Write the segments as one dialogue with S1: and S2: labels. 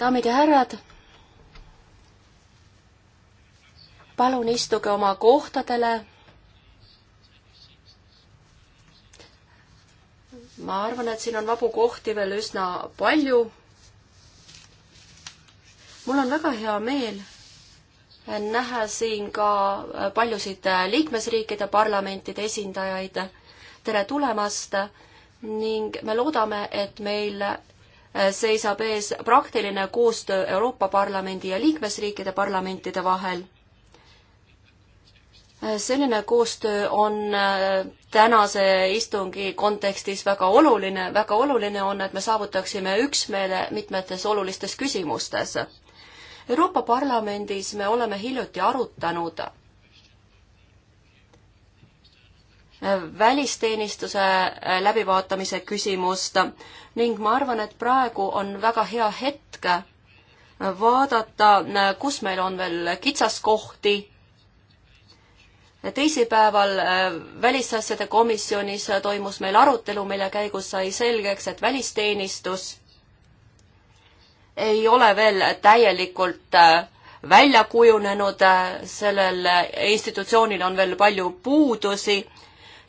S1: daamid ja härrad, palun istuge oma kohtadele. ma arvan, et siin on vabu kohti veel üsna palju. mul on väga hea meel näha siin ka paljusid liikmesriikide parlamentide esindajaid. tere tulemast ning me loodame, et meil äh, seisab ees praktiline koostöö Euroopa Parlamendi ja liikmesriikide parlamentide vahel. Äh, selline koostöö on äh, tänase istungi kontekstis väga oluline, väga oluline on, et me saavutaksime üksmeele mitmetes olulistes küsimustes. Euroopa Parlamendis me oleme hiljuti arutanud välisteenistuse äh, läbivaatamise küsimust ning ma arvan, et praegu on väga hea hetk äh, vaadata, äh, kus meil on veel kitsaskohti teisipäeval Välisasjade komisjonis toimus meil arutelu, mille käigus sai selgeks, et välisteenistus ei ole veel täielikult välja kujunenud, sellel institutsioonil on veel palju puudusi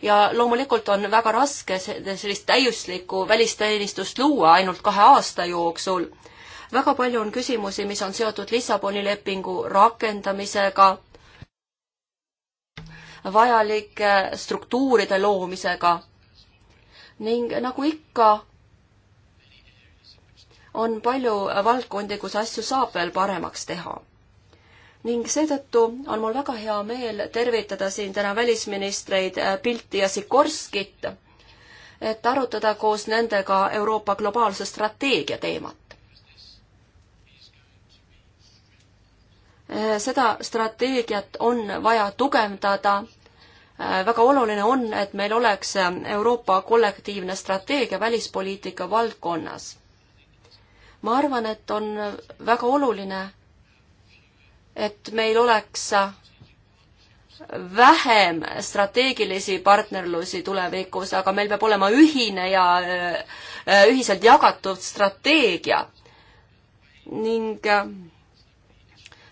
S1: ja loomulikult on väga raske sellist täiuslikku välisteenistust luua ainult kahe aasta jooksul. väga palju on küsimusi, mis on seotud Lissaboni lepingu rakendamisega, vajalike struktuuride loomisega ning nagu ikka, on palju valdkondi, kus asju saab veel paremaks teha ning seetõttu on mul väga hea meel tervitada siin täna välisministreid Pilti äh, ja Sikorskit, et arutada koos nendega Euroopa globaalse strateegia teemat. Äh, seda strateegiat on vaja tugevdada äh, väga oluline on, et meil oleks Euroopa kollektiivne strateegia välispoliitika valdkonnas. ma arvan, et on väga oluline, et meil oleks vähem strateegilisi partnerlusi tulevikus, aga meil peab olema ühine ja äh, ühiselt jagatud strateegia. ning äh,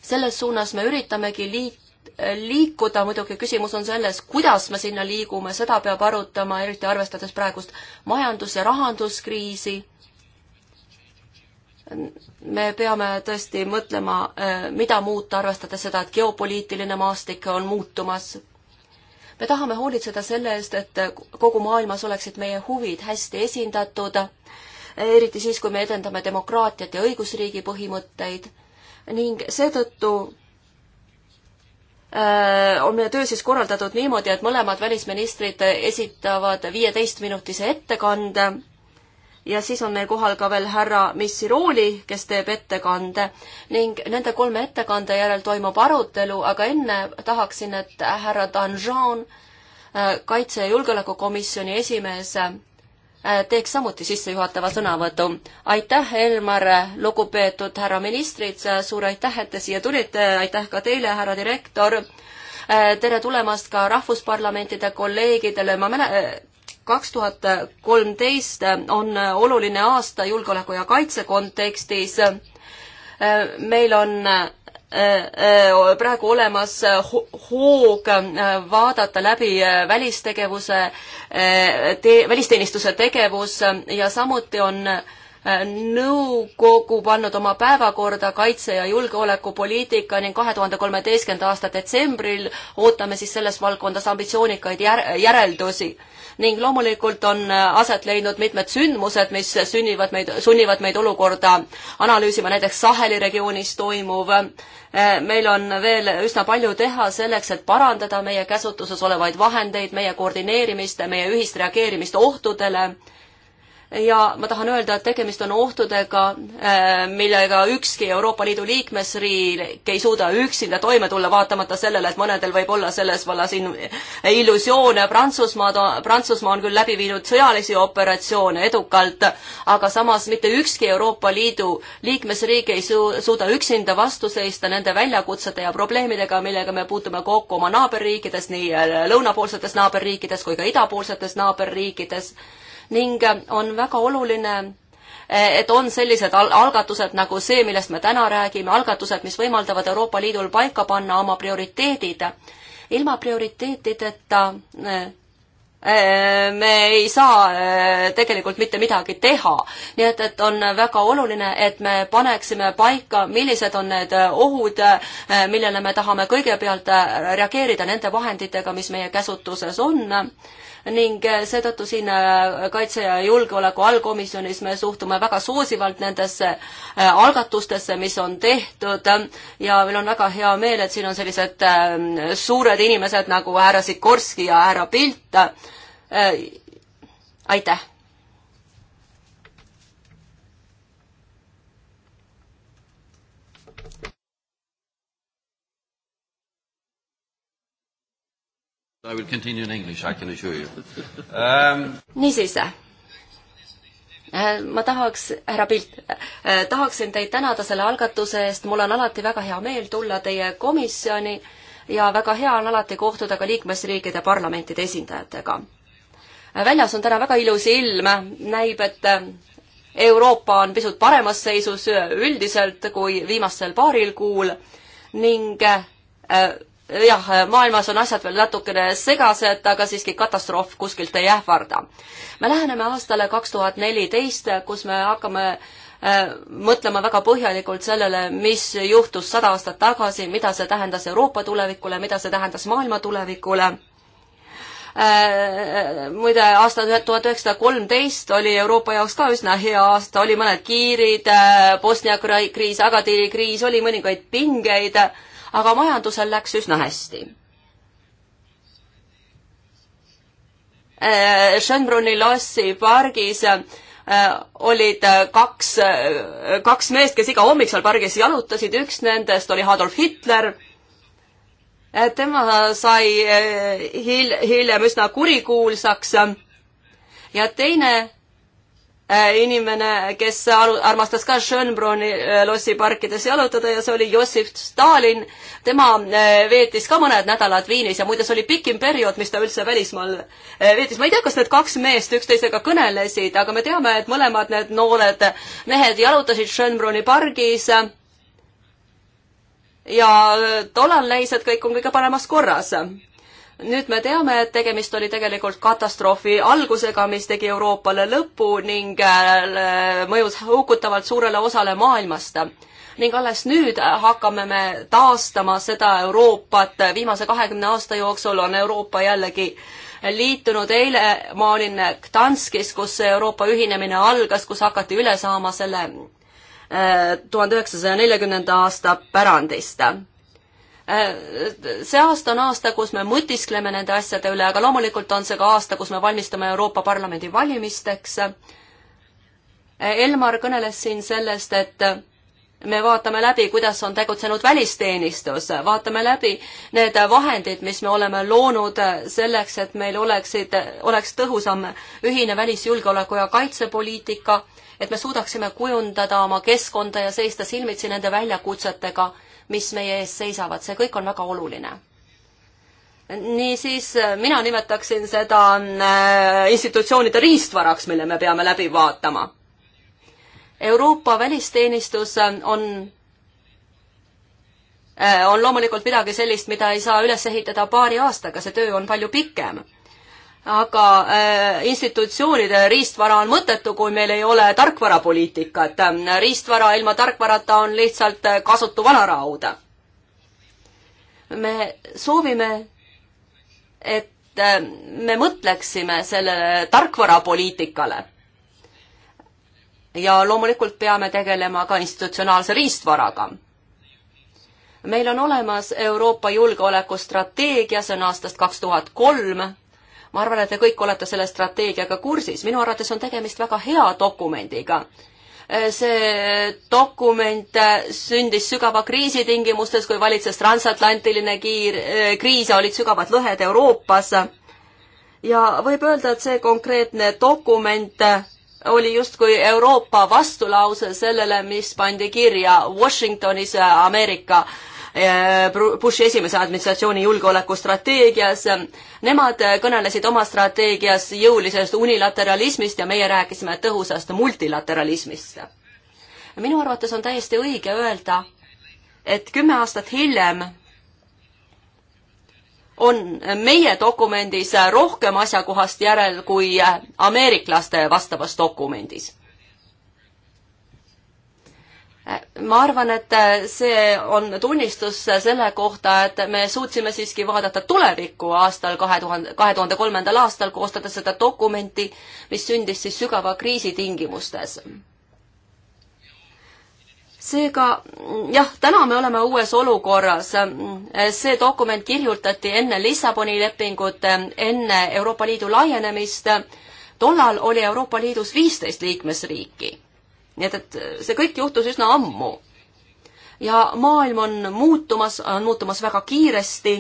S1: selles suunas me üritamegi liit-, liikuda, muidugi küsimus on selles, kuidas me sinna liigume, seda peab arutama, eriti arvestades praegust majandus- ja rahanduskriisi me peame tõesti mõtlema, eh, mida muuta, arvestades seda, et geopoliitiline maastik on muutumas. me tahame hoolitseda selle eest, et kogu maailmas oleksid meie huvid hästi esindatud, eriti siis, kui me edendame demokraatiat ja õigusriigi põhimõtteid ning seetõttu eh, on meie töö siis korraldatud niimoodi, et mõlemad välisministrid esitavad viieteistminutise ettekande ja siis on meil kohal ka veel härra Missirooli, kes teeb ettekande ning nende kolme ettekande järel toimub arutelu, aga enne tahaksin, et härra Danjean, äh, kaitse- ja julgeolekukomisjoni esimees, äh, teeks samuti sissejuhatava sõnavõtu. aitäh, Elmar, lugupeetud härra ministrid, suur aitäh, et te siia tulite, aitäh ka teile, härra direktor äh, tere tulemast ka rahvusparlamentide kolleegidele, ma mäle-, kaks tuhat kolmteist on oluline aasta julgeoleku ja kaitse kontekstis. meil on eh, eh, praegu olemas hoog eh, vaadata läbi välistegevuse, välisteenistuse tegevus ja samuti on äh, nõukogu pannud oma päevakorda kaitse- ja julgeolekupoliitika ning kahe tuhande kolmeteistkümnenda aasta detsembril ootame siis selles valdkondas ambitsioonikaid jär järeldusi. ning loomulikult on aset leidnud mitmed sündmused, mis sünnivad meid, sunnivad meid olukorda analüüsima, näiteks Saheli regioonis toimuv. meil on veel üsna palju teha selleks, et parandada meie käsutuses olevaid vahendeid, meie koordineerimist, meie ühist reageerimist ohtudele ja ma tahan öelda, et tegemist on ohtudega, eh, millega ükski Euroopa Liidu liikmesriik ei suuda üksinda toime tulla, vaatamata sellele, et mõnedel võib olla selles vallas illusioone. Prantsusmaad, Prantsusmaa on küll läbi viinud sõjalisi operatsioone edukalt, aga samas mitte ükski Euroopa Liidu liikmesriik ei su suuda üksinda vastu seista nende väljakutsete ja probleemidega, millega me puutume kokku oma naaberriikides, nii eh, lõunapoolsetes naaberriikides kui ka idapoolsetes naaberriikides ning äh, on väga oluline äh, et on sellised al algatused nagu see, millest me täna räägime, algatused, mis võimaldavad Euroopa Liidul paika panna oma prioriteedid. ilma prioriteetideta äh, me ei saa tegelikult mitte midagi teha. nii et, et on väga oluline, et me paneksime paika, millised on need ohud, millele me tahame kõigepealt reageerida nende vahenditega, mis meie käsutuses on ning eh, seetõttu siin eh, kaitse ja julgeoleku allkomisjonis me suhtume väga soosivalt nendesse eh, algatustesse, mis on tehtud ja meil on väga hea meel, et siin on sellised suured inimesed nagu härra Sikorski ja härra Pilt. aitäh
S2: I will continue in English, I can assure you um....
S1: niisiis äh, ma tahaks, härra Pilt, äh, tahaksin teid tänada selle algatuse eest, mul on alati väga hea meel tulla teie komisjoni ja väga hea on alati kohtuda ka liikmesriikide parlamentide esindajatega. Äh, väljas on täna väga ilus ilm, näib, et Euroopa on pisut paremas seisus üldiselt kui viimasel paaril kuul ning jah, maailmas on asjad veel natukene segased, aga siiski katastroof kuskilt ei ähvarda. me läheneme aastale kaks tuhat neliteist, kus me hakkame äh, mõtlema väga põhjalikult sellele, mis juhtus sada aastat tagasi, mida see tähendas Euroopa tulevikule, mida see tähendas maailma tulevikule äh, muide, aasta tuhat üheksasada kolmteist oli Euroopa jaoks ka üsna hea aasta, oli mõned kiirid, äh, Bosnia kriis, Agadiri kriis, oli mõningaid pingeid aga majandusel läks üsna hästi. Äh, Schönbrunni lossi pargis äh, olid äh, kaks, kaks meest, kes iga hommik seal pargis jalutasid, üks nendest oli Adolf Hitler tema sai hil-, hiljem üsna kurikuulsaks ja teine Äh, inimene, kes armastas ka Schönbrunni äh, lossiparkides jalutada ja see oli Jossif Stalin. tema äh, veetis ka mõned nädalad Viinis ja muide, see oli pikim periood, mis ta üldse välismaal veetis. ma ei tea, kas need kaks meest üksteisega kõnelesid, aga me teame, et mõlemad need noored mehed jalutasid Schönbrunni pargis. ja tollal näis, et kõik on kõige paremas korras nüüd me teame, et tegemist oli tegelikult katastroofi algusega, mis tegi Euroopale lõpu ning äh, mõjus hukutavalt suurele osale maailmast. ning alles nüüd hakkame me taastama seda Euroopat, viimase kahekümne aasta jooksul on Euroopa jällegi liitunud, eile ma olin Gdanskis, kus Euroopa ühinemine algas, kus hakati üle saama selle äh, tuhande üheksasaja neljakümnenda aasta pärandist see aasta on aasta, kus me mõtiskleme nende asjade üle, aga loomulikult on see ka aasta, kus me valmistume Euroopa Parlamendi valimisteks. Elmar kõneles siin sellest, et me vaatame läbi, kuidas on tegutsenud välisteenistus, vaatame läbi need vahendid, mis me oleme loonud selleks, et meil oleksid, oleks tõhusam ühine välisjulgeoleku ja kaitsepoliitika, et me suudaksime kujundada oma keskkonda ja seista silmitsi nende väljakutsetega mis meie ees seisavad, see kõik on väga oluline niisiis, äh, mina nimetaksin seda äh, institutsioonide riistvaraks, mille me peame läbi vaatama. Euroopa välisteenistus äh, on, on loomulikult midagi sellist, mida ei saa üles ehitada paari aastaga, see töö on palju pikem aga äh, institutsioonide riistvara on mõttetu, kui meil ei ole tarkvarapoliitikat. riistvara ilma tarkvarata on lihtsalt äh, kasutu vanaraud. me soovime, et äh, me mõtleksime sellele tarkvarapoliitikale. ja loomulikult peame tegelema ka institutsionaalse riistvaraga meil on olemas Euroopa julgeolekustrateegia, see on aastast kaks tuhat kolm ma arvan, et te kõik olete selle strateegiaga kursis, minu arvates on tegemist väga hea dokumendiga äh, see dokument äh, sündis sügava kriisi tingimustes, kui valitses transatlantiline kiir, äh, kriis ja olid sügavad lõhed Euroopas. ja võib öelda, et see konkreetne dokument oli justkui Euroopa vastulause sellele, mis pandi kirja Washingtonis Ameerika äh, Äh, Bushi esimese administratsiooni julgeolekustrateegias. Nemad äh, kõnelesid oma strateegias jõulisest unilateralismist ja meie rääkisime tõhusast multilateralismist. minu arvates on täiesti õige öelda, et kümme aastat hiljem on meie dokumendis rohkem asjakohast järel kui äh, ameeriklaste vastavas dokumendis ma arvan, et see on tunnistus selle kohta, et me suutsime siiski vaadata tulevikku aastal kahe tuhande, kahe tuhande kolmandal aastal, koostades seda dokumenti, mis sündis siis sügava kriisi tingimustes. seega jah, täna me oleme uues olukorras. see dokument kirjutati enne Lissaboni lepingut, enne Euroopa Liidu laienemist. tollal oli Euroopa Liidus viisteist liikmesriiki nii et, et see kõik juhtus üsna ammu. ja maailm on muutumas, on muutumas väga kiiresti.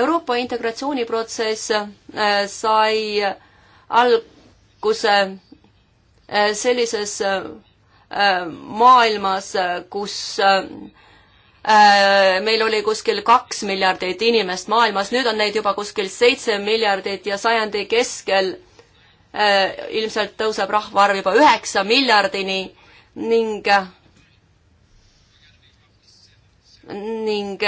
S1: Euroopa integratsiooniprotsess äh, sai alguse äh, sellises äh, maailmas, kus meil oli kuskil kaks miljardit inimest maailmas, nüüd on neid juba kuskil seitse miljardit ja sajandi keskel Äh, ilmselt tõuseb rahvaarv juba üheksa miljardini ning, ning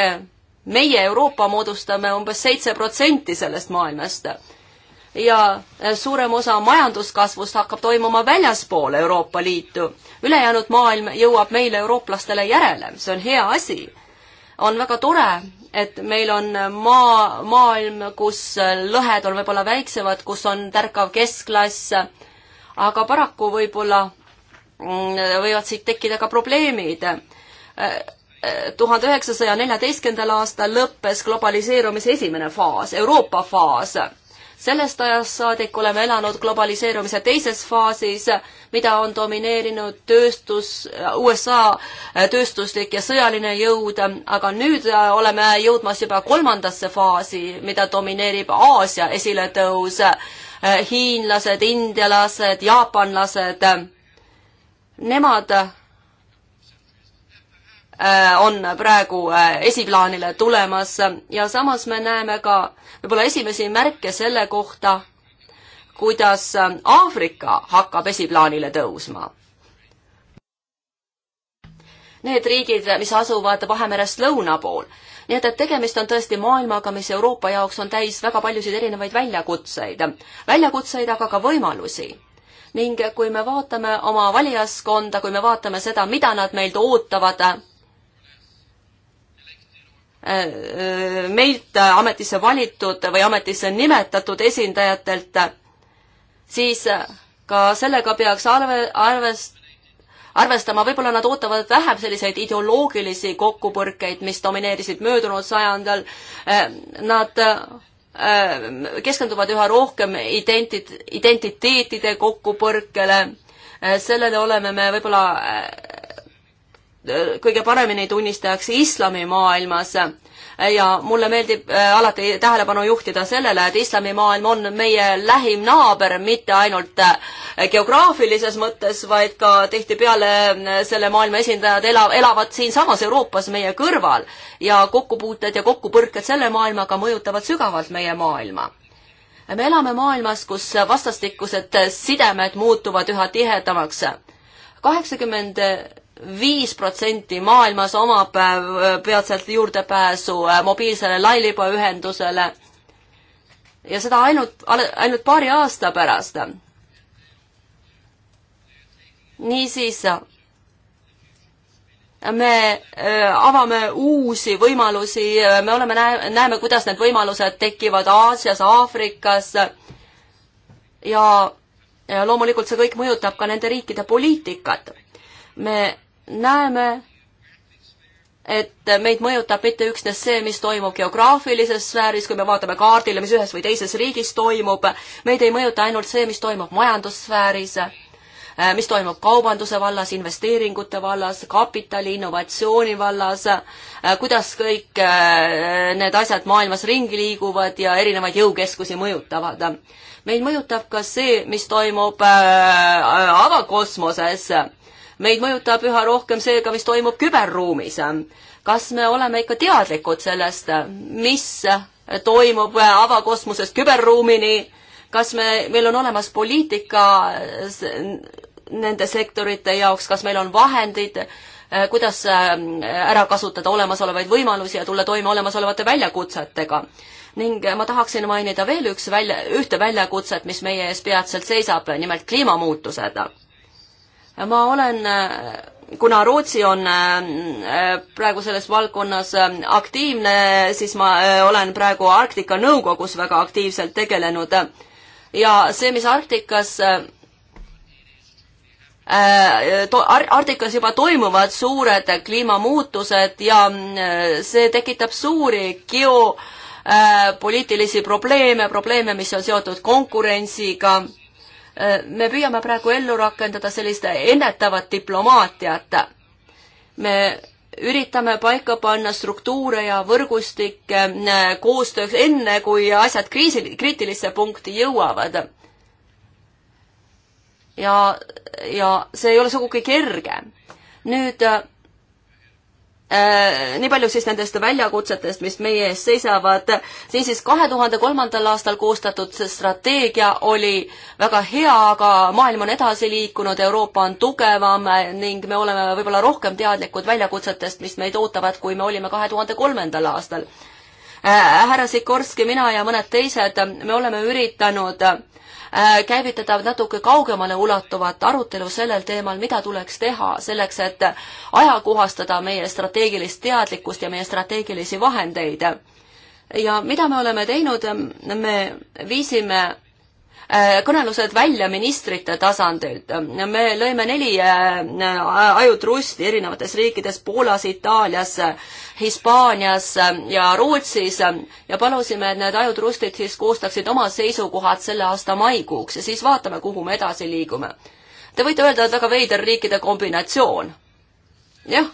S1: meie, Euroopa, moodustame umbes seitse protsenti sellest maailmast. ja suurem osa majanduskasvust hakkab toimuma väljaspool Euroopa Liitu. ülejäänud maailm jõuab meile, eurooplastele järele, see on hea asi. on väga tore, et meil on maa, maailm, kus lõhed on võib-olla väiksemad, kus on tärkav keskklass, aga paraku võib-olla mm, võivad siit tekkida ka probleemid. tuhande üheksasaja neljateistkümnendal aastal lõppes globaliseerumise esimene faas, Euroopa faas sellest ajast saadik oleme elanud globaliseerumise teises faasis, mida on domineerinud tööstus, USA tööstuslik ja sõjaline jõud, aga nüüd äh, oleme jõudmas juba kolmandasse faasi, mida domineerib Aasia esiletõus, äh, hiinlased, indialased, jaapanlased, nemad Äh, on praegu äh, esiplaanile tulemas ja samas me näeme ka võib-olla esimesi märke selle kohta, kuidas äh, Aafrika hakkab esiplaanile tõusma. Need riigid, mis asuvad Vahemerest lõuna pool. nii et, et tegemist on tõesti maailmaga, mis Euroopa jaoks on täis väga paljusid erinevaid väljakutseid. väljakutseid, aga ka võimalusi ning kui me vaatame oma valijaskonda, kui me vaatame seda, mida nad meilt ootavad, Äh, äh, meilt äh, ametisse valitud või ametisse nimetatud esindajatelt, siis ka sellega peaks arve, arvest-, arvestama, võib-olla nad ootavad vähem selliseid ideoloogilisi kokkupõrkeid, mis domineerisid möödunud sajandil. Nad keskenduvad üha rohkem identit-, identiteetide kokkupõrkele. sellele oleme me võib-olla kõige paremini tunnistajaks islamimaailmas ja mulle meeldib äh, alati tähelepanu juhtida sellele, et islamimaailm on meie lähim naaber mitte ainult äh, geograafilises mõttes, vaid ka tihtipeale äh, selle maailma esindajad elav, elavad siinsamas Euroopas meie kõrval ja kokkupuuted ja kokkupõrked selle maailmaga mõjutavad sügavalt meie maailma me elame maailmas, kus vastastikused sidemed muutuvad üha tihedamaks. kaheksakümmend 80 viis protsenti maailmas omab äh, peatselt juurdepääsu äh, mobiilsele lairibaühendusele ja seda ainult, ainult paari aasta pärast. niisiis, me äh, avame uusi võimalusi, me oleme, näeme, kuidas need võimalused tekivad Aasias, Aafrikas ja ja loomulikult see kõik mõjutab ka nende riikide poliitikat. me näeme, et meid mõjutab mitte üksnes see, mis toimub geograafilises sfääris, kui me vaatame kaardile, mis ühes või teises riigis toimub, meid ei mõjuta ainult see, mis toimub majandussfääris, eh, mis toimub kaubanduse vallas, investeeringute vallas, kapitali, innovatsiooni vallas, eh, kuidas kõik eh, need asjad maailmas ringi liiguvad ja erinevaid jõukeskusi mõjutavad. meid mõjutab ka see, mis toimub avakosmoses meid mõjutab üha rohkem see ka, mis toimub küberruumis. kas me oleme ikka teadlikud sellest, mis toimub avakosmosest küberruumini, kas me, meil on olemas poliitika nende sektorite jaoks, kas meil on vahendid, eh, kuidas eh, ära kasutada olemasolevaid võimalusi ja tulla toime olemasolevate väljakutsetega. ning ma tahaksin mainida veel üks välja, ühte väljakutset, mis meie ees peatselt seisab, nimelt kliimamuutused ma olen äh, kuna Rootsi on äh, praegu selles valdkonnas äh, aktiivne, siis ma olen praegu Arktika Nõukogus väga aktiivselt tegelenud. ja see, mis Arktikas to-, Arktikas juba toimuvad suured kliimamuutused ja see tekitab suuri geo- poliitilisi probleeme, probleeme, mis on seotud konkurentsiga me püüame praegu ellu rakendada sellist ennetavat diplomaatiat. me üritame paika panna struktuure ja võrgustikke eh, koostööks enne, kui asjad kriisi, kriitilisse punkti jõuavad. ja, ja see ei ole sugugi kerge. nüüd eh, Äh, nii palju siis nendest väljakutsetest, mis meie ees seisavad. niisiis, kahe tuhande kolmandal aastal koostatud strateegia oli väga hea, aga maailm on edasi liikunud, Euroopa on tugevam ning me oleme võib-olla rohkem teadlikud väljakutsetest, mis meid ootavad, kui me olime kahe tuhande kolmandal aastal. Äh, härra Sikorski, mina ja mõned teised, me oleme üritanud äh, Äh, käivitada natuke kaugemale ulatuvat arutelu sellel teemal, mida tuleks teha selleks, et ajakohastada meie strateegilist teadlikkust ja meie strateegilisi vahendeid. ja mida me oleme teinud, me viisime Äh, kõnelused välja ministrite tasandilt. me lõime neli äh, ajutrusti erinevates riikides, Poolas, Itaalias, Hispaanias ja Rootsis ja palusime, et need ajutrustid siis koostaksid oma seisukohad selle aasta maikuuks ja siis vaatame, kuhu me edasi liigume. Te võite öelda, et väga veider riikide kombinatsioon. jah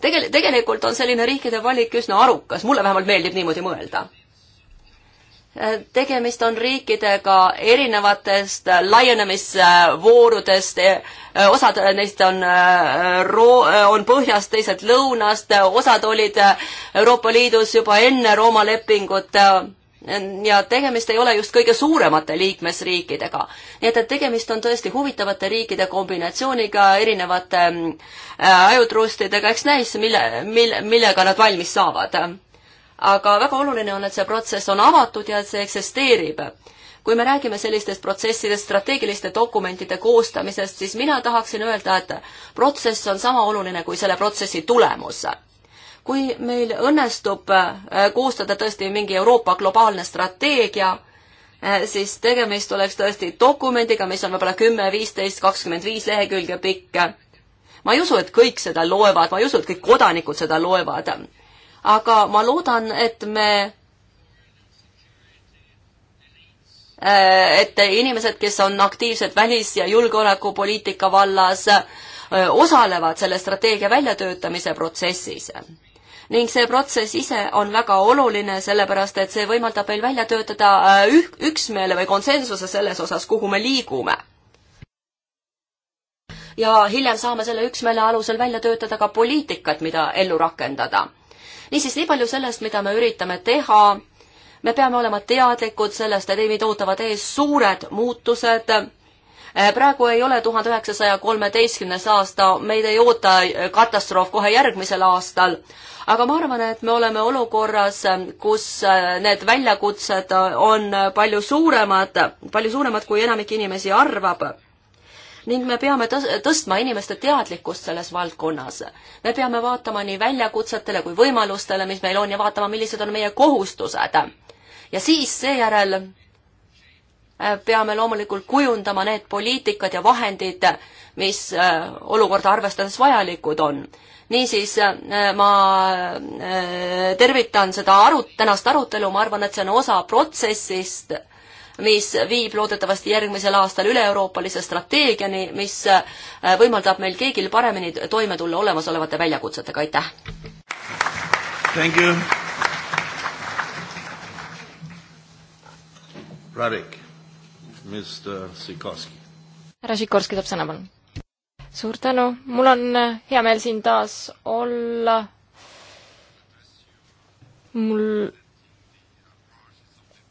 S1: tegel-, tegelikult on selline riikide valik üsna arukas, mulle vähemalt meeldib niimoodi mõelda tegemist on riikidega erinevatest laienemisvoorudest, osad neist on roo-, on põhjast, teised lõunast, osad olid Euroopa Liidus juba enne Rooma lepingut ja tegemist ei ole just kõige suuremate liikmesriikidega. nii et, et tegemist on tõesti huvitavate riikide kombinatsiooniga, erinevate äh, ajutrustidega, eks näis, mille, mille, millega nad valmis saavad aga väga oluline on, et see protsess on avatud ja et see eksisteerib. kui me räägime sellistest protsessidest, strateegiliste dokumentide koostamisest, siis mina tahaksin öelda, et protsess on sama oluline kui selle protsessi tulemus kui meil õnnestub äh, koostada tõesti mingi Euroopa globaalne strateegia, äh, siis tegemist oleks tõesti dokumendiga, mis on võib-olla kümme, viisteist, kakskümmend viis lehekülge pikk. ma ei usu, et kõik seda loevad, ma ei usu, et kõik kodanikud seda loevad aga ma loodan, et me äh, et inimesed, kes on aktiivsed välis- ja julgeolekupoliitika vallas, äh, osalevad selle strateegia väljatöötamise protsessis. ning see protsess ise on väga oluline, sellepärast et see võimaldab meil välja töötada äh, üh-, üksmeele või konsensuse selles osas, kuhu me liigume. ja hiljem saame selle üksmeele alusel välja töötada ka poliitikat, mida ellu rakendada niisiis, nii palju sellest, mida me üritame teha, me peame olema teadlikud sellest, et meid ootavad ees suured muutused, eh, praegu ei ole tuhande üheksasaja kolmeteistkümnes aasta, meid ei oota katastroof kohe järgmisel aastal, aga ma arvan, et me oleme olukorras, kus eh, need väljakutsed on palju suuremad, palju suuremad, kui enamik inimesi arvab ning me peame tõstma inimeste teadlikkust selles valdkonnas. me peame vaatama nii väljakutsetele kui võimalustele, mis meil on ja vaatama, millised on meie kohustused. ja siis seejärel äh, peame loomulikult kujundama need poliitikad ja vahendid, mis äh, olukorda arvestades vajalikud on. niisiis äh, ma tervitan seda aru-, tänast arutelu, ma arvan, et see on osa protsessist mis viib loodetavasti järgmisel aastal üle-euroopalise strateegiani, mis äh, võimaldab meil kõigil paremini toime tulla olemasolevate väljakutsetega, aitäh!
S3: Radek, Mr Sikorski. härra Sikorski saab sõna, palun. suur tänu, mul on äh, hea meel siin taas olla. mul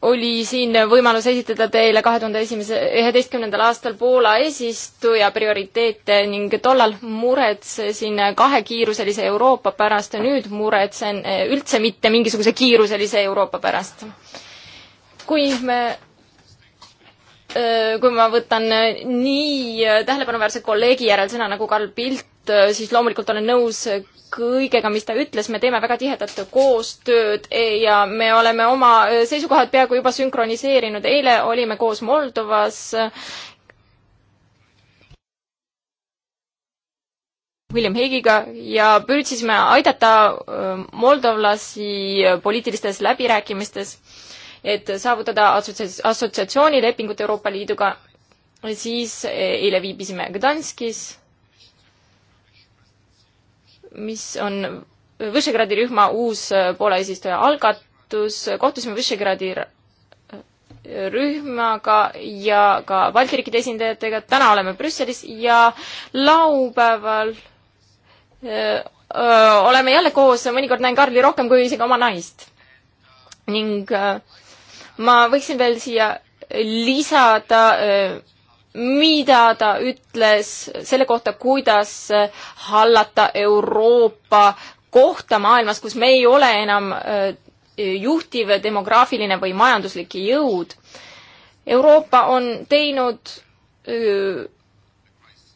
S3: oli siin võimalus esitada teile kahe tuhande esimese, üheteistkümnendal aastal Poola eesistuja prioriteete ning tollal muretsesin kahekiiruselise Euroopa pärast ja nüüd muretsen eh, üldse mitte mingisuguse kiiruselise Euroopa pärast. kui me eh, kui ma võtan nii tähelepanuväärse kolleegi järel sõna nagu Karl Pilt, Äh, siis loomulikult olen nõus kõigega, mis ta ütles, me teeme väga tihedat koostööd ja me oleme oma äh, seisukohad peaaegu juba sünkroniseerinud. eile olime koos Moldovas. William Heigiga ja püüdsime aidata äh, moldovlasi poliitilistes läbirääkimistes, et saavutada assotsiatsioonilepingut assotsiatsiooni Euroopa Liiduga siis eile viibisime Gdanskis mis on Visegradi rühma uus äh, Poola eesistuja algatus, kohtusime Visegradi äh, rühmaga ja ka Balti riikide esindajatega, täna oleme Brüsselis ja laupäeval öö, äh, öö, oleme jälle koos, mõnikord näen Karli rohkem kui isegi oma naist. ning öö, ma võiksin veel siia lisada öö, mida ta ütles selle kohta, kuidas hallata Euroopa kohta maailmas, kus me ei ole enam äh, juhtiv demograafiline või majanduslik jõud. Euroopa on teinud, äh,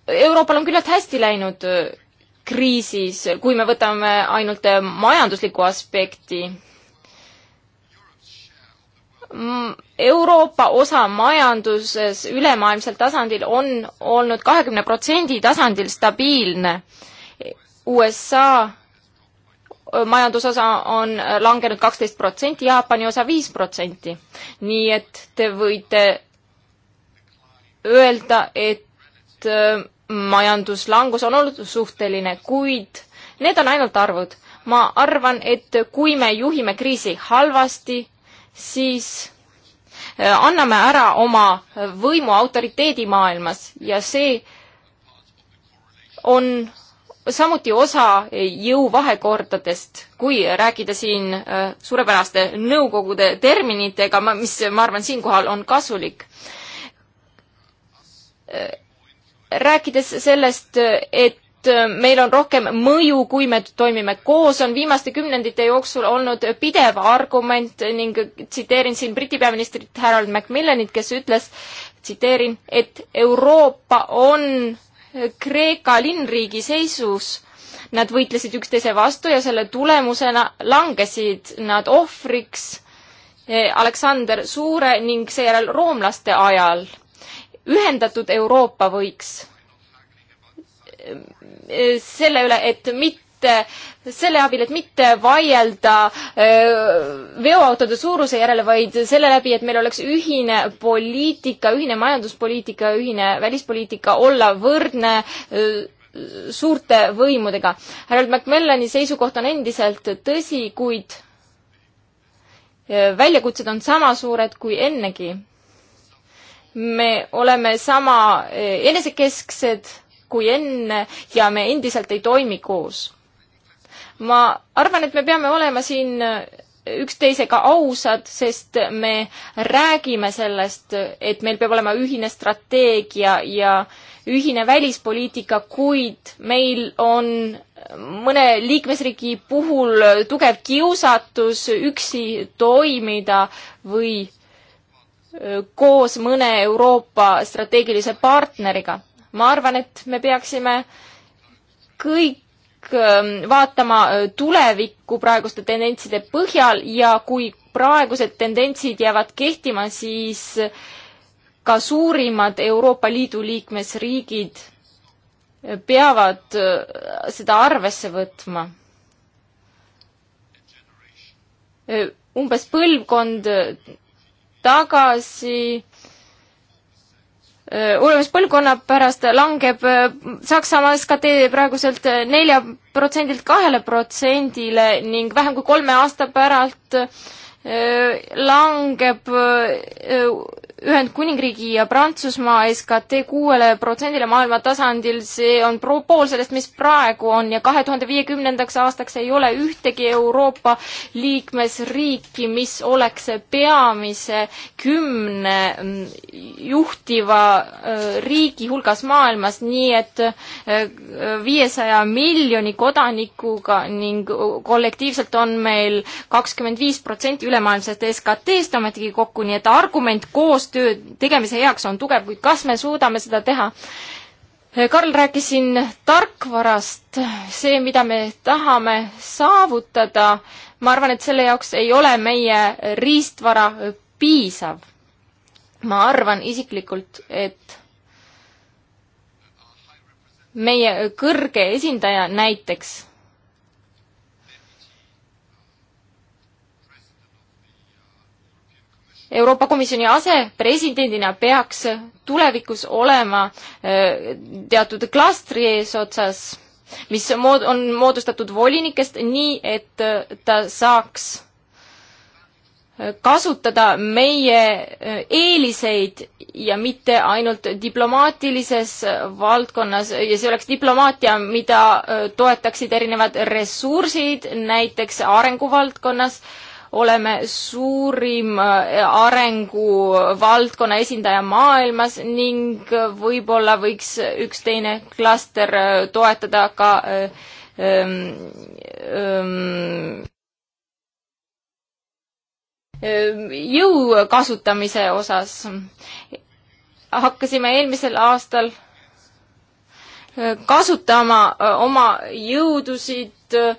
S3: Euroopal on küllalt hästi läinud äh, kriisis, kui me võtame ainult majandusliku aspekti Euroopa osa majanduses ülemaailmsel tasandil on olnud kahekümne protsendi tasandil stabiilne. USA majandusosa on langenud kaksteist protsenti, Jaapani osa viis protsenti. nii et te võite öelda, et majanduslangus on olnud suhteline, kuid need on ainult arvud. ma arvan, et kui me juhime kriisi halvasti, siis äh, anname ära oma võimu autoriteedi maailmas ja see on samuti osa jõuvahekordadest, kui rääkida siin äh, suurepäraste nõukogude terminitega, mis ma arvan, siinkohal on kasulik. Äh, rääkides sellest, et Äh, meil on rohkem mõju, kui me toimime koos, on viimaste kümnendite jooksul olnud pidev argument ning tsiteerin siin Briti peaministrit Harold Macmillanit, kes ütles, tsiteerin, et Euroopa on Kreeka linnriigi seisus. Nad võitlesid üksteise vastu ja selle tulemusena langesid nad ohvriks eh, Aleksander Suure ning seejärel roomlaste ajal. ühendatud Euroopa võiks selle üle, et mitte, selle abil, et mitte vaielda veoautode suuruse järele, vaid selle läbi, et meil oleks ühine poliitika, ühine majanduspoliitika, ühine välispoliitika, olla võrdne suurte võimudega. Harold Macmillani seisukoht on endiselt tõsi, kuid väljakutsed on sama suured kui ennegi. me oleme sama enesekesksed kui enne ja me endiselt ei toimi koos. ma arvan, et me peame olema siin äh, üksteisega ausad, sest me räägime sellest, et meil peab olema ühine strateegia ja ühine välispoliitika, kuid meil on mõne liikmesriigi puhul tugev kiusatus üksi toimida või äh, koos mõne Euroopa strateegilise partneriga ma arvan, et me peaksime kõik ähm, vaatama äh, tulevikku praeguste tendentside põhjal ja kui praegused tendentsid jäävad kehtima, siis ka suurimad Euroopa Liidu liikmesriigid peavad äh, seda arvesse võtma. Äh, umbes põlvkond tagasi uurimispõlvkonna pärast langeb äh, Saksamaa SKT praeguselt äh, nelja protsendilt kahele protsendile ning vähem kui kolme aasta päralt äh, langeb Ühendkuningriigi ja Prantsusmaa SKT kuuele protsendile maailma tasandil, see on pro-, pool sellest, mis praegu on ja kahe tuhande viiekümnendaks aastaks ei ole ühtegi Euroopa liikmesriiki, mis oleks peamise kümne mm, juhtiva äh, riigi hulgas maailmas, nii et äh, viiesaja miljoni kodanikuga ning kollektiivselt on meil kakskümmend viis protsenti ülemaailmsest SKT-st ometigi kokku, nii et argument koostöö töö tegemise heaks on tugev, kuid kas me suudame seda teha? Karl rääkis siin tarkvarast, see, mida me tahame saavutada, ma arvan, et selle jaoks ei ole meie riistvara piisav. ma arvan isiklikult, et meie kõrge esindaja näiteks Euroopa Komisjoni asepresidendina peaks tulevikus olema äh, teatud klastri eesotsas, mis mood-, on moodustatud volinikest, nii et äh, ta saaks äh, kasutada meie eeliseid ja mitte ainult diplomaatilises valdkonnas ja see oleks diplomaatia, mida toetaksid erinevad ressursid, näiteks arenguvaldkonnas äh, oleme suurim äh, arenguvaldkonna esindaja maailmas ning äh, võib-olla võiks üks teine klaster äh, toetada ka ähm, ähm, ähm, jõu kasutamise osas. hakkasime eelmisel aastal kasutama oma jõudusid äh,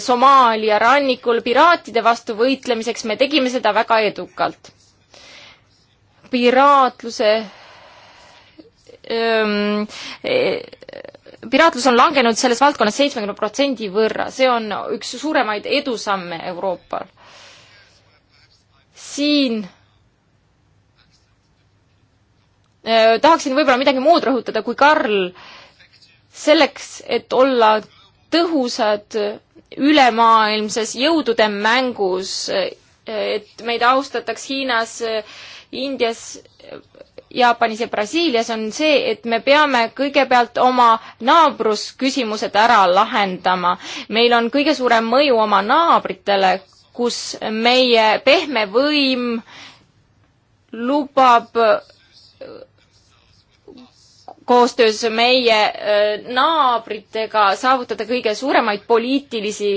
S3: Somaalia rannikul piraatide vastu võitlemiseks, me tegime seda väga edukalt. piraatluse ähm, e, piraatlus on langenud selles valdkonnas seitsmekümne protsendi võrra, see on üks suuremaid edusamme Euroopal. siin e, tahaksin võib-olla midagi muud rõhutada kui Karl. selleks, et olla tõhusad, ülemaailmses jõudude mängus, et meid austataks Hiinas, Indias, Jaapanis ja Brasiilias, on see, et me peame kõigepealt oma naabrusküsimused ära lahendama. meil on kõige suurem mõju oma naabritele, kus meie pehme võim lubab koostöös meie naabritega saavutada kõige suuremaid poliitilisi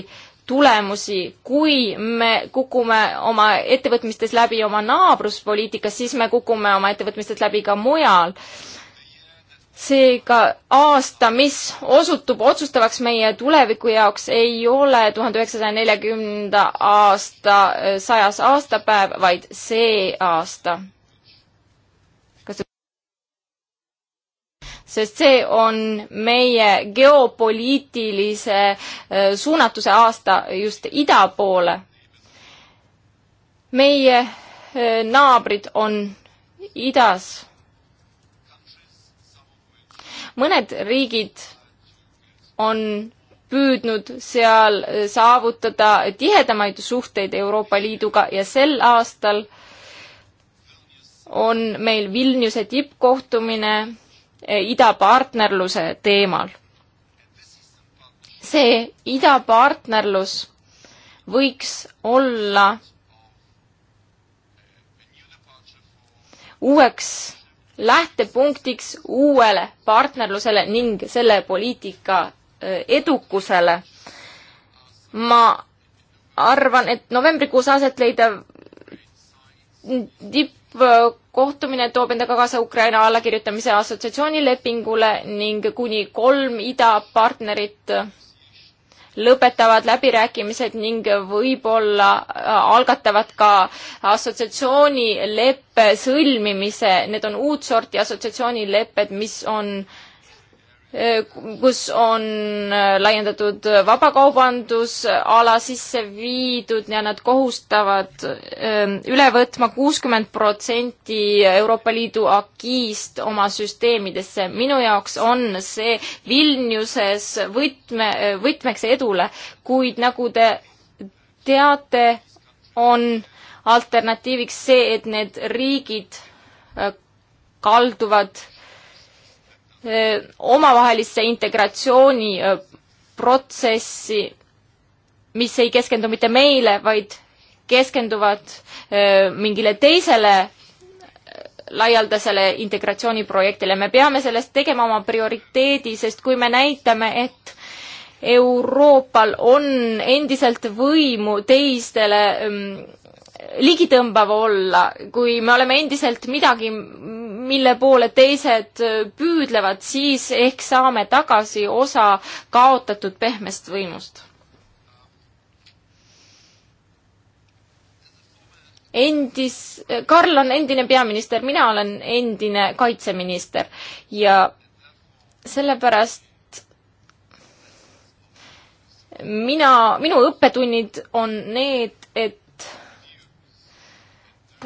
S3: tulemusi, kui me kukume oma ettevõtmistes läbi oma naabruspoliitikas, siis me kukume oma ettevõtmistes läbi ka mujal. seega aasta, mis osutub otsustavaks meie tuleviku jaoks, ei ole tuhande üheksasaja neljakümnenda aasta sajas aastapäev, vaid see aasta sest see on meie geopoliitilise äh, suunatuse aasta just ida poole. meie äh, naabrid on idas. mõned riigid on püüdnud seal äh, saavutada tihedamaid suhteid Euroopa Liiduga ja sel aastal on meil Vilniuse tippkohtumine Eh, idapartnerluse teemal. see idapartnerlus võiks olla uueks lähtepunktiks uuele partnerlusele ning selle poliitika eh, edukusele. ma arvan, et novembrikuus aset leidav tipp kohtumine toob endaga kaasa Ukraina allakirjutamise assotsiatsioonilepingule ning kuni kolm idapartnerit lõpetavad läbirääkimised ning võib-olla äh, algatavad ka assotsiatsioonileppe sõlmimise. Need on uut sorti assotsiatsioonilepped, mis on äh, kus on äh, laiendatud vabakaubandusala sisse viidud ja nad kohustavad ähm, üle võtma kuuskümmend protsenti Euroopa Liidu akiist oma süsteemidesse. minu jaoks on see Vilniuses võtme, äh, võtmeks edule, kuid nagu te teate, on alternatiiviks see, et need riigid äh, kalduvad omavahelisse integratsiooni protsessi, mis ei keskendu mitte meile, vaid keskenduvad mingile teisele laialdasele integratsiooniprojektile. me peame sellest tegema oma prioriteedi, sest kui me näitame, et Euroopal on endiselt võimu teistele ligitõmbav olla, kui me oleme endiselt midagi, mille poole teised püüdlevad, siis ehk saame tagasi osa kaotatud pehmest võimust. endis, Karl on endine peaminister, mina olen endine kaitseminister ja sellepärast mina, minu õppetunnid on need, et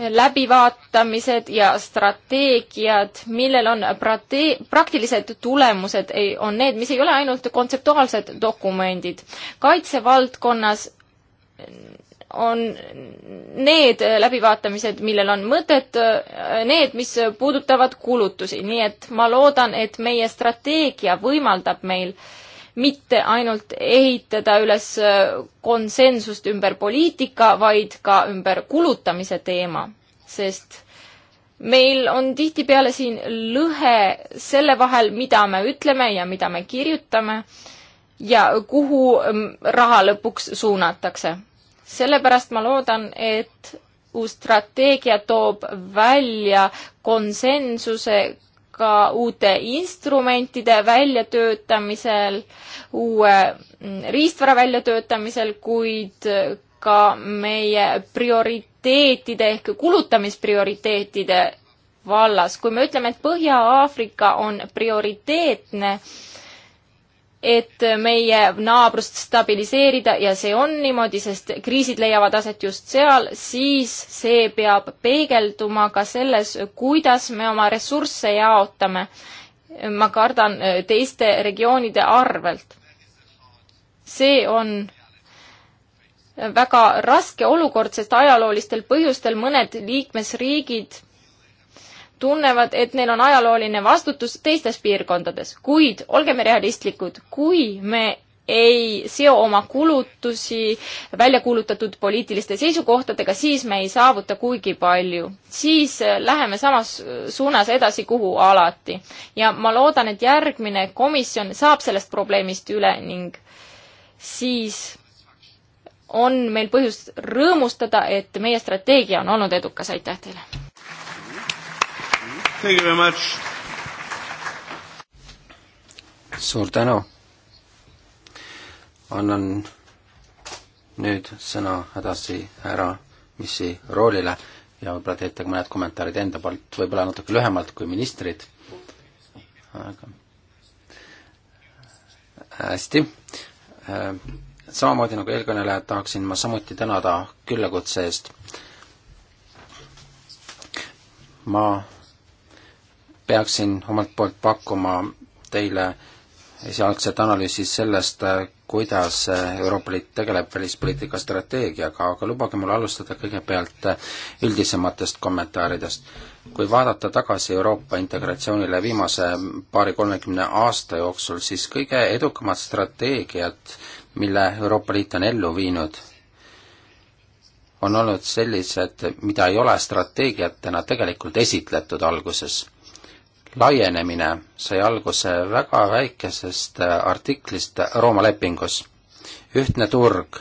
S3: läbivaatamised ja strateegiad, millel on prate-, praktilised tulemused, on need, mis ei ole ainult kontseptuaalsed dokumendid. kaitsevaldkonnas on need läbivaatamised, millel on mõtet, need, mis puudutavad kulutusi, nii et ma loodan, et meie strateegia võimaldab meil äh, mitte ainult ehitada üles äh, konsensust ümber poliitika, vaid ka ümber kulutamise teema, sest meil on tihtipeale siin lõhe selle vahel, mida me ütleme ja mida me kirjutame ja kuhu ähm, raha lõpuks suunatakse. sellepärast ma loodan, et uus strateegia toob välja konsensuse ka uute instrumentide väljatöötamisel, uue mm, riistvara väljatöötamisel, kuid äh, ka meie prioriteetide ehk kulutamisprioriteetide vallas. kui me ütleme, et Põhja-Aafrika on prioriteetne, et meie naabrust stabiliseerida ja see on niimoodi, sest kriisid leiavad aset just seal, siis see peab peegelduma ka selles, kuidas me oma ressursse jaotame. ma kardan äh, teiste regioonide arvelt. see on väga raske olukord, sest ajaloolistel põhjustel mõned liikmesriigid tunnevad, et neil on ajalooline vastutus teistes piirkondades, kuid olgem realistlikud, kui me ei seo oma kulutusi välja kuulutatud poliitiliste seisukohtadega, siis me ei saavuta kuigi palju. siis äh, läheme samas suunas edasi, kuhu alati. ja ma loodan, et järgmine komisjon saab sellest probleemist üle ning siis on meil põhjust rõõmustada, et meie strateegia on olnud edukas, aitäh teile!
S2: Thank you very much. suur tänu. annan nüüd sõna edasi härra Missi roolile ja võib-olla teete ka mõned kommentaarid enda poolt, võib-olla natuke lühemalt kui ministrid. aga hästi. Äh, samamoodi nagu eelkõnelejad, tahaksin ma samuti tänada küllakutse eest. ma peaksin omalt poolt pakkuma teile esialgset analüüsi sellest, kuidas Euroopa Liit tegeleb välispoliitika strateegiaga, aga lubage mul alustada kõigepealt üldisematest kommentaaridest. kui vaadata tagasi Euroopa integratsioonile viimase paari-kolmekümne aasta jooksul, siis kõige edukamad strateegiad, mille Euroopa Liit on ellu viinud, on olnud sellised, mida ei ole strateegiatena tegelikult esitletud alguses laienemine sai alguse väga väikesest äh, artiklist Rooma lepingus. ühtne turg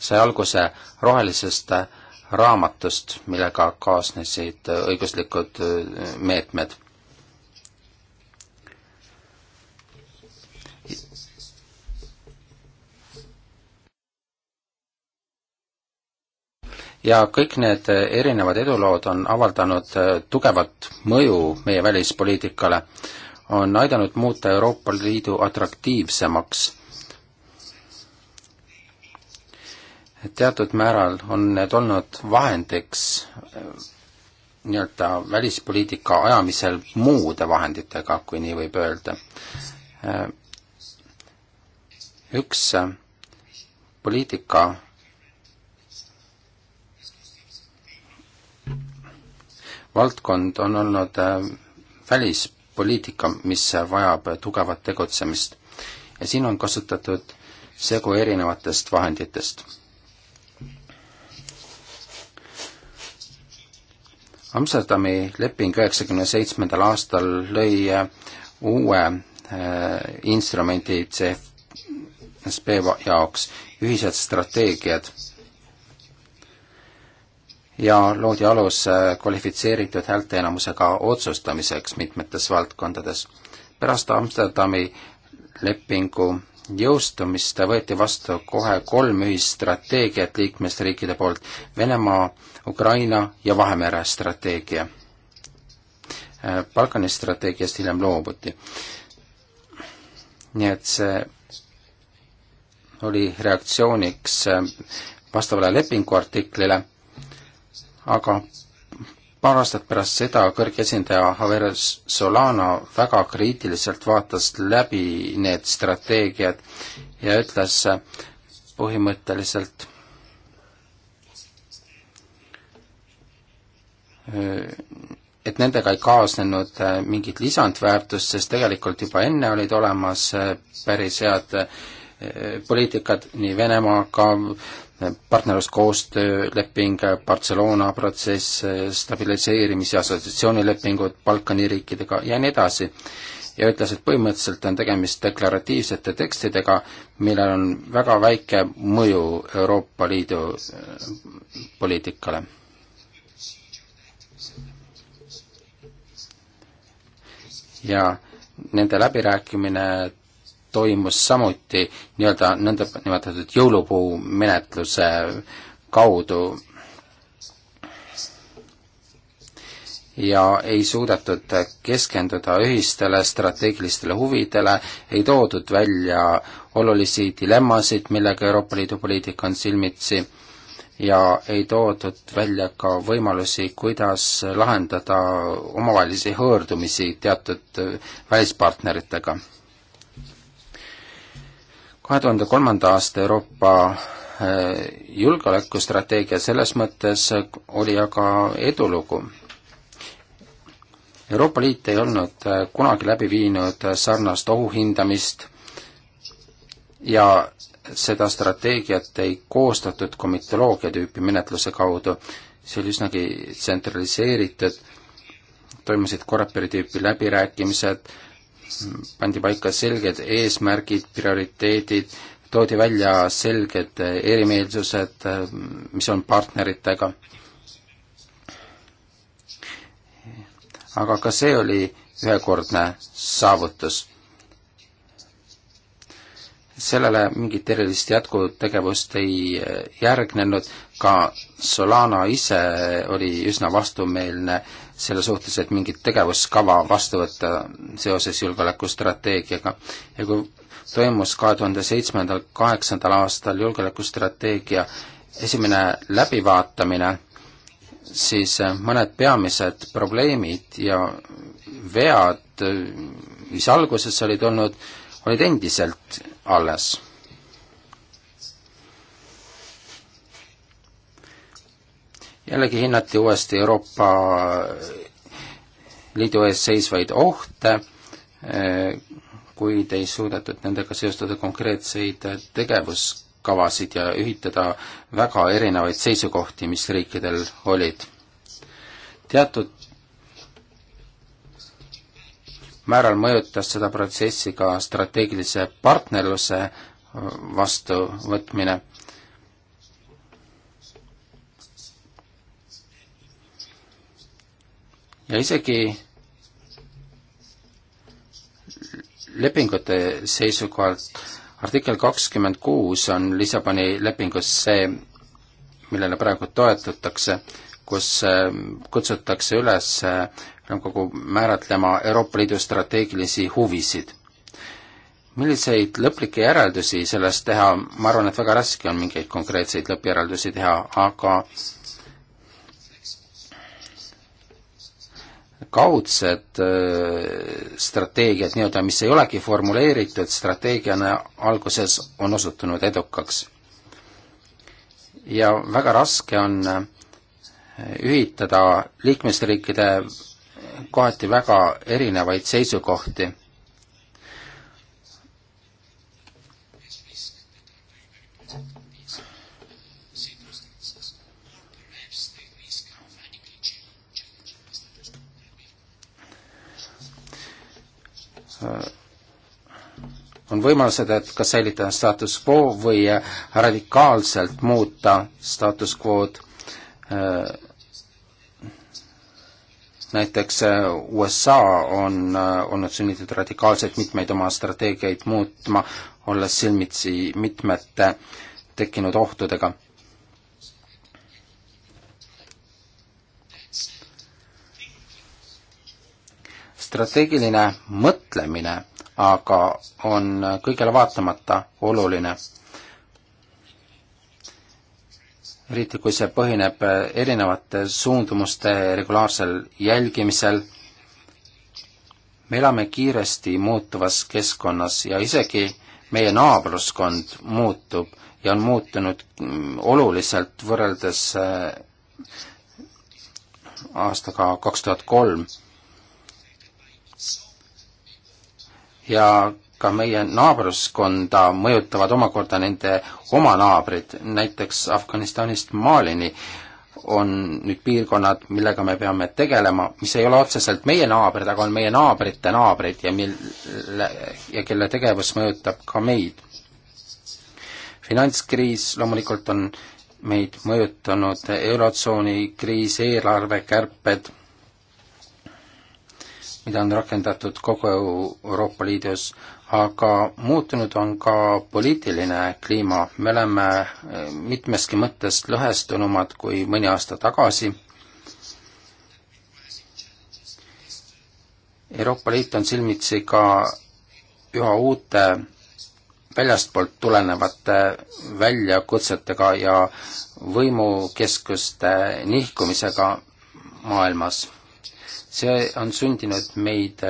S2: sai alguse rohelisest äh, raamatust, millega kaasnesid äh, õiguslikud meetmed. ja kõik need eh, erinevad edulood on avaldanud eh, tugevat mõju meie välispoliitikale, on aidanud muuta Euroopa Liidu atraktiivsemaks. teatud määral on need olnud vahendiks eh, nii-öelda välispoliitika ajamisel muude vahenditega, kui nii võib öelda. üks poliitika valdkond on olnud äh, välispoliitika, mis vajab tugevat tegutsemist. ja siin on kasutatud segu erinevatest vahenditest. Amsterdami leping üheksakümne seitsmendal aastal lõi äh, uue äh, instrumendi CFSB jaoks, ühised strateegiad ja loodi alus äh, kvalifitseeritud häälteenamusega otsustamiseks mitmetes valdkondades. pärast Amsterdami lepingu jõustumist võeti vastu kohe kolm ühisstrateegiat liikmesriikide poolt, Venemaa, Ukraina ja Vahemere strateegia. Äh, Balkani strateegiast hiljem loobuti. nii et see oli reaktsiooniks äh, vastavale lepingu artiklile aga paar aastat pärast seda kõrge esindaja Javier Solana väga kriitiliselt vaatas läbi need strateegiad ja ütles põhimõtteliselt et nendega ei kaasnenud äh, mingit lisandväärtust, sest tegelikult juba enne olid olemas äh, päris head äh, poliitikad nii Venemaaga, partnerluskoostööleping, Barcelona protsess, stabiliseerimis- ja assotsiatsioonilepingud Balkani riikidega ja nii edasi. ja ütles, et põhimõtteliselt on tegemist deklaratiivsete tekstidega, millel on väga väike mõju Euroopa Liidu äh, poliitikale. ja nende läbirääkimine toimus samuti nii-öelda nõndanimetatud jõulupuu menetluse kaudu ja ei suudetud keskenduda ühistele strateegilistele huvidele, ei toodud välja olulisi dilemmasid, millega Euroopa Liidu poliitika on silmitsi, ja ei toodud välja ka võimalusi, kuidas lahendada omavahelisi hõõrdumisi teatud välispartneritega kahe tuhande kolmanda aasta Euroopa äh, julgeolekustrateegia selles mõttes oli aga edulugu. Euroopa Liit ei olnud äh, kunagi läbi viinud äh, sarnast ohuhindamist ja seda strateegiat ei koostatud komitoloogia tüüpi menetluse kaudu, see oli üsnagi tsentraliseeritud, toimusid korrapööri tüüpi läbirääkimised, pandi paika selged eesmärgid, prioriteedid, toodi välja selged erimeelsused, mis on partneritega. aga ka see oli ühekordne saavutus. sellele mingit erilist jätkutegevust ei järgnenud, ka Solana ise oli üsna vastumeelne äh, selle suhtes, et mingit tegevuskava vastu võtta seoses julgeolekustrateegiaga ja kui toimus kahe tuhande seitsmendal, kaheksandal aastal julgeolekustrateegia esimene läbivaatamine, siis mõned peamised probleemid ja vead, mis alguses olid olnud, olid endiselt alles jällegi hinnati uuesti Euroopa Liidu ees seisvaid ohte, kuid ei suudetud nendega seostada konkreetseid tegevuskavasid ja ühitada väga erinevaid seisukohti, mis riikidel olid. teatud määral mõjutas seda protsessi ka strateegilise partnerluse vastuvõtmine ja isegi lepingute seisukohalt artikkel kakskümmend kuus on Lissaboni lepingus see, millele praegu toetutakse, kus ähm, kutsutakse üles ülemkogu äh, määratlema Euroopa Liidu strateegilisi huvisid. milliseid lõplikke järeldusi sellest teha, ma arvan, et väga raske on mingeid konkreetseid lõppjäreldusi teha, aga kaudsed äh, strateegiad nii-öelda, mis ei olegi formuleeritud strateegiana, alguses on osutunud edukaks. ja väga raske on äh, ühitada liikmesriikide kohati väga erinevaid seisukohti Äh, on võimalused, et kas säilitada status quo või äh, radikaalselt muuta status quo'd. Äh, näiteks USA on olnud sunnitud radikaalselt mitmeid oma strateegiaid muutma, olles silmitsi mitmete tekkinud ohtudega strateegiline mõtlemine aga on kõigele vaatamata oluline. eriti kui see põhineb erinevate suundumuste regulaarsel jälgimisel. me elame kiiresti muutuvas keskkonnas ja isegi meie naabruskond muutub ja on muutunud mm, oluliselt võrreldes äh, aastaga kaks tuhat kolm ja ka meie naabruskonda mõjutavad omakorda nende oma naabrid, näiteks Afganistanist Malini on nüüd piirkonnad, millega me peame tegelema, mis ei ole otseselt meie naabrid, aga on meie naabrite naabrid ja mille, ja kelle tegevus mõjutab ka meid. finantskriis loomulikult on meid mõjutanud, eurotsooni kriis, eelarvekärped mida on rakendatud kogu Euroopa Liidus, aga muutunud on ka poliitiline kliima, me oleme eh, mitmeski mõttes lõhestunumad kui mõni aasta tagasi. Euroopa Liit on silmitsi ka üha uute väljastpoolt tulenevate väljakutsetega ja võimukeskuste nihkumisega maailmas see on sundinud meid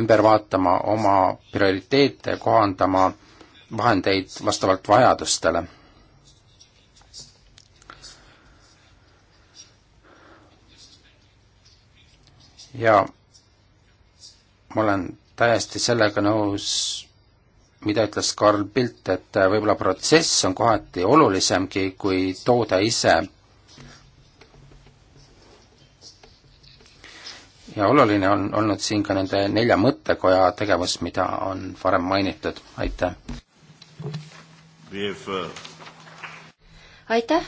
S2: ümber vaatama oma prioriteete, kohandama vahendeid vastavalt vajadustele. ja ma olen täiesti sellega nõus, mida ütles Carl Pilt, et võib-olla protsess on kohati olulisemgi kui toode ise ja oluline on olnud siin ka nende nelja mõttekoja tegevus, mida on varem mainitud, aitäh! Uh,
S1: aitäh!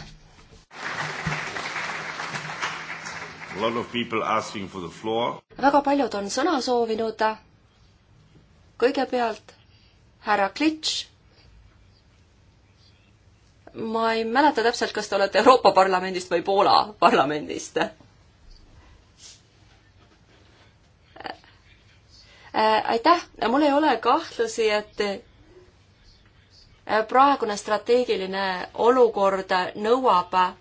S1: väga paljud on sõna soovinud. kõigepealt härra Klitš. ma ei mäleta täpselt, kas te olete Euroopa Parlamendist või Poola parlamendist Äh, aitäh, mul ei ole kahtlusi, et äh, praegune strateegiline olukord nõuab äh,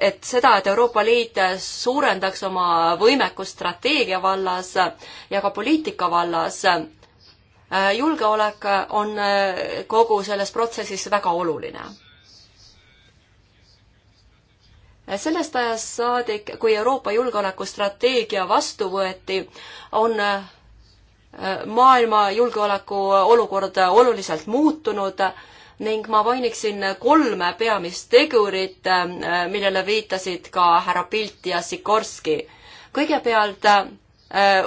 S1: et seda, et Euroopa Liit suurendaks oma võimekust strateegia vallas ja ka poliitika vallas. julgeolek on kogu selles protsessis väga oluline sellest ajast saadik, kui Euroopa julgeolekustrateegia vastu võeti, on äh, maailma julgeolekuolukord oluliselt muutunud ning ma mainiksin kolme peamist tegurit, äh, millele viitasid ka härra Pilt ja Sikorski. kõigepealt äh,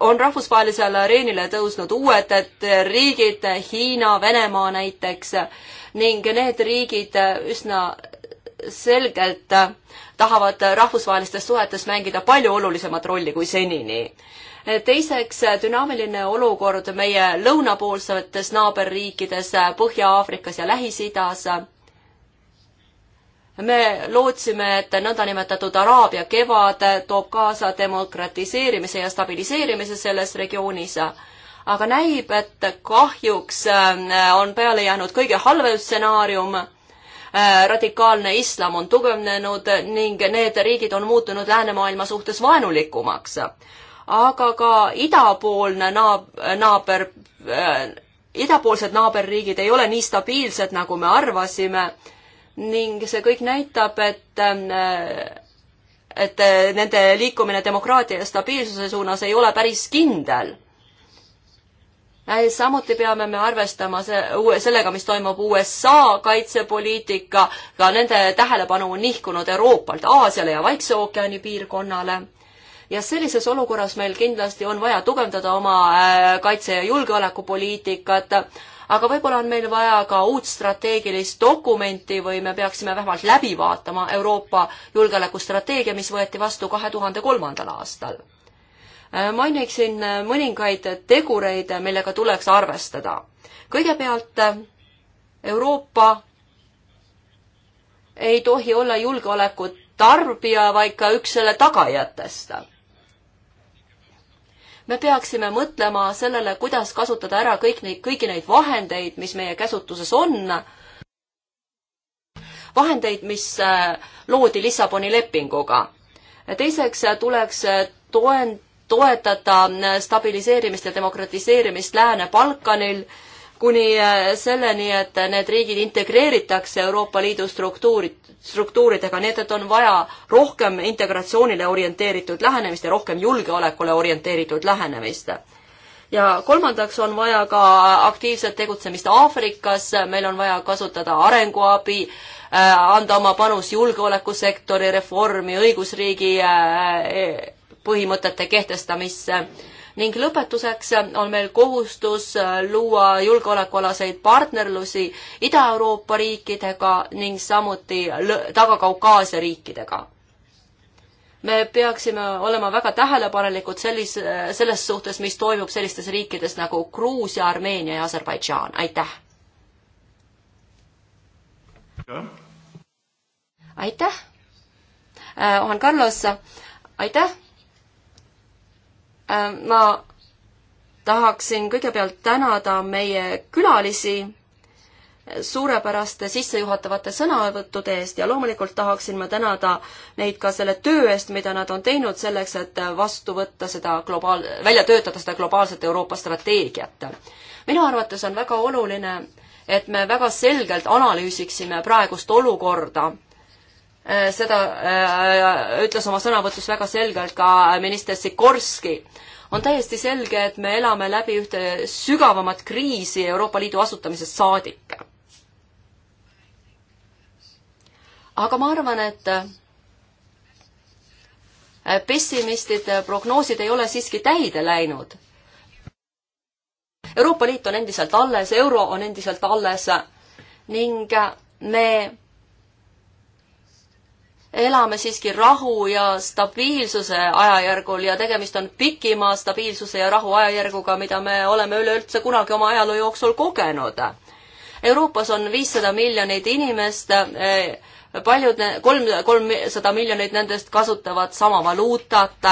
S1: on rahvusvahelisele areenile tõusnud uued riigid, Hiina, Venemaa näiteks, ning need riigid üsna selgelt äh, tahavad rahvusvahelistes suhetes mängida palju olulisemat rolli kui senini. Äh, teiseks, äh, dünaamiline olukord meie lõunapoolsetes naaberriikides, Põhja-Aafrikas ja Lähis-Idas. me lootsime, et nõndanimetatud Araabia kevad toob kaasa demokratiseerimise ja stabiliseerimise selles regioonis aga näib, et kahjuks on peale jäänud kõige halvem stsenaarium Äh, radikaalne islam on tugevnenud ning need riigid on muutunud läänemaailma suhtes vaenulikumaks. aga ka idapoolne naab-, naaber äh,, idapoolsed naaberriigid ei ole nii stabiilsed, nagu me arvasime ning see kõik näitab, et äh, et äh, nende liikumine demokraatia ja stabiilsuse suunas ei ole päris kindel Äh, samuti peame me arvestama see, sellega, mis toimub USA kaitsepoliitika, ka nende tähelepanu on nihkunud Euroopalt Aasiale ja Vaikse ookeani piirkonnale ja sellises olukorras meil kindlasti on vaja tugevdada oma äh, kaitse- ja julgeolekupoliitikat, aga võib-olla on meil vaja ka uut strateegilist dokumenti või me peaksime vähemalt läbi vaatama Euroopa julgeolekustrateegia, mis võeti vastu kahe tuhande kolmandal aastal. Äh, mainiksin äh, mõningaid tegureid, äh, millega tuleks arvestada. kõigepealt Euroopa ei tohi olla julgeoleku tarbija, vaid ka üks selle tagajatest. me peaksime mõtlema sellele, kuidas kasutada ära kõik neid, kõiki neid vahendeid, mis meie käsutuses on, vahendeid, mis loodi Lissaboni lepinguga. teiseks tuleks toend-, toetada stabiliseerimist ja demokratiseerimist Lääne-Balkanil kuni äh, selleni, et need riigid integreeritakse Euroopa Liidu struktuurid, struktuuridega, nii et, et on vaja rohkem integratsioonile orienteeritud lähenemist ja rohkem julgeolekule orienteeritud lähenemist. ja kolmandaks on vaja ka aktiivset tegutsemist Aafrikas, meil on vaja kasutada arenguabi, äh, anda oma panus julgeolekusektori reformi, õigusriigi äh, põhimõtete kehtestamisse. ning lõpetuseks on meil kohustus luua julgeolekualaseid partnerlusi Ida-Euroopa riikidega ning samuti Taga-Kaukaasia riikidega me peaksime olema väga tähelepanelikud sellis-, selles suhtes, mis toimub sellistes riikides nagu Gruusia, Armeenia ja Aserbaidžaan, aitäh! aitäh! Äh, Juhan Carlos, aitäh! Ähm, ma tahaksin kõigepealt tänada meie külalisi suurepäraste sissejuhatavate sõnavõttude eest ja loomulikult tahaksin ma tänada neid ka selle töö eest, mida nad on teinud selleks, et vastu võtta seda globaal, välja töötada seda globaalset Euroopa strateegiat. minu arvates on väga oluline, et me väga selgelt analüüsiksime praegust olukorda Äh, seda äh, ütles oma sõnavõtus väga selgelt ka minister Sikorski. on täiesti selge, et me elame läbi ühte sügavamat kriisi Euroopa Liidu asutamisest saadik. aga ma arvan, et äh, pessimistide prognoosid ei ole siiski täide läinud. Euroopa Liit on endiselt alles, euro on endiselt alles ning me elame siiski rahu ja stabiilsuse ajajärgul ja tegemist on pikima stabiilsuse ja rahu ajajärguga, mida me oleme üleüldse kunagi oma ajaloo jooksul kogenud. Euroopas on viissada miljonit inimest, eh, paljud, kolm, kolmsada miljonit nendest kasutavad sama valuutat.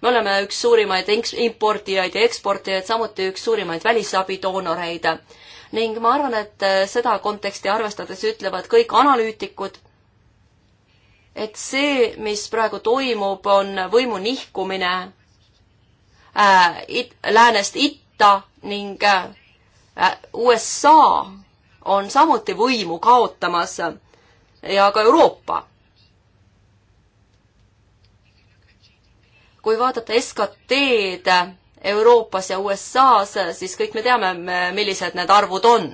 S1: me oleme üks suurimaid importijaid ja eksportijaid, samuti üks suurimaid välisabidoonoreid. ning ma arvan, et eh, seda konteksti arvestades ütlevad kõik analüütikud et see, mis praegu toimub, on võimu nihkumine äh, it, läänest itta ning äh, USA on samuti võimu kaotamas ja ka Euroopa. kui vaadata SKT-d Euroopas ja USA-s, siis kõik me teame, millised need arvud on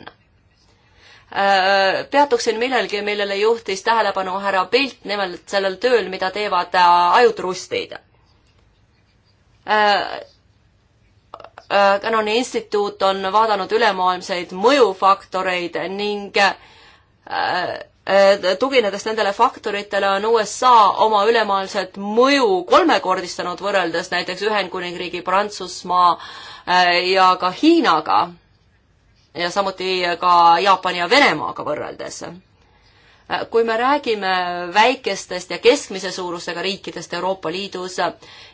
S1: Äh, peatuksin millelgi, millele juhtis tähelepanu härra Pilt, nimelt sellel tööl, mida teevad äh, ajutrustid. Kanoni äh, instituut on vaadanud ülemaailmseid mõjufaktoreid ning tuginedes nendele faktoritele on USA oma ülemaailmset mõju kolmekordistanud võrreldes näiteks Ühendkuningriigi, Prantsusmaa ja ka Hiinaga ja samuti ka Jaapani ja Venemaaga võrreldes. kui me räägime väikestest ja keskmise suurusega riikidest Euroopa Liidus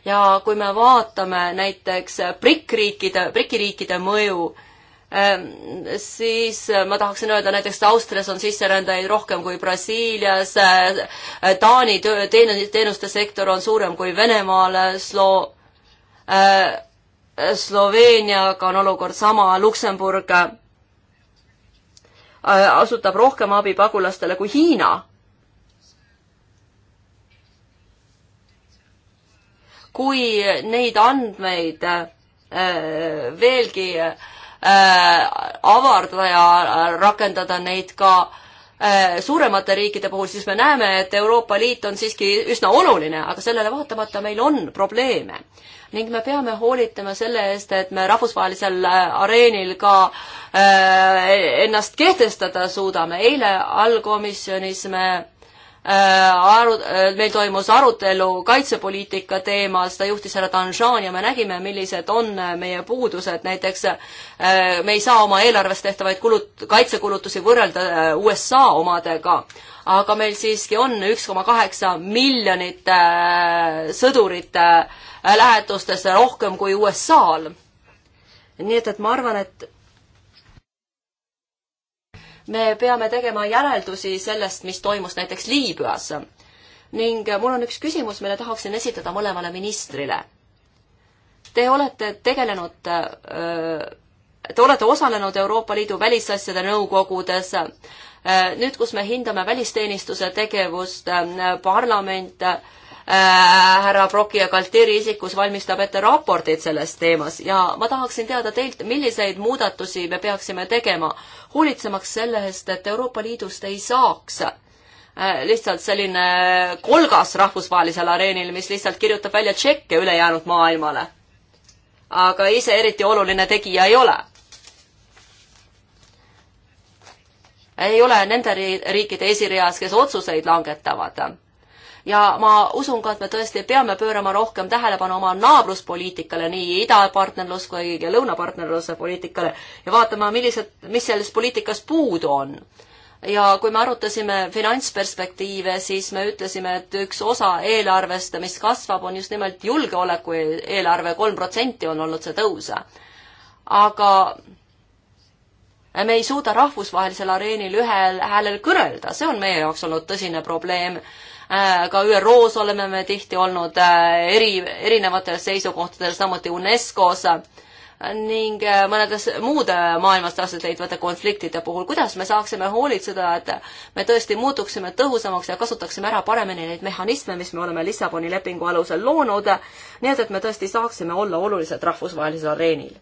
S1: ja kui me vaatame näiteks BRIC riikide, BRIC-i riikide mõju, ehm, siis ma tahaksin öelda, näiteks Austrias on sisserändajaid rohkem kui Brasiilias, Taani töö, teene-, teenuste sektor on suurem kui Venemaal, Slo-, ehm, Sloveeniaga on olukord sama, Luksemburg Äh, asutab rohkem abi pagulastele kui Hiina. kui neid andmeid äh, veelgi äh, avardada ja rakendada neid ka suuremate riikide puhul, siis me näeme, et Euroopa Liit on siiski üsna oluline, aga sellele vaatamata meil on probleeme ning me peame hoolitama selle eest, et me rahvusvahelisel äh, areenil ka äh, ennast kehtestada suudame. eile allkomisjonis me äh, aru-, äh, meil toimus arutelu kaitsepoliitika teemal, seda juhtis härra Danjan ja me nägime, millised on meie puudused, näiteks me ei saa oma eelarves tehtavaid kulut-, kaitsekulutusi võrrelda USA omadega, aga meil siiski on üks koma kaheksa miljonit sõdurit äh, Äh, lähetustesse rohkem kui USA-l. nii et, et ma arvan, et me peame tegema järeldusi sellest, mis toimus näiteks Liibüas. ning äh, mul on üks küsimus, mille tahaksin esitada mõlemale ministrile. Te olete tegelenud, äh, te olete osalenud Euroopa Liidu välisasjade nõukogudes. nüüd, kus me hindame välisteenistuse tegevust, parlament Äh, härra Broki ja Galtieri isikus valmistab ette raporteid selles teemas ja ma tahaksin teada teilt, milliseid muudatusi me peaksime tegema, hoolitsemaks selle eest, et Euroopa Liidust ei saaks äh, lihtsalt selline kolgas rahvusvahelisel areenil, mis lihtsalt kirjutab välja tšekke ülejäänud maailmale. aga ise eriti oluline tegija ei ole ei ole nende riikide esireas, kes otsuseid langetavad ja ma usun ka, et me tõesti peame pöörama rohkem tähelepanu oma naabruspoliitikale, nii idapartnerlus kui ka lõunapartnerluse poliitikale ja vaatama, millised, mis selles poliitikas puudu on ja kui me arutasime finantsperspektiive, siis me ütlesime, et üks osa eelarvest, mis kasvab, on just nimelt julgeoleku eelarve, kolm protsenti on olnud see tõus. aga me ei suuda rahvusvahelisel areenil ühel häälel kõrelda, see on meie jaoks olnud tõsine probleem Äh, ka ÜRO-s oleme me tihti olnud äh, eri, erinevatel seisukohtadel, samuti UNESCO-s ning äh, mõnedes muude maailmas aset leidvate konfliktide puhul, kuidas me saaksime hoolitseda, et me tõesti muutuksime tõhusamaks ja kasutaksime ära paremini neid mehhanisme, mis me oleme Lissaboni lepingu alusel loonud, nii et, et me tõesti saaksime olla olulised rahvusvahelisel areenil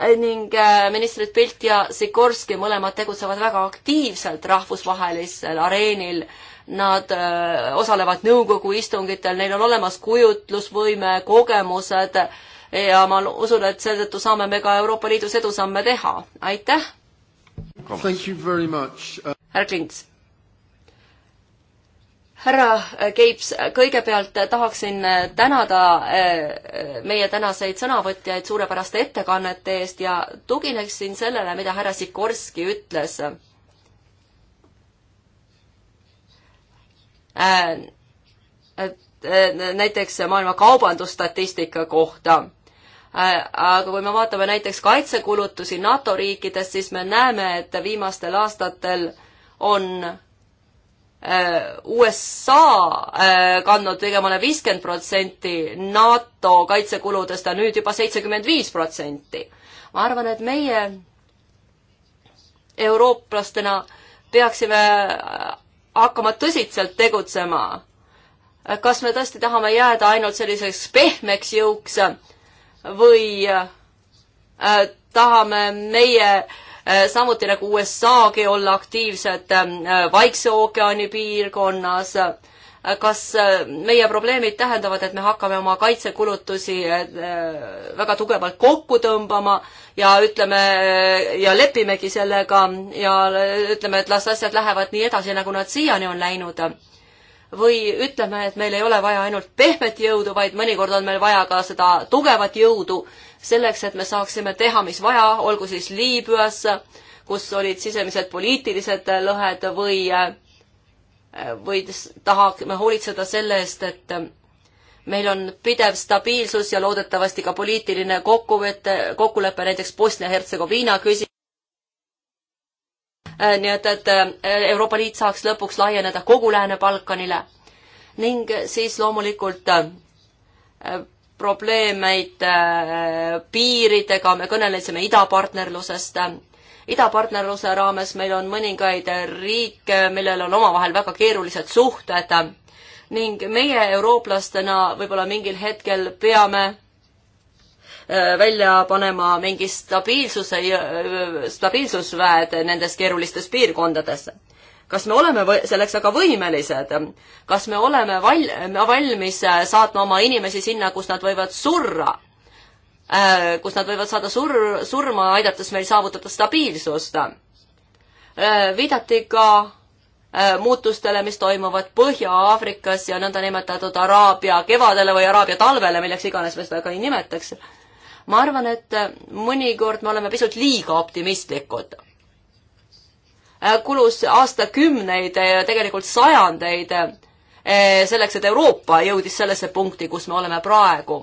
S1: Äh, ning äh, ministrid Pilt ja Sikorski mõlemad tegutsevad väga aktiivselt rahvusvahelisel areenil. Nad äh, osalevad nõukogu istungitel, neil on olemas kujutlusvõime, kogemused ja ma usun, et seetõttu saame me ka Euroopa Liidus edusamme teha. aitäh!
S2: härra
S1: Klints härra Keips, kõigepealt tahaksin tänada eh, meie tänaseid sõnavõtjaid suurepäraste ettekannete eest ja tugineksin sellele, mida härra Sikorski ütles. Eh, eh, näiteks maailma kaubandusstatistika kohta aga kui me vaatame näiteks kaitsekulutusi NATO riikides, siis me näeme, et viimastel aastatel on Äh, USA äh, kandnud ligemale viiskümmend protsenti NATO kaitsekuludest ja nüüd juba seitsekümmend viis protsenti. ma arvan, et meie eurooplastena peaksime äh, hakkama tõsiselt tegutsema. kas me tõesti tahame jääda ainult selliseks pehmeks jõuks või tahame meie äh, Äh, samuti nagu USA-gi olla aktiivsed ähm, äh, Vaikse ookeani piirkonnas. Äh, kas meie probleemid tähendavad, et me hakkame oma kaitsekulutusi väga tugevalt kokku tõmbama ja ütleme ja lepimegi sellega ja ütleme, et las asjad lähevad nii edasi, nagu nad siiani on läinud või ütleme, et meil ei ole vaja ainult pehmet jõudu, vaid mõnikord on meil vaja ka seda tugevat jõudu selleks, et me saaksime teha, mis vaja, olgu siis Liibüas, kus olid sisemised poliitilised lõhed või, või tahame hoolitseda selle eest, et meil on pidev stabiilsus ja loodetavasti ka poliitiline kokkuvõte, kokkulepe näiteks Bosnia-Hertsegoviina küsimuses. nii et, et Euroopa Liit saaks lõpuks laieneda kogu Lääne-Balkanile ning siis loomulikult probleemeid äh, piiridega, me kõnelesime idapartnerlusest. idapartnerluse raames meil on mõningaid riike, millel on omavahel väga keerulised suhted ning meie eurooplastena võib-olla mingil hetkel peame äh, välja panema mingi stabiilsuse, äh, stabiilsusväed nendes keerulistes piirkondades kas me oleme või, selleks aga võimelised? kas me oleme val-, valmis äh, saatma oma inimesi sinna, kus nad võivad surra? Äh, kus nad võivad saada sur-, surma, aidates meil saavutada stabiilsust. Äh, viidati ka muutustele, mis toimuvad Põhja-Aafrikas ja nõndanimetatud Araabia kevadele või Araabia talvele, milleks iganes me seda ka ei nimetaks. ma arvan, et mõnikord me oleme pisut liiga optimistlikud Äh, kulus aastakümneid, tegelikult sajandeid äh, selleks, et Euroopa jõudis sellesse punkti, kus me oleme praegu.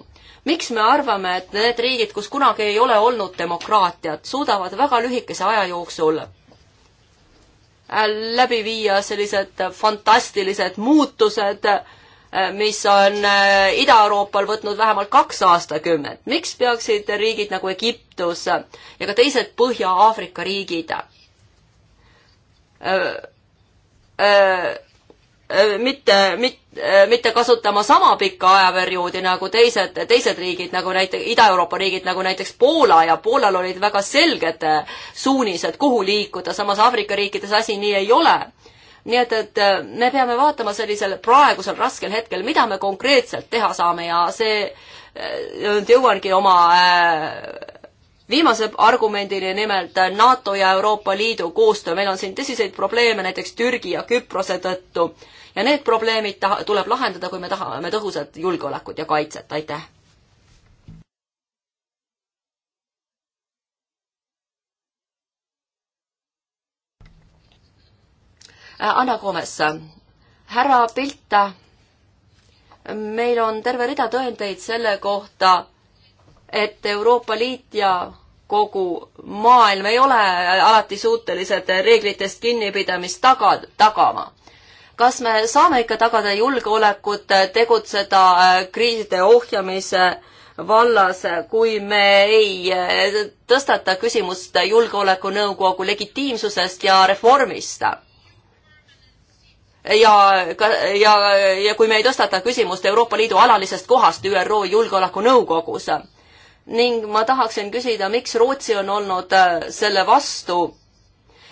S1: miks me arvame, et need riigid, kus kunagi ei ole olnud demokraatiat, suudavad väga lühikese aja jooksul äh, läbi viia sellised fantastilised muutused, mis on Ida-Euroopal võtnud vähemalt kaks aastakümmet. miks peaksid riigid nagu Egiptus ja ka teised Põhja-Aafrika riigid Äh, äh, äh, mitte, mitte, mitte kasutama sama pikka ajaperioodi nagu teised, teised riigid, nagu näiteks Ida-Euroopa riigid, nagu näiteks Poola ja Poolal olid väga selged suunised, kuhu liikuda, samas Aafrika riikides asi nii ei ole. nii et, et me peame vaatama sellisel praegusel raskel hetkel, mida me konkreetselt teha saame ja see, jõuangi oma äh, viimase argumendini nimelt NATO ja Euroopa Liidu koostöö, meil on siin tõsiseid probleeme näiteks Türgi ja Küprose tõttu ja need probleemid taha, tuleb lahendada, kui me tahame tõhusat julgeolekut ja kaitset, aitäh. Äh, Anna Komes, härra Pilta, meil on terve rida tõendeid selle kohta, et Euroopa Liit ja kogu maailm ei ole alati suutelised reeglitest kinnipidamist taga, tagama. kas me saame ikka tagada julgeolekut tegutseda äh, kriiside ohjamise vallas, kui me ei äh, tõstata küsimust Julgeolekunõukogu legitiimsusest ja reformist? ja, ja, ja kui me ei tõstata küsimust Euroopa Liidu alalisest kohast ÜRO Julgeolekunõukogus ning ma tahaksin küsida, miks Rootsi on olnud äh, selle vastu,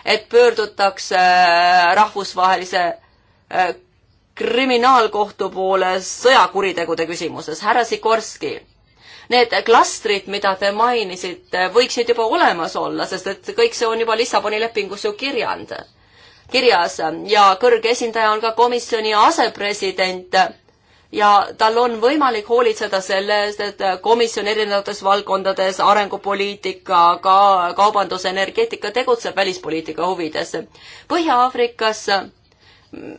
S1: et pöördutakse äh, rahvusvahelise äh, kriminaalkohtu poole sõjakuritegude küsimuses. härra Sikorski, need klastrid, mida te mainisite, võiksid juba olemas olla, sest et kõik see on juba Lissaboni lepingus ju kirjand, kirjas ja kõrge esindaja on ka komisjoni asepresident ja tal on võimalik hoolitseda selle eest, et komisjon erinevates valdkondades, arengupoliitika, ka kaubandus, energeetika tegutseb välispoliitika huvides. Põhja-Aafrikas mm,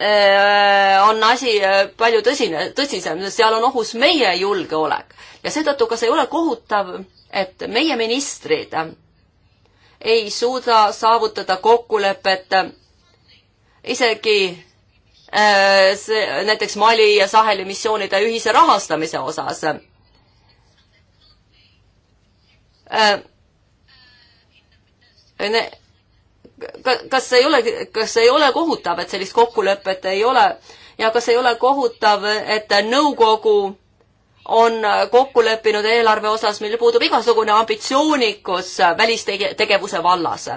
S1: eh, on asi eh, palju tõsine, tõsisem, seal on ohus meie julgeolek ja seetõttu, kas ei ole kohutav, et meie ministrid ei suuda saavutada kokkulepet isegi Äh, see, näiteks Mali ja Saheli missioonide ühise rahastamise osas. Äh, kas ei ole, kas ei ole kohutav, et sellist kokkulepet ei ole ja kas ei ole kohutav, et nõukogu on kokku leppinud eelarve osas, millel puudub igasugune ambitsioonikus välistegevuse vallas?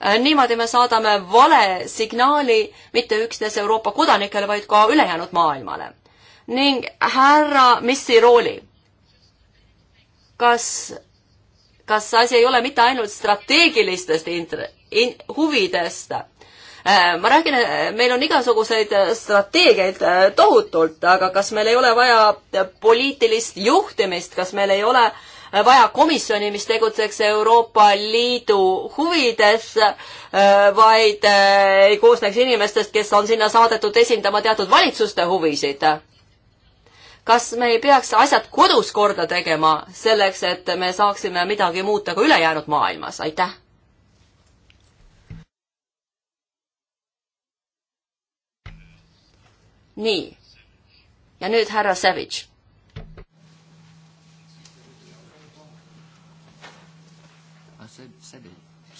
S1: Äh, niimoodi me saadame vale signaali mitte üksnes Euroopa kodanikele, vaid ka ülejäänud maailmale. ning härra Missi rooli. kas, kas asi ei ole mitte ainult strateegilistest intre-, in-, huvidest? Äh, ma räägin, äh, meil on igasuguseid strateegiaid tohutult, aga kas meil ei ole vaja poliitilist juhtimist, kas meil ei ole äh, vaja komisjoni, mis tegutseks Euroopa Liidu huvides, äh, vaid äh, ei koosneks inimestest, kes on sinna saadetud esindama teatud valitsuste huvisid. kas me ei peaks asjad kodus korda tegema selleks, et me saaksime midagi muuta ka ülejäänud maailmas, aitäh nii. ja nüüd härra Savage.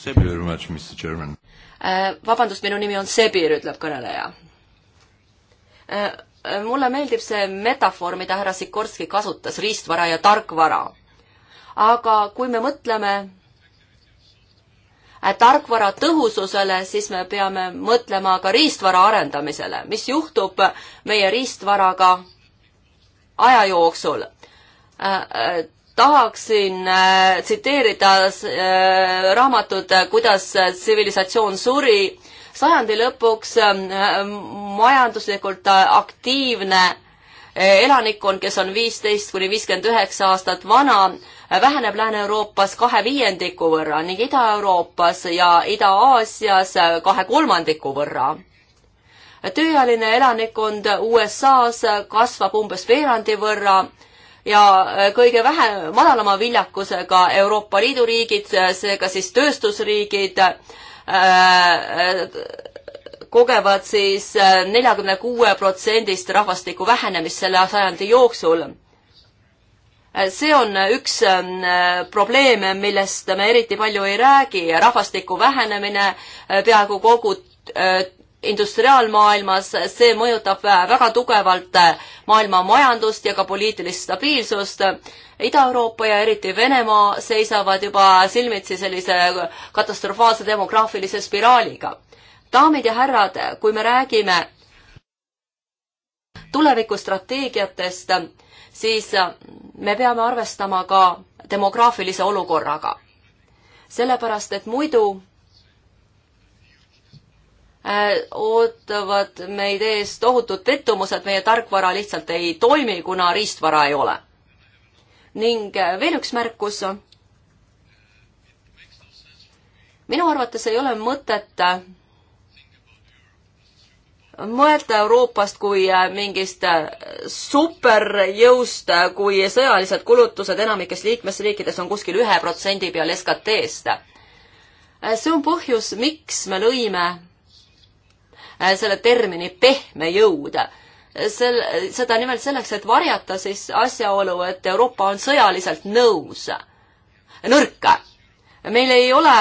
S2: Äh,
S1: vabandust, minu nimi on Sebir, ütleb kõneleja. Äh, äh, mulle meeldib see metafoor, mida härra Sikorski kasutas, riistvara ja tarkvara. aga kui me mõtleme tarkvara tõhususele, siis me peame mõtlema ka riistvara arendamisele, mis juhtub meie riistvaraga aja jooksul tahaksin äh, tsiteerida äh, raamatut äh, Kuidas tsivilisatsioon suri. sajandi lõpuks ähm, äh, majanduslikult äh, aktiivne äh, elanikkond, kes on viisteist kuni viiskümmend üheksa aastat vana äh,, väheneb Lääne-Euroopas kahe viiendiku võrra ning Ida-Euroopas ja Ida-Aasias äh, kahe kolmandiku võrra tööealine elanikkond USA-s kasvab umbes veerandi võrra ja äh, kõige vähe, madalama viljakusega Euroopa Liidu riigid, äh, seega siis tööstusriigid äh, kogevad siis neljakümne kuue protsendist rahvastiku vähenemist selle sajandi jooksul see on üks ähm, probleeme, millest me eriti palju ei räägi, rahvastiku vähenemine, peaaegu kogu industriaalmaailmas, see mõjutab äh, väga tugevalt äh, maailma majandust ja ka poliitilist stabiilsust. Ida-Euroopa ja eriti Venemaa seisavad juba silmitsi sellise katastrofaalse demograafilise spiraaliga. daamid ja härrad, kui me räägime tulevikustrateegiatest, siis äh, me peame arvestama ka demograafilise olukorraga. sellepärast, et muidu Äh, ootavad meid ees tohutud pettumused, meie tarkvara lihtsalt ei toimi, kuna riistvara ei ole. ning äh, veel üks märkus. minu arvates ei ole mõtet äh, mõelda Euroopast kui mingist superjõust, kui sõjalised kulutused enamikes liikmesriikides on kuskil ühe protsendi peal SKT-st. see on põhjus, miks me lõime Äh, selle termini pehme jõud. sel, seda nimelt selleks, et varjata siis asjaolu, et Euroopa on sõjaliselt nõus, nõrk. meil ei ole,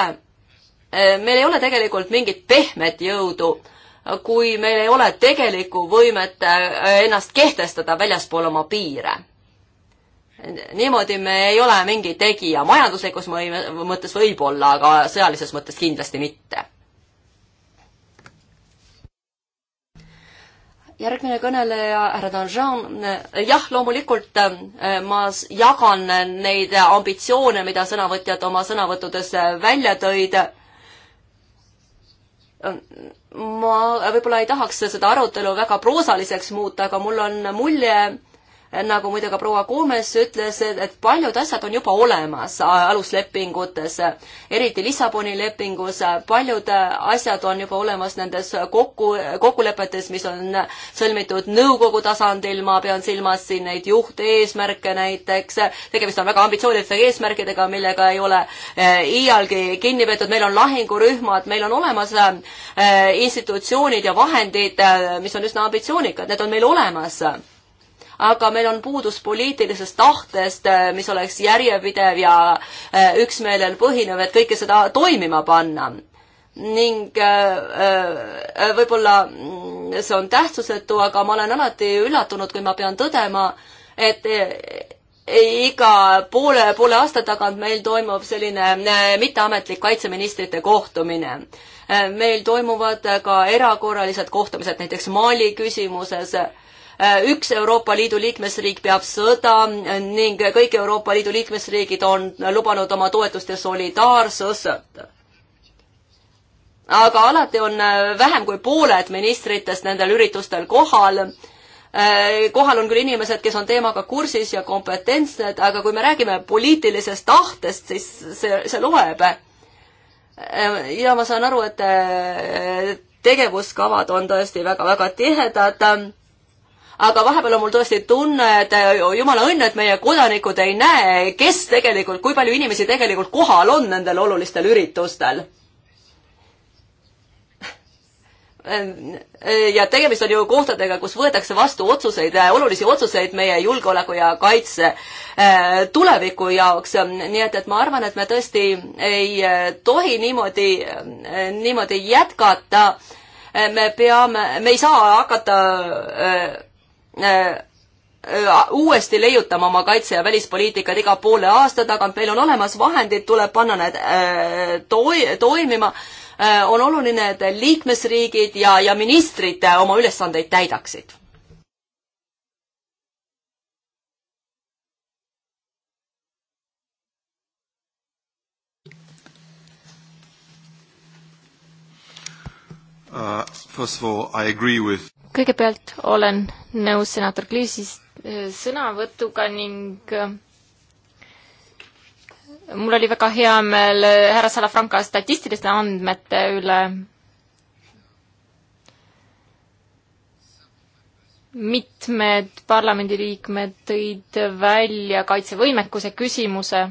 S1: äh, meil ei ole tegelikult mingit pehmet jõudu, kui meil ei ole tegelikku võimet äh, ennast kehtestada väljaspool oma piire niimoodi me ei ole mingi tegija, majanduslikus mõttes võib-olla, aga sõjalises mõttes kindlasti mitte järgmine kõneleja, härra Danjean, eh, jah, loomulikult eh, ma jagan neid ambitsioone, mida sõnavõtjad oma sõnavõttudes eh, välja tõid. ma võib-olla ei tahaks seda arutelu väga proosaliseks muuta, aga mul on mulje, nagu muide ka proua Gomes ütles, et paljud asjad on juba olemas aluslepingutes, eriti Lissaboni lepingus, paljud asjad on juba olemas nendes kokku, kokkulepetes, mis on sõlmitud nõukogu tasandil, ma pean silmas siin neid juhteesmärke näiteks, tegemist on väga ambitsioonikate eesmärkidega, millega ei ole eh, iialgi kinni peetud, meil on lahingurühmad, meil on olemas eh, institutsioonid ja vahendid, eh, mis on üsna ambitsioonikad, need on meil olemas aga meil on puudus poliitilisest tahtest, äh, mis oleks järjepidev ja äh, üksmeelel põhinev, et kõike seda toimima panna ning äh, võib-olla mm, see on tähtsusetu, aga ma olen alati üllatunud, kui ma pean tõdema, et iga poole, poole aasta tagant meil toimub selline mitteametlik kaitseministrite kohtumine. meil toimuvad ka erakorralised kohtumised, näiteks Mali küsimuses Äh, üks Euroopa Liidu liikmesriik peab sõda äh, ning kõik Euroopa Liidu liikmesriigid on lubanud oma toetust ja solidaarsust. aga alati on äh, vähem kui pooled ministritest nendel üritustel kohal. kohal on küll inimesed, kes on teemaga kursis ja kompetentsed, aga kui me räägime poliitilisest tahtest, siis see, see loeb. ja ma saan aru, et tegevuskavad on tõesti väga-väga tihedad aga vahepeal on mul tõesti tunne, et äh, jumala õnn, et meie kodanikud ei näe, kes tegelikult, kui palju inimesi tegelikult kohal on nendel olulistel üritustel. ja tegemist on ju kohtadega, kus võetakse vastu otsuseid, äh, olulisi otsuseid meie julgeoleku ja kaitse äh, tuleviku jaoks, nii et, et ma arvan, et me tõesti ei tohi niimoodi, niimoodi jätkata me peame, me ei saa hakata Äh, äh, uuesti leiutama oma kaitse- ja välispoliitikat iga poole aasta tagant, meil on olemas vahendid, tuleb panna need äh, toi-, toimima, on oluline, et liikmesriigid ja, ja ministrid oma ülesandeid täidaksid.
S2: Uh, first of all, I agree with
S3: kõigepealt olen nõus senator Gliisi äh, sõnavõtuga ning äh, mul oli väga hea meel äh, härra Salafranca statistiliste andmete üle. mitmed parlamendiliikmed tõid välja kaitsevõimekuse küsimuse,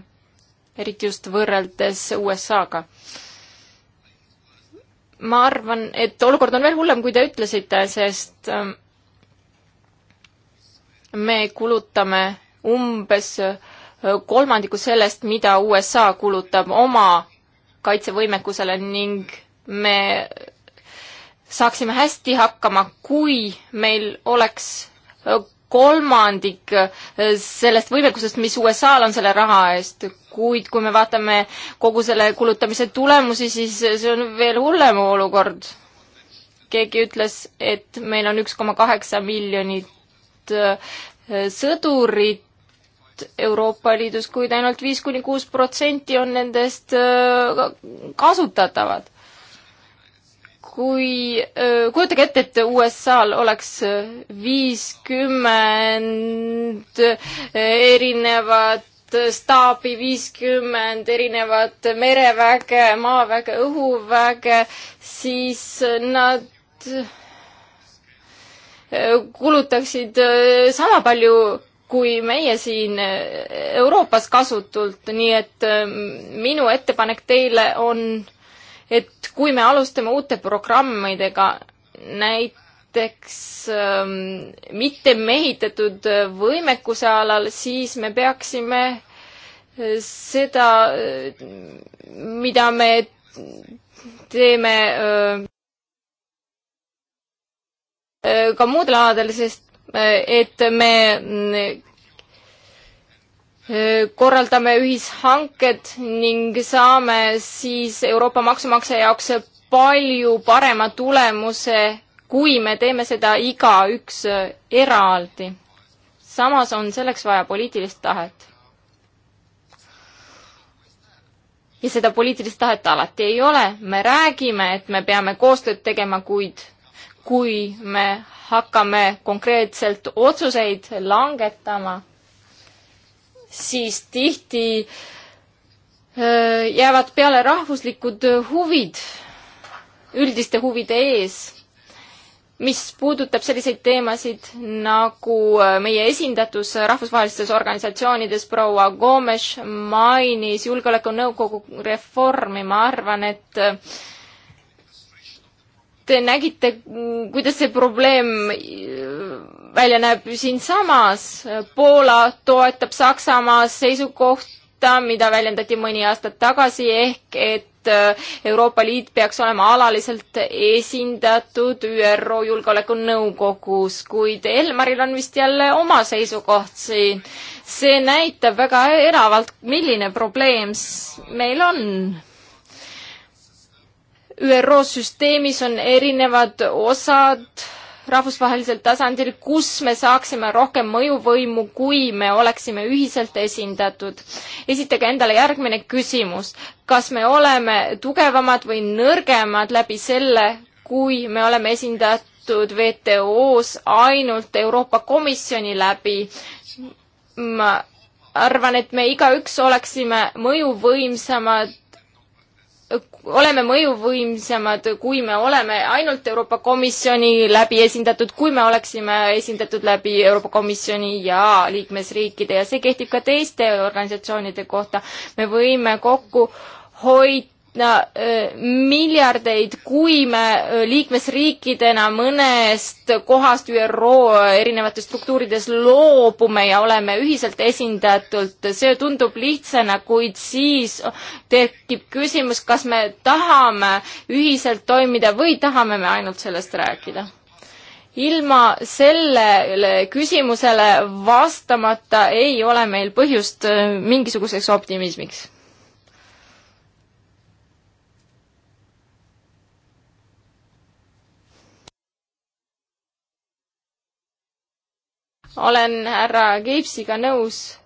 S3: eriti just võrreldes USA-ga ma arvan, et olukord on veel hullem, kui te ütlesite, sest ähm, me kulutame umbes äh, kolmandiku sellest, mida USA kulutab oma kaitsevõimekusele ning me saaksime hästi hakkama, kui meil oleks äh, kolmandik äh, sellest võimekusest, mis USA-l on selle raha eest kuid kui me vaatame kogu selle kulutamise tulemusi, siis see on veel hullem olukord. keegi ütles, et meil on üks koma kaheksa miljonit äh, sõdurit Euroopa Liidus, kuid ainult viis kuni kuus protsenti on nendest äh, kasutatavad. kui, äh, kujutage ette, et USA-l oleks viiskümmend erinevat staapi, viiskümmend erinevat mereväge, maaväge, õhuväge, siis nad äh, kulutaksid äh, sama palju kui meie siin äh, Euroopas kasutult, nii et minu ettepanek teile on, et kui me alustame uute programmidega, näiteks ähm, mitte mehitatud võimekuse alal, siis me peaksime seda, mida me teeme äh, ka muudel aladel, sest äh, et me äh, korraldame ühishanked ning saame siis Euroopa maksumaksja jaoks palju parema tulemuse, kui me teeme seda igaüks eraldi. samas on selleks vaja poliitilist tahet ja seda poliitilist tahet alati ei ole. me räägime, et me peame koostööd tegema, kuid kui me hakkame konkreetselt otsuseid langetama, siis tihti jäävad peale rahvuslikud huvid üldiste huvide ees mis puudutab selliseid teemasid nagu äh, meie esindatus rahvusvahelistes organisatsioonides, proua Gomes mainis Julgeolekunõukogu reformi, ma arvan, et äh, te nägite, kuidas see probleem äh, välja näeb siinsamas. Poola toetab Saksamaa seisukohti kohta, mida väljendati mõni aasta tagasi, ehk et äh, Euroopa Liit peaks olema alaliselt esindatud ÜRO Julgeolekunõukogus, kuid Elmaril on vist jälle oma seisukoht siin. see näitab väga eravalt, milline probleem meil on ÜRO süsteemis on erinevad osad rahvusvahelisel tasandil, kus me saaksime rohkem mõjuvõimu, kui me oleksime ühiselt esindatud. esitage endale järgmine küsimus, kas me oleme tugevamad või nõrgemad läbi selle, kui me oleme esindatud WTO-s ainult Euroopa Komisjoni läbi. ma arvan, et me igaüks oleksime mõjuvõimsamad oleme mõjuvõimsamad, kui me oleme ainult Euroopa Komisjoni läbi esindatud, kui me oleksime esindatud läbi Euroopa Komisjoni ja liikmesriikide ja see kehtib ka teiste organisatsioonide kohta. me võime kokku hoida miljardeid, kui me liikmesriikidena mõnest kohast ÜRO erinevates struktuurides loobume ja oleme ühiselt esindatult, see tundub lihtsana, kuid siis tekib küsimus, kas me tahame ühiselt toimida või tahame me ainult sellest rääkida ilma sellele küsimusele vastamata ei ole meil põhjust mingisuguseks optimismiks olen härra Keipsiga nõus,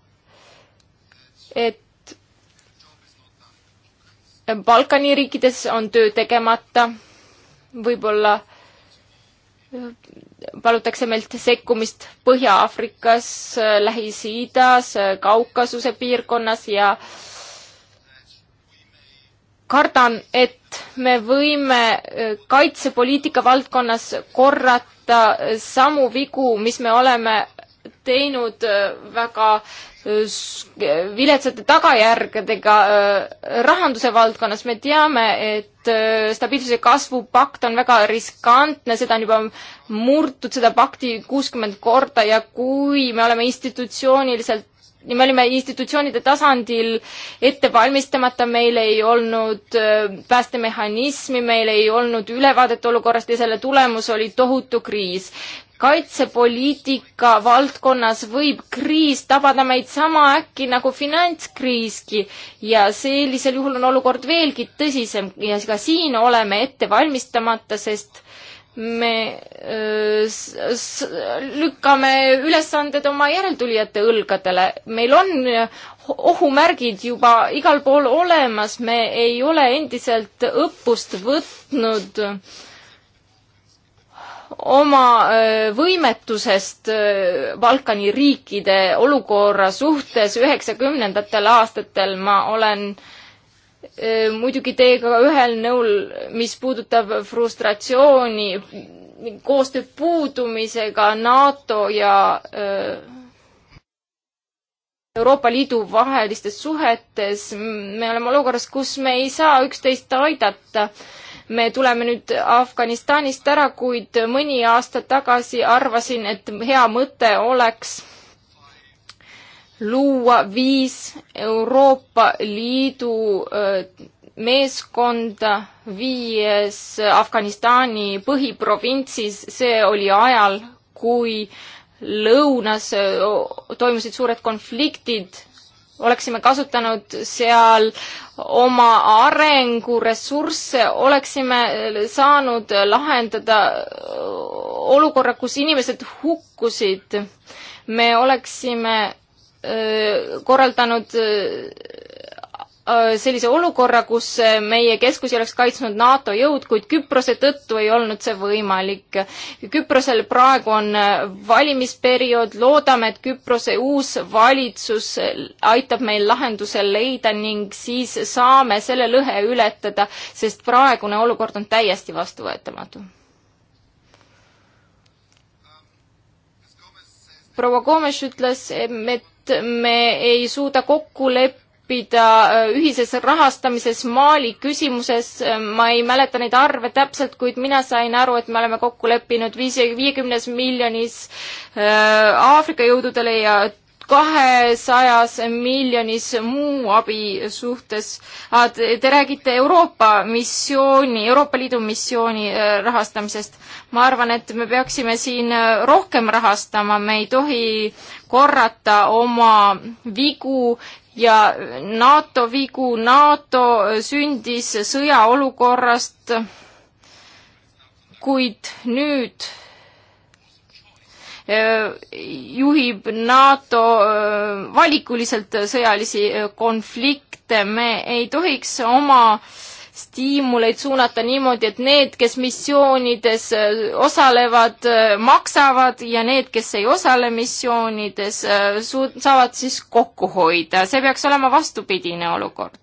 S3: et Balkani riikides on töö tegemata, võib-olla palutakse meilt sekkumist Põhja-Aafrikas, Lähis-Idas, Kaukasuse piirkonnas ja kardan, et me võime kaitsepoliitika valdkonnas korrata samu vigu, mis me oleme teinud äh, väga äh, viletsate tagajärgedega äh, rahanduse valdkonnas. me teame, et stabiilsuse kasvupakt on väga riskantne, seda on juba murtud, seda pakti kuuskümmend korda ja kui me oleme institutsiooniliselt ja me olime institutsioonide tasandil ette valmistamata, meil ei olnud päästemehhanismi, meil ei olnud ülevaadet olukorrast ja selle tulemus oli tohutu kriis kaitsepoliitika valdkonnas võib kriis tabada meid sama äkki nagu finantskriiski ja sellisel juhul on olukord veelgi tõsisem ja ka siin oleme ette valmistamata, sest me öö, lükkame ülesanded oma järeltulijate õlgadele. meil on ohumärgid juba igal pool olemas, me ei ole endiselt õppust võtnud öö, oma võimetusest Balkani riikide olukorra suhtes üheksakümnendatel aastatel ma olen muidugi teiega ühel nõul, mis puudutab frustratsiooni koostöö puudumisega NATO ja Euroopa Liidu vahelistes suhetes. me oleme olukorras, kus me ei saa üksteist aidata me tuleme nüüd Afganistanist ära, kuid mõni aasta tagasi arvasin, et hea mõte oleks luua viis Euroopa Liidu äh, meeskonda viies Afganistani põhiprovintsis, see oli ajal, kui lõunas äh, toimusid suured konfliktid oleksime kasutanud seal oma arenguressursse, oleksime saanud lahendada olukorra, kus inimesed hukkusid. me oleksime korraldanud Äh, sellise olukorra, kus äh, meie keskusi oleks kaitsnud NATO jõud, kuid Küprose tõttu ei olnud see võimalik. Küprosel praegu on äh, valimisperiood, loodame, et Küprose uus valitsus aitab meil lahenduse leida ning siis saame selle lõhe ületada, sest praegune olukord on täiesti vastuvõetamatu. proua Gomes ütles, et me ei suuda kokku leppida leppida äh, ühises rahastamises Mali küsimuses. Äh, ma ei mäleta neid arve täpselt, kuid mina sain aru, et me oleme kokku leppinud viis, viiekümnes miljonis äh, Aafrika jõududele ja kahesajas miljonis muu abi suhtes. Ah, te räägite Euroopa missiooni, Euroopa Liidu missiooni rahastamisest. ma arvan, et me peaksime siin rohkem rahastama, me ei tohi korrata oma vigu ja NATO vigu, NATO sündis sõjaolukorrast, kuid nüüd äh, juhib NATO äh, valikuliselt sõjalisi äh, konflikte, me ei tohiks oma äh, stiimuleid suunata niimoodi, et need, kes missioonides äh, osalevad, äh, maksavad ja need, kes ei osale missioonides, äh, saavad siis kokku hoida. see peaks olema vastupidine olukord.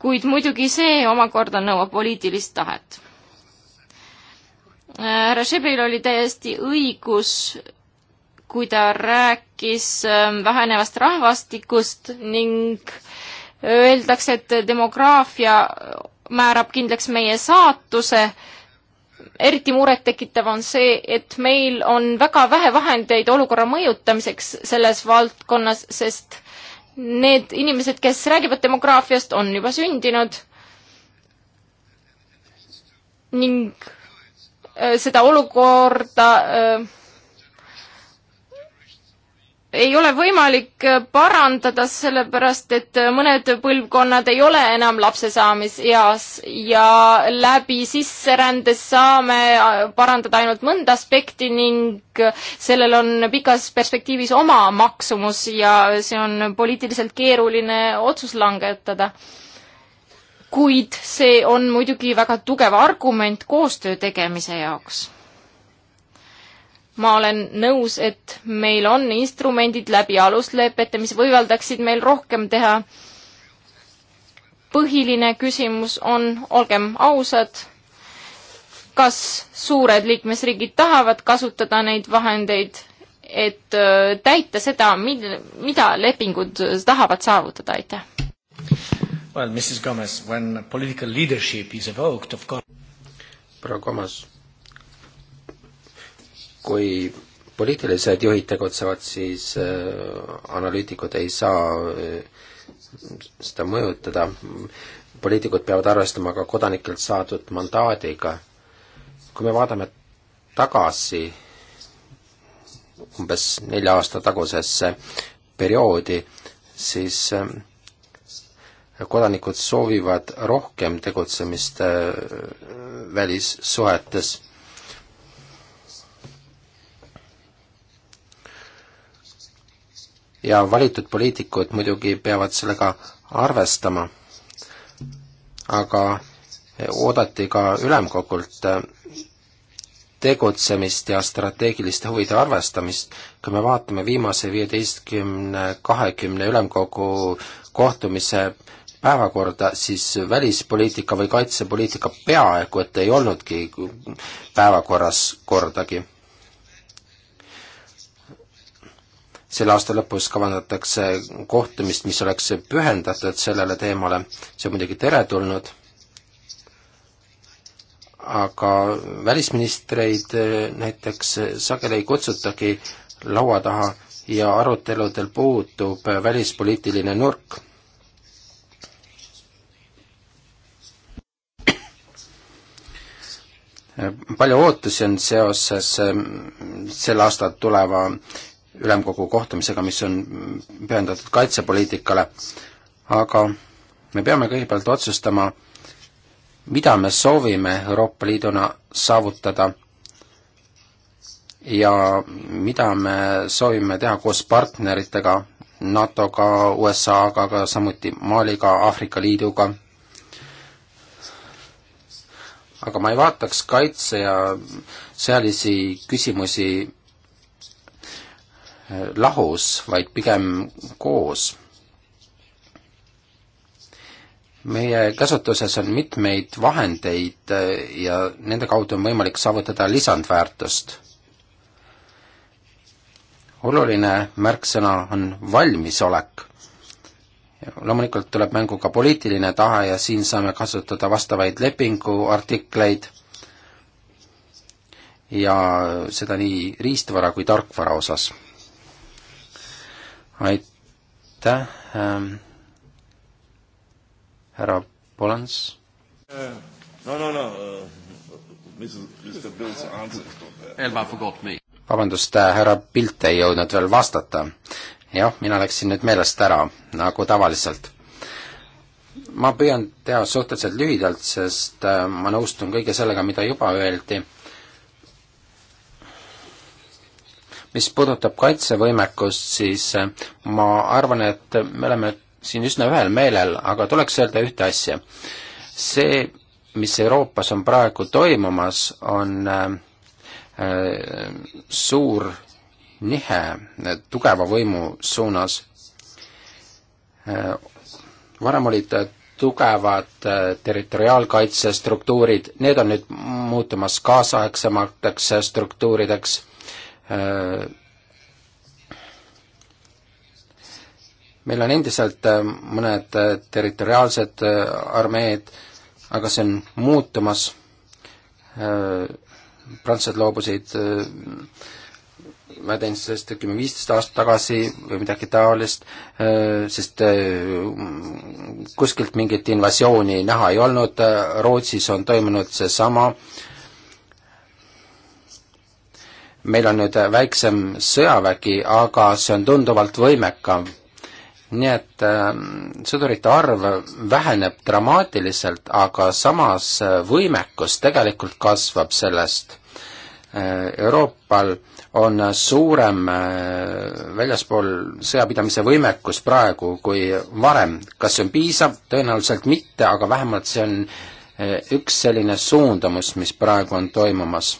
S3: kuid muidugi see omakorda nõuab poliitilist tahet. härra Šebril oli täiesti õigus, kui ta rääkis ähm, vähenevast rahvastikust ning öeldakse, et demograafia määrab kindlaks meie saatuse. eriti murettekitav on see, et meil on väga vähe vahendeid olukorra mõjutamiseks selles valdkonnas, sest need inimesed, kes räägivad demograafiast, on juba sündinud ning äh, seda olukorda öö, äh, ei ole võimalik äh, parandada, sellepärast et äh, mõned põlvkonnad ei ole enam lapsesaamiseas ja läbi sisserändes saame äh, parandada ainult mõnda aspekti ning sellel on pikas perspektiivis oma maksumus ja see on poliitiliselt keeruline otsus langetada. kuid see on muidugi väga tugev argument koostöö tegemise jaoks ma olen nõus, et meil on instrumendid läbi aluslepete, mis võimaldaksid meil rohkem teha. põhiline küsimus on, olgem ausad, kas suured liikmesriigid tahavad kasutada neid vahendeid, et äh, täita seda, mil-, mida lepingud tahavad saavutada, aitäh.
S2: Well, Mrs Gomez, when political leadership is evoked, of course proua Komas, kui poliitilised juhid tegutsevad, siis äh, analüütikud ei saa äh, seda mõjutada. poliitikud peavad arvestama ka kodanikelt saadud mandaadiga. kui me vaatame tagasi umbes nelja aasta tagusesse perioodi, siis äh, kodanikud soovivad rohkem tegutsemist välissuhetes ja valitud poliitikud muidugi peavad sellega arvestama, aga oodati ka ülemkogult äh, tegutsemist ja strateegiliste huvide arvestamist. kui me vaatame viimase viieteistkümne, kahekümne ülemkogu kohtumise päevakorda, siis välispoliitika või kaitsepoliitika peaaegu et ei olnudki päevakorras kordagi selle aasta lõpus kavandatakse kohtumist, mis oleks pühendatud sellele teemale, see on muidugi teretulnud, aga välisministreid eh, näiteks sageli ei kutsutagi laua taha ja aruteludel puutub välispoliitiline nurk palju ootusi on seoses eh, selle aasta tuleva ülemkogu kohtumisega, mis on pühendatud kaitsepoliitikale, aga me peame kõigepealt otsustama, mida me soovime Euroopa Liiduna saavutada ja mida me soovime teha koos partneritega, NATO-ga, USA-ga, aga samuti Maliga, Aafrika Liiduga. aga ma ei vaataks kaitse ja sõjalisi küsimusi lahus, vaid pigem koos. meie käsutuses on mitmeid vahendeid äh, ja nende kaudu on võimalik saavutada lisandväärtust. oluline märksõna on valmisolek. loomulikult tuleb mängu ka poliitiline tahe ja siin saame kasutada vastavaid lepinguartikleid ja seda nii riistvara kui tarkvara osas aitäh ähm,, härra Polans
S3: uh,. No, no, no uh,, äh, Mr Bill's answer.
S2: Elva forgot me. vabandust, äh, härra Pilt ei jõudnud veel vastata. jah, mina läksin nüüd meelest ära, nagu tavaliselt. ma püüan teha suhteliselt lühidalt, sest ma nõustun kõige sellega, mida juba öeldi mis puudutab kaitsevõimekust, siis äh, ma arvan, et me oleme siin üsna ühel meelel, aga tuleks öelda ühte asja. see, mis Euroopas on praegu toimumas, on äh, äh, suur nihe tugeva võimu suunas. varem olid tugevad territoriaalkaitsestruktuurid, need on nüüd muutumas kaasaegsemateks struktuurideks Äh, meil on endiselt äh, mõned äh, territoriaalsed armeed, aga see on muutumas, prantslased loobusid väeteenistusest ütleme viisteist aastat tagasi või midagi taolist, sest kuskilt mingit invasiooni näha ei olnud, Rootsis on toimunud seesama, meil on nüüd väiksem sõjavägi, aga see on tunduvalt võimekam. nii et äh, sõdurite arv väheneb dramaatiliselt, aga samas äh, võimekus tegelikult kasvab sellest äh,. Euroopal on suurem äh, väljaspool sõjapidamise võimekus praegu kui varem. kas see on piisav? tõenäoliselt mitte, aga vähemalt see on äh, üks selline suundumus, mis praegu on toimumas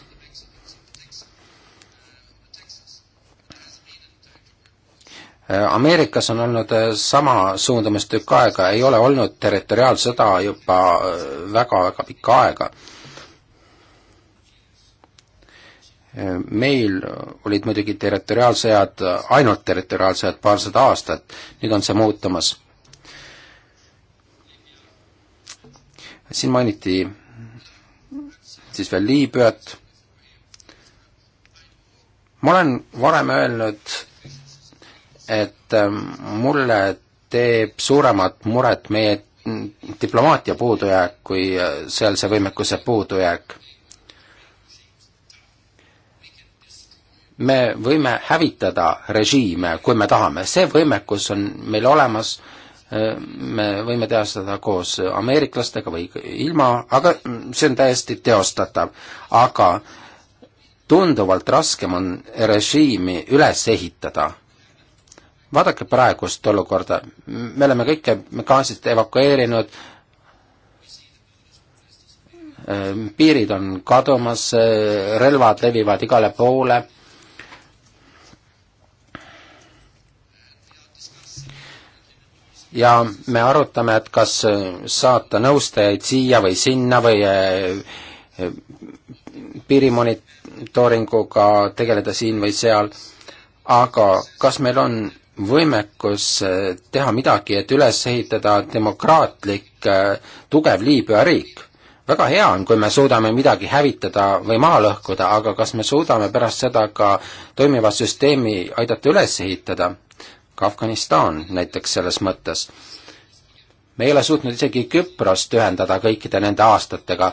S2: Äh, Ameerikas on olnud äh, sama suundumus tükk aega, ei ole olnud territoriaalsõda juba väga-väga äh, pikka aega. meil olid muidugi territoriaalsõjad, ainult territoriaalsõjad paarsada aastat, nüüd on see muutumas. siin mainiti siis veel Liibüat, ma olen varem öelnud, et ähm, mulle teeb suuremat muret meie diplomaatia puudujääk kui äh, sealse võimekuse puudujääk. me võime hävitada režiime, kui me tahame, see võimekus on meil olemas, äh, me võime teha seda koos ameeriklastega või ilma, aga mm, see on täiesti teostatav. aga tunduvalt raskem on režiimi üles ehitada vaadake praegust olukorda, me oleme kõike gaasist evakueerinud, ehm, piirid on kadumas, ehm, relvad levivad igale poole ja me arutame, et kas ehm, saata nõustajaid siia või sinna või piirimonitooringuga tegeleda siin või seal, aga kas meil on võimekus eh, teha midagi, et üles ehitada demokraatlik eh, tugev Liibüa riik. väga hea on, kui me suudame midagi hävitada või maha lõhkuda, aga kas me suudame pärast seda ka toimiva süsteemi aidata üles ehitada? ka Afganistan näiteks selles mõttes. me ei ole suutnud isegi Küprost ühendada kõikide nende aastatega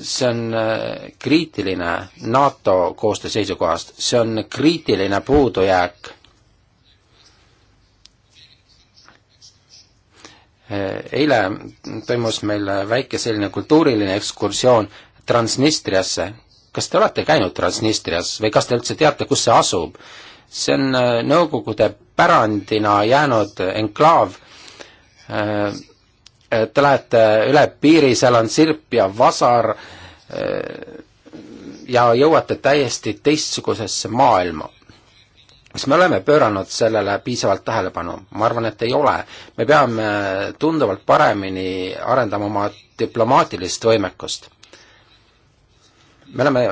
S2: see on eh, kriitiline NATO koostöö seisukohast, see on kriitiline puudujääk eile toimus meil väike selline kultuuriline ekskursioon Transnistriasse. kas te olete käinud Transnistrias või kas te üldse teate, kus see asub? see on äh, Nõukogude pärandina jäänud enklaav. Äh, te lähete üle piiri, seal on sirp ja vasar äh, ja jõuate täiesti teistsugusesse maailma kas me oleme pööranud sellele piisavalt tähelepanu? ma arvan, et ei ole. me peame tunduvalt paremini arendama oma diplomaatilist võimekust. me oleme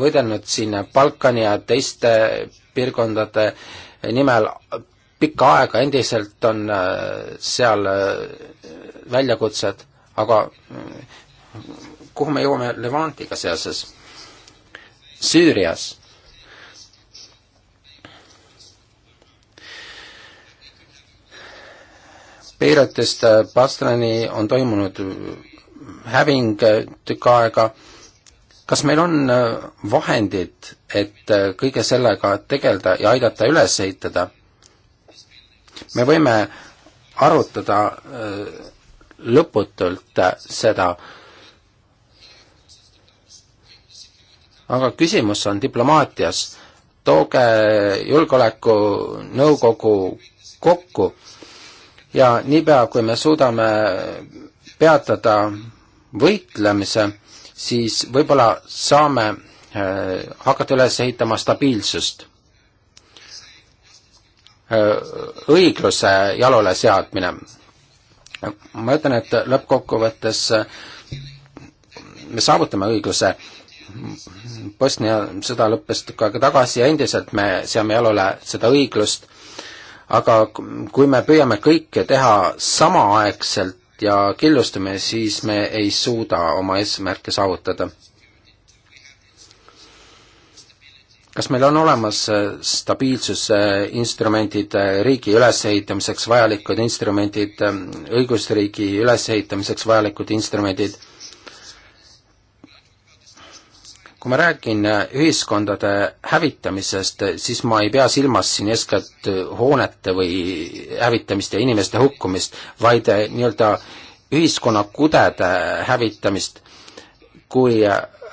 S2: võidelnud siin Balkani ja teiste piirkondade nimel pikka aega, endiselt on äh, seal äh, väljakutsed, aga äh, kuhu me jõuame Levantiga seoses? Süürias piiratist Bastrani äh, on toimunud häving äh, tükk aega, kas meil on äh, vahendid, et kõige sellega tegeleda ja aidata üles ehitada? me võime arutada lõputult seda, aga küsimus on diplomaatias. tooge Julgeolekunõukogu kokku ja niipea, kui me suudame peatada võitlemise, siis võib-olla saame äh, hakata üles ehitama stabiilsust. Äh, õigluse jalule seadmine. ma ütlen, et lõppkokkuvõttes äh, me saavutame õigluse. Bosnia sõda lõppes tükk aega tagasi ja endiselt me seame jalule seda õiglust aga kui me püüame kõike teha samaaegselt ja killustume, siis me ei suuda oma eesmärke saavutada. kas meil on olemas äh, stabiilsusinstrumendid äh, riigi ülesehitamiseks vajalikud instrumendid, äh, õigusriigi ülesehitamiseks vajalikud instrumendid, kui ma räägin äh, ühiskondade hävitamisest, siis ma ei pea silmas siin eeskätt äh, hoonete või hävitamist ja inimeste hukkumist, vaid äh, nii-öelda ühiskonna kudede hävitamist. kui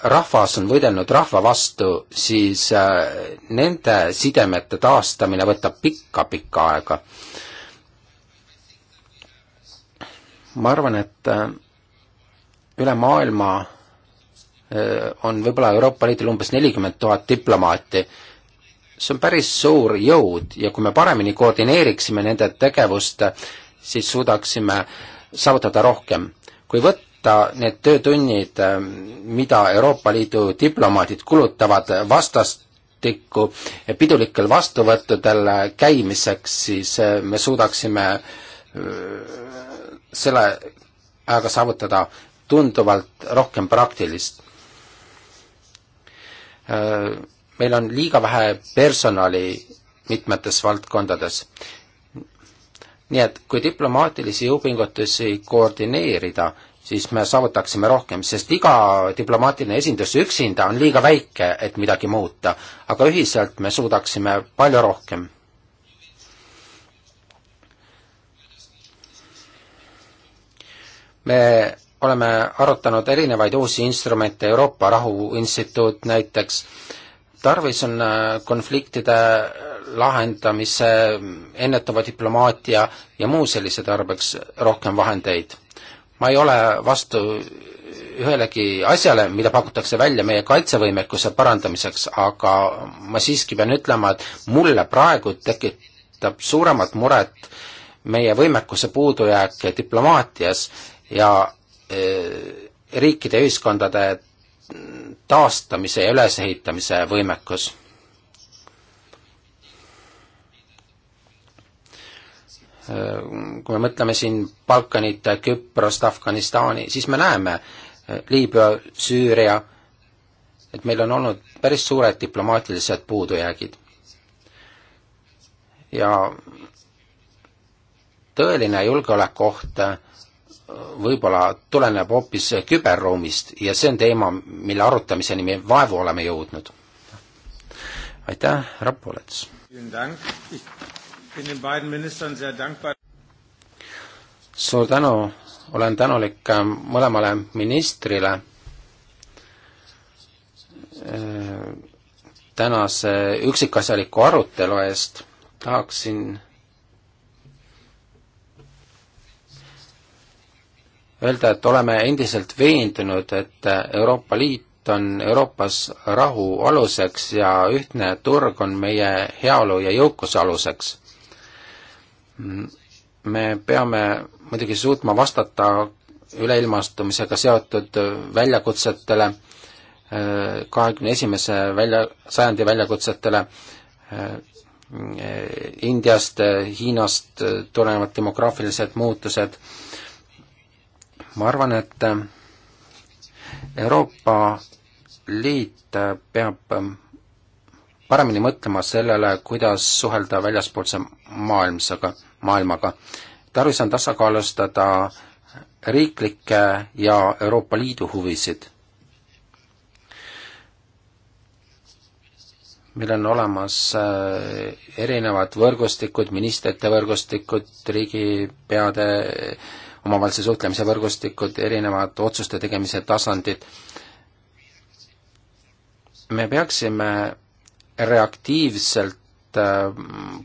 S2: rahvas on võidelnud rahva vastu, siis nende sidemete taastamine võtab pikka-pikka aega. ma arvan, et üle maailma Äh, on võib-olla Euroopa Liidul umbes nelikümmend tuhat diplomaati. see on päris suur jõud ja kui me paremini koordineeriksime nende tegevust, siis suudaksime saavutada rohkem. kui võtta need töötunnid, äh, mida Euroopa Liidu diplomaadid kulutavad vastastikku pidulikel vastuvõttudel käimiseks, siis äh, me suudaksime selle ajaga saavutada tunduvalt rohkem praktilist meil on liiga vähe personali mitmetes valdkondades. nii et kui diplomaatilisi jõupingutusi koordineerida, siis me saavutaksime rohkem, sest iga diplomaatiline esindus üksinda on liiga väike, et midagi muuta, aga ühiselt me suudaksime palju rohkem. me oleme arutanud erinevaid uusi instrumente, Euroopa Rahuinstituut näiteks, tarvis on äh, konfliktide lahendamise, ennetava diplomaatia ja muu sellise tarbeks rohkem vahendeid. ma ei ole vastu ühelegi asjale, mida pakutakse välja meie kaitsevõimekuse parandamiseks, aga ma siiski pean ütlema, et mulle praegu tekitab suuremat muret meie võimekuse puudujääk diplomaatias ja Eh, riikide ühiskondade taastamise ja ülesehitamise võimekus. kui me mõtleme siin Balkanit, Küprost, Afganistani, siis me näeme eh, Liibüa, Süüria, et meil on olnud päris suured diplomaatilised puudujäägid. ja tõeline julgeolekuoht eh, võib-olla tuleneb hoopis küberruumist ja see on teema, mille arutamiseni me vaevu oleme jõudnud. aitäh, Rappo Lets! suur tänu, olen tänulik äh, mõlemale ministrile äh, tänase üksikasjaliku arutelu eest, tahaksin öelda, et oleme endiselt veendunud, et Euroopa Liit on Euroopas rahu aluseks ja ühtne turg on meie heaolu ja jõukuse aluseks. me peame muidugi suutma vastata üleilmastumisega seotud väljakutsetele, kahekümne esimese välja, sajandi väljakutsetele, Indiast, Hiinast tulenevad demograafilised muutused ma arvan, et äh, Euroopa Liit äh, peab ähm, paremini mõtlema sellele, kuidas suhelda väljaspoolse maailmsaga, maailmaga. tarvis on tasakaalustada riiklikke ja Euroopa Liidu huvisid. meil on olemas äh, erinevad võrgustikud, ministrite võrgustikud, riigipeade äh, omavahelise suhtlemise võrgustikud, erinevad otsuste tegemise tasandid. me peaksime reaktiivselt äh,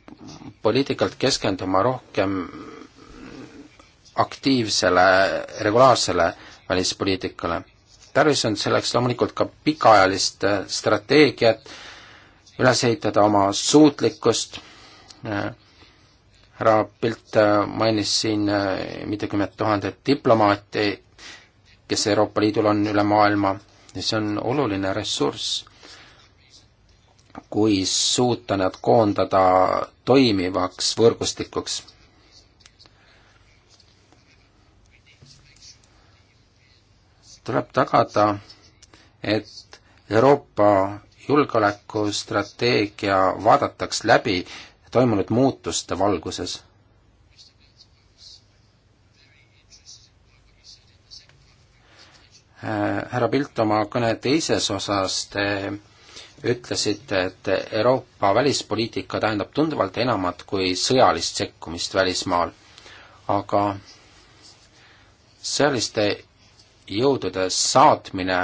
S2: poliitikalt keskenduma rohkem aktiivsele, regulaarsele välispoliitikale. tarvis on selleks loomulikult ka pikaajalist äh, strateegiat, üles ehitada oma suutlikkust, äh, härra Pilt äh, mainis siin äh, mitukümmend tuhandet diplomaati, kes Euroopa Liidul on üle maailma ja see on oluline ressurss. kui suuta nad koondada toimivaks võrgustikuks. tuleb tagada, et Euroopa julgeolekustrateegia vaadataks läbi äh, toimunud muutuste valguses. härra Pilt, oma kõne teises osas te ütlesite, et Euroopa välispoliitika tähendab tunduvalt enamat kui sõjalist sekkumist välismaal, aga sõjaliste jõudude saatmine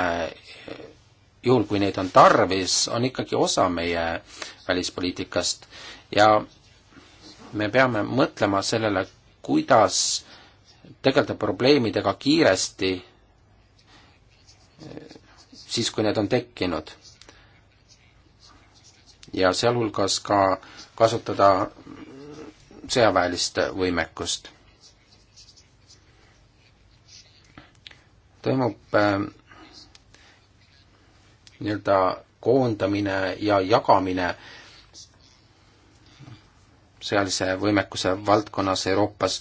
S2: juhul, kui neid on tarvis, on ikkagi osa meie välispoliitikast ja me peame mõtlema sellele, kuidas tegeleda probleemidega kiiresti, siis kui need on tekkinud. ja sealhulgas ka kasutada sõjaväelist võimekust. toimub äh, nii-öelda koondamine ja jagamine äh, sõjalise võimekuse valdkonnas Euroopas,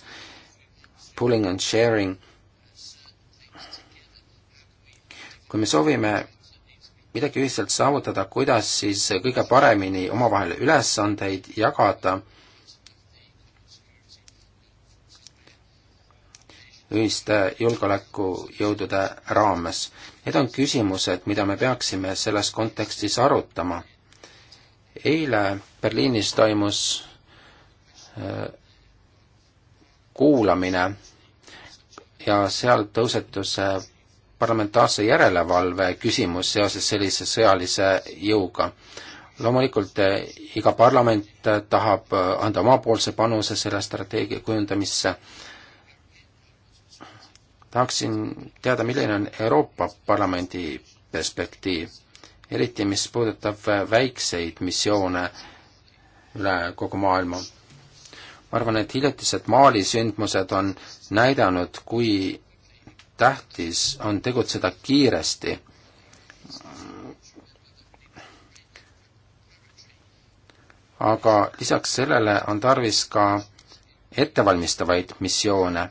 S2: pooling and sharing, kui me soovime midagi ühiselt saavutada, kuidas siis kõige paremini omavahel ülesandeid jagada, ühiste julgeolekujõudude raames. Need on küsimused, mida me peaksime selles kontekstis arutama. eile Berliinis toimus kuulamine ja seal tõusetus äh, parlamentaarse järelevalve küsimus seoses sellise sõjalise jõuga. loomulikult äh, iga parlament äh, tahab anda omapoolse panuse selle strateegia kujundamisse. tahaksin teada, milline on Euroopa Parlamendi perspektiiv, eriti mis puudutab väikseid missioone üle kogu maailma ma arvan, et hiljutised Mali sündmused on näidanud, kui tähtis on tegutseda kiiresti. aga lisaks sellele on tarvis ka ettevalmistavaid missioone,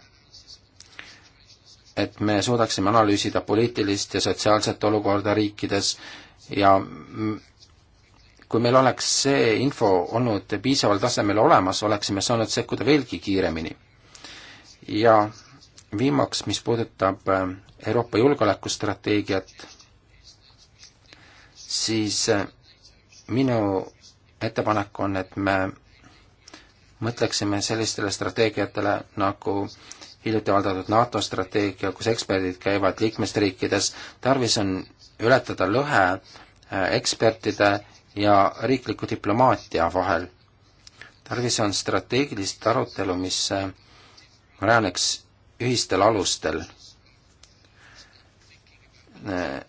S2: et me suudaksime analüüsida poliitilist ja sotsiaalset olukorda riikides ja kui meil oleks see info olnud piisaval tasemel olemas, oleksime saanud sekkuda veelgi kiiremini. ja viimaks, mis puudutab äh, Euroopa julgeolekustrateegiat, siis äh, minu ettepanek on, et me mõtleksime sellistele strateegiatele nagu hiljuti avaldatud NATO strateegia, kus eksperdid käivad liikmesriikides, tarvis on ületada lõhe äh, ekspertide ja riikliku diplomaatia vahel. tarvis on strateegilist arutelu, mis äh, rajaneks ühistel alustel, äh,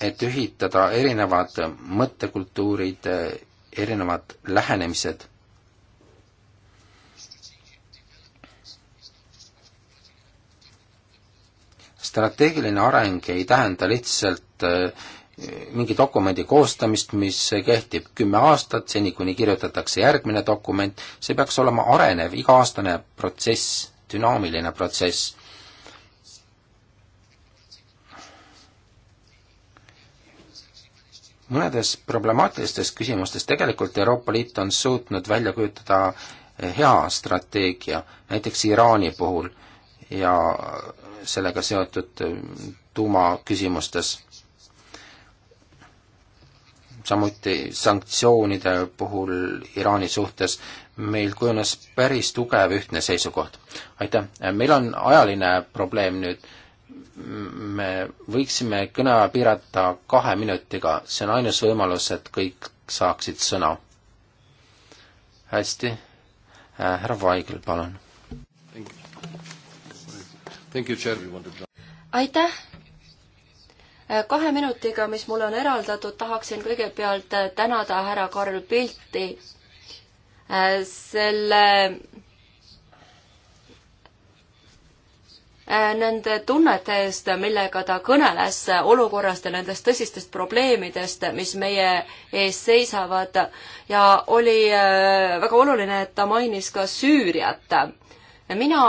S2: et ühitada erinevad mõttekultuurid, äh, erinevad lähenemised. strateegiline areng ei tähenda lihtsalt äh, mingi dokumendi koostamist, mis kehtib kümme aastat, seni kuni kirjutatakse järgmine dokument, see peaks olema arenev iga-aastane protsess, dünaamiline protsess. mõnedes problemaatilistes küsimustes tegelikult Euroopa Liit on suutnud välja kujutada eh, hea strateegia, näiteks Iraani puhul ja sellega seotud eh, tuumaküsimustes samuti sanktsioonide puhul Iraani suhtes, meil kujunes päris tugev ühtne seisukoht. aitäh, meil on ajaline probleem nüüd, me võiksime kõneaja piirata kahe minutiga, see on ainus võimalus, et kõik saaksid sõna. hästi, härra Vaigel, palun.
S1: aitäh, kahe minutiga, mis mulle on eraldatud, tahaksin kõigepealt tänada härra Karl Pilti äh, selle äh, nende tunnete eest, millega ta kõneles olukorrast ja nendest tõsistest probleemidest, mis meie ees seisavad ja oli äh, väga oluline, et ta mainis ka Süüriat. mina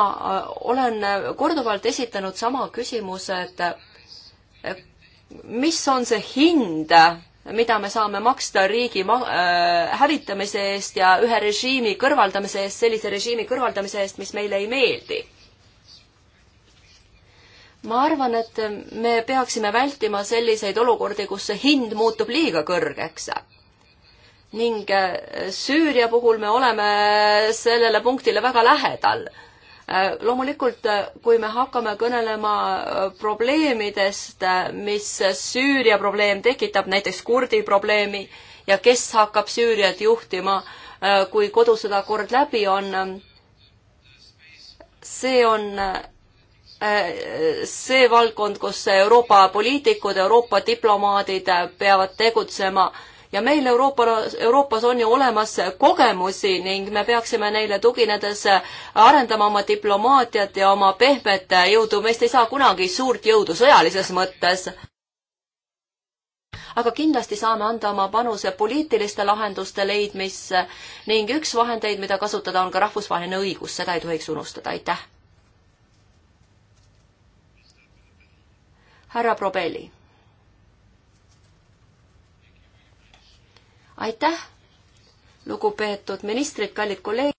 S1: olen korduvalt esitanud sama küsimuse, et mis on see hind, mida me saame maksta riigi ma- äh,, hävitamise eest ja ühe režiimi kõrvaldamise eest, sellise režiimi kõrvaldamise eest, mis meile ei meeldi. ma arvan, et me peaksime vältima selliseid olukordi, kus see hind muutub liiga kõrgeks. ning äh, Süüria puhul me oleme sellele punktile väga lähedal Äh, loomulikult, äh, kui me hakkame kõnelema äh, probleemidest, mis Süüria probleem tekitab, näiteks kurdi probleemi ja kes hakkab Süüriat juhtima, kui kodusõda kord läbi on, see on see valdkond, kus Euroopa poliitikud, Euroopa diplomaadid peavad tegutsema ja meil Euroopas, Euroopas on ju olemas kogemusi ning me peaksime neile tuginedes arendama oma diplomaatiat ja oma pehmet jõudu, meist ei saa kunagi suurt jõudu sõjalises mõttes. aga kindlasti saame anda oma panuse poliitiliste lahenduste leidmisse ning üks vahendeid, mida kasutada, on ka rahvusvaheline õigus, seda ei tohiks unustada, aitäh. härra Probeli aitäh, lugupeetud ministrid, kallid kolleegid.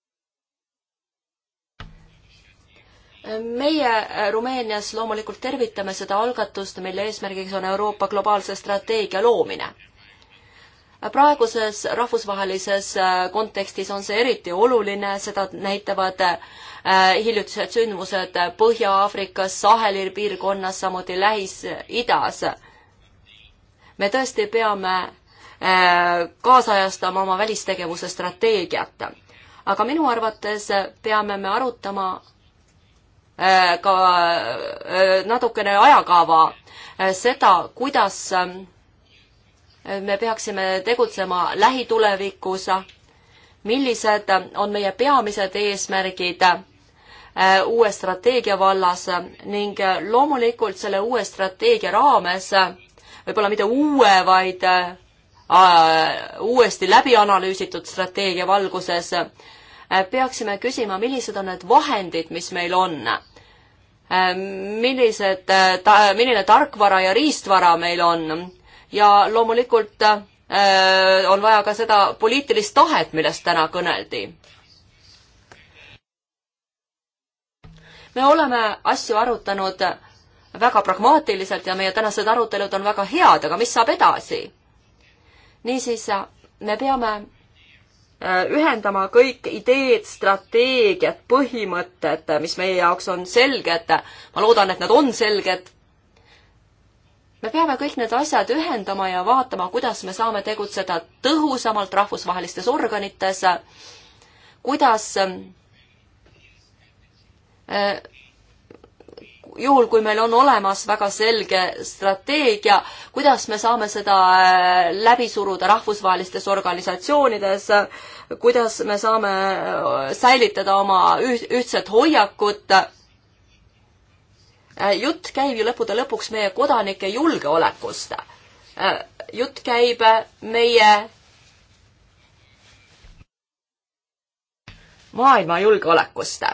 S1: meie äh, Rumeenias loomulikult tervitame seda algatust, mille eesmärgiks on Euroopa globaalse strateegia loomine praeguses rahvusvahelises äh, kontekstis on see eriti oluline, seda näitavad äh, hiljutised sündmused Põhja-Aafrikas, Saheli piirkonnas, samuti Lähis-Idas. me tõesti peame Äh, kaasajastama oma välistegevuse strateegiat. aga minu arvates peame me arutama äh, ka äh, natukene ajakava, seda, kuidas me peaksime tegutsema lähitulevikus, millised on meie peamised eesmärgid uue strateegia vallas ning loomulikult selle uue strateegia raames, võib-olla mitte uue, vaid Äh, uuesti läbi analüüsitud strateegia valguses, äh, peaksime küsima, millised on need vahendid, mis meil on. Äh, millised ta,, milline tarkvara ja riistvara meil on ja loomulikult on vaja ka seda poliitilist tahet, millest täna kõneldi. me oleme asju arutanud väga pragmaatiliselt ja meie tänased arutelud on väga head, aga mis saab edasi? niisiis, me peame äh, ühendama kõik ideed, strateegiad, põhimõtted, mis meie jaoks on selged. ma loodan, et nad on selged. me peame kõik need asjad ühendama ja vaatama, kuidas me saame tegutseda tõhusamalt rahvusvahelistes organites. kuidas äh, juhul, kui meil on olemas väga selge strateegia, kuidas me saame seda äh, läbi suruda rahvusvahelistes organisatsioonides, kuidas me saame äh, säilitada oma üht, ühtset hoiakut. Äh, jutt käib ju lõppude lõpuks meie kodanike julgeolekust. jutt käib meie maailma julgeolekust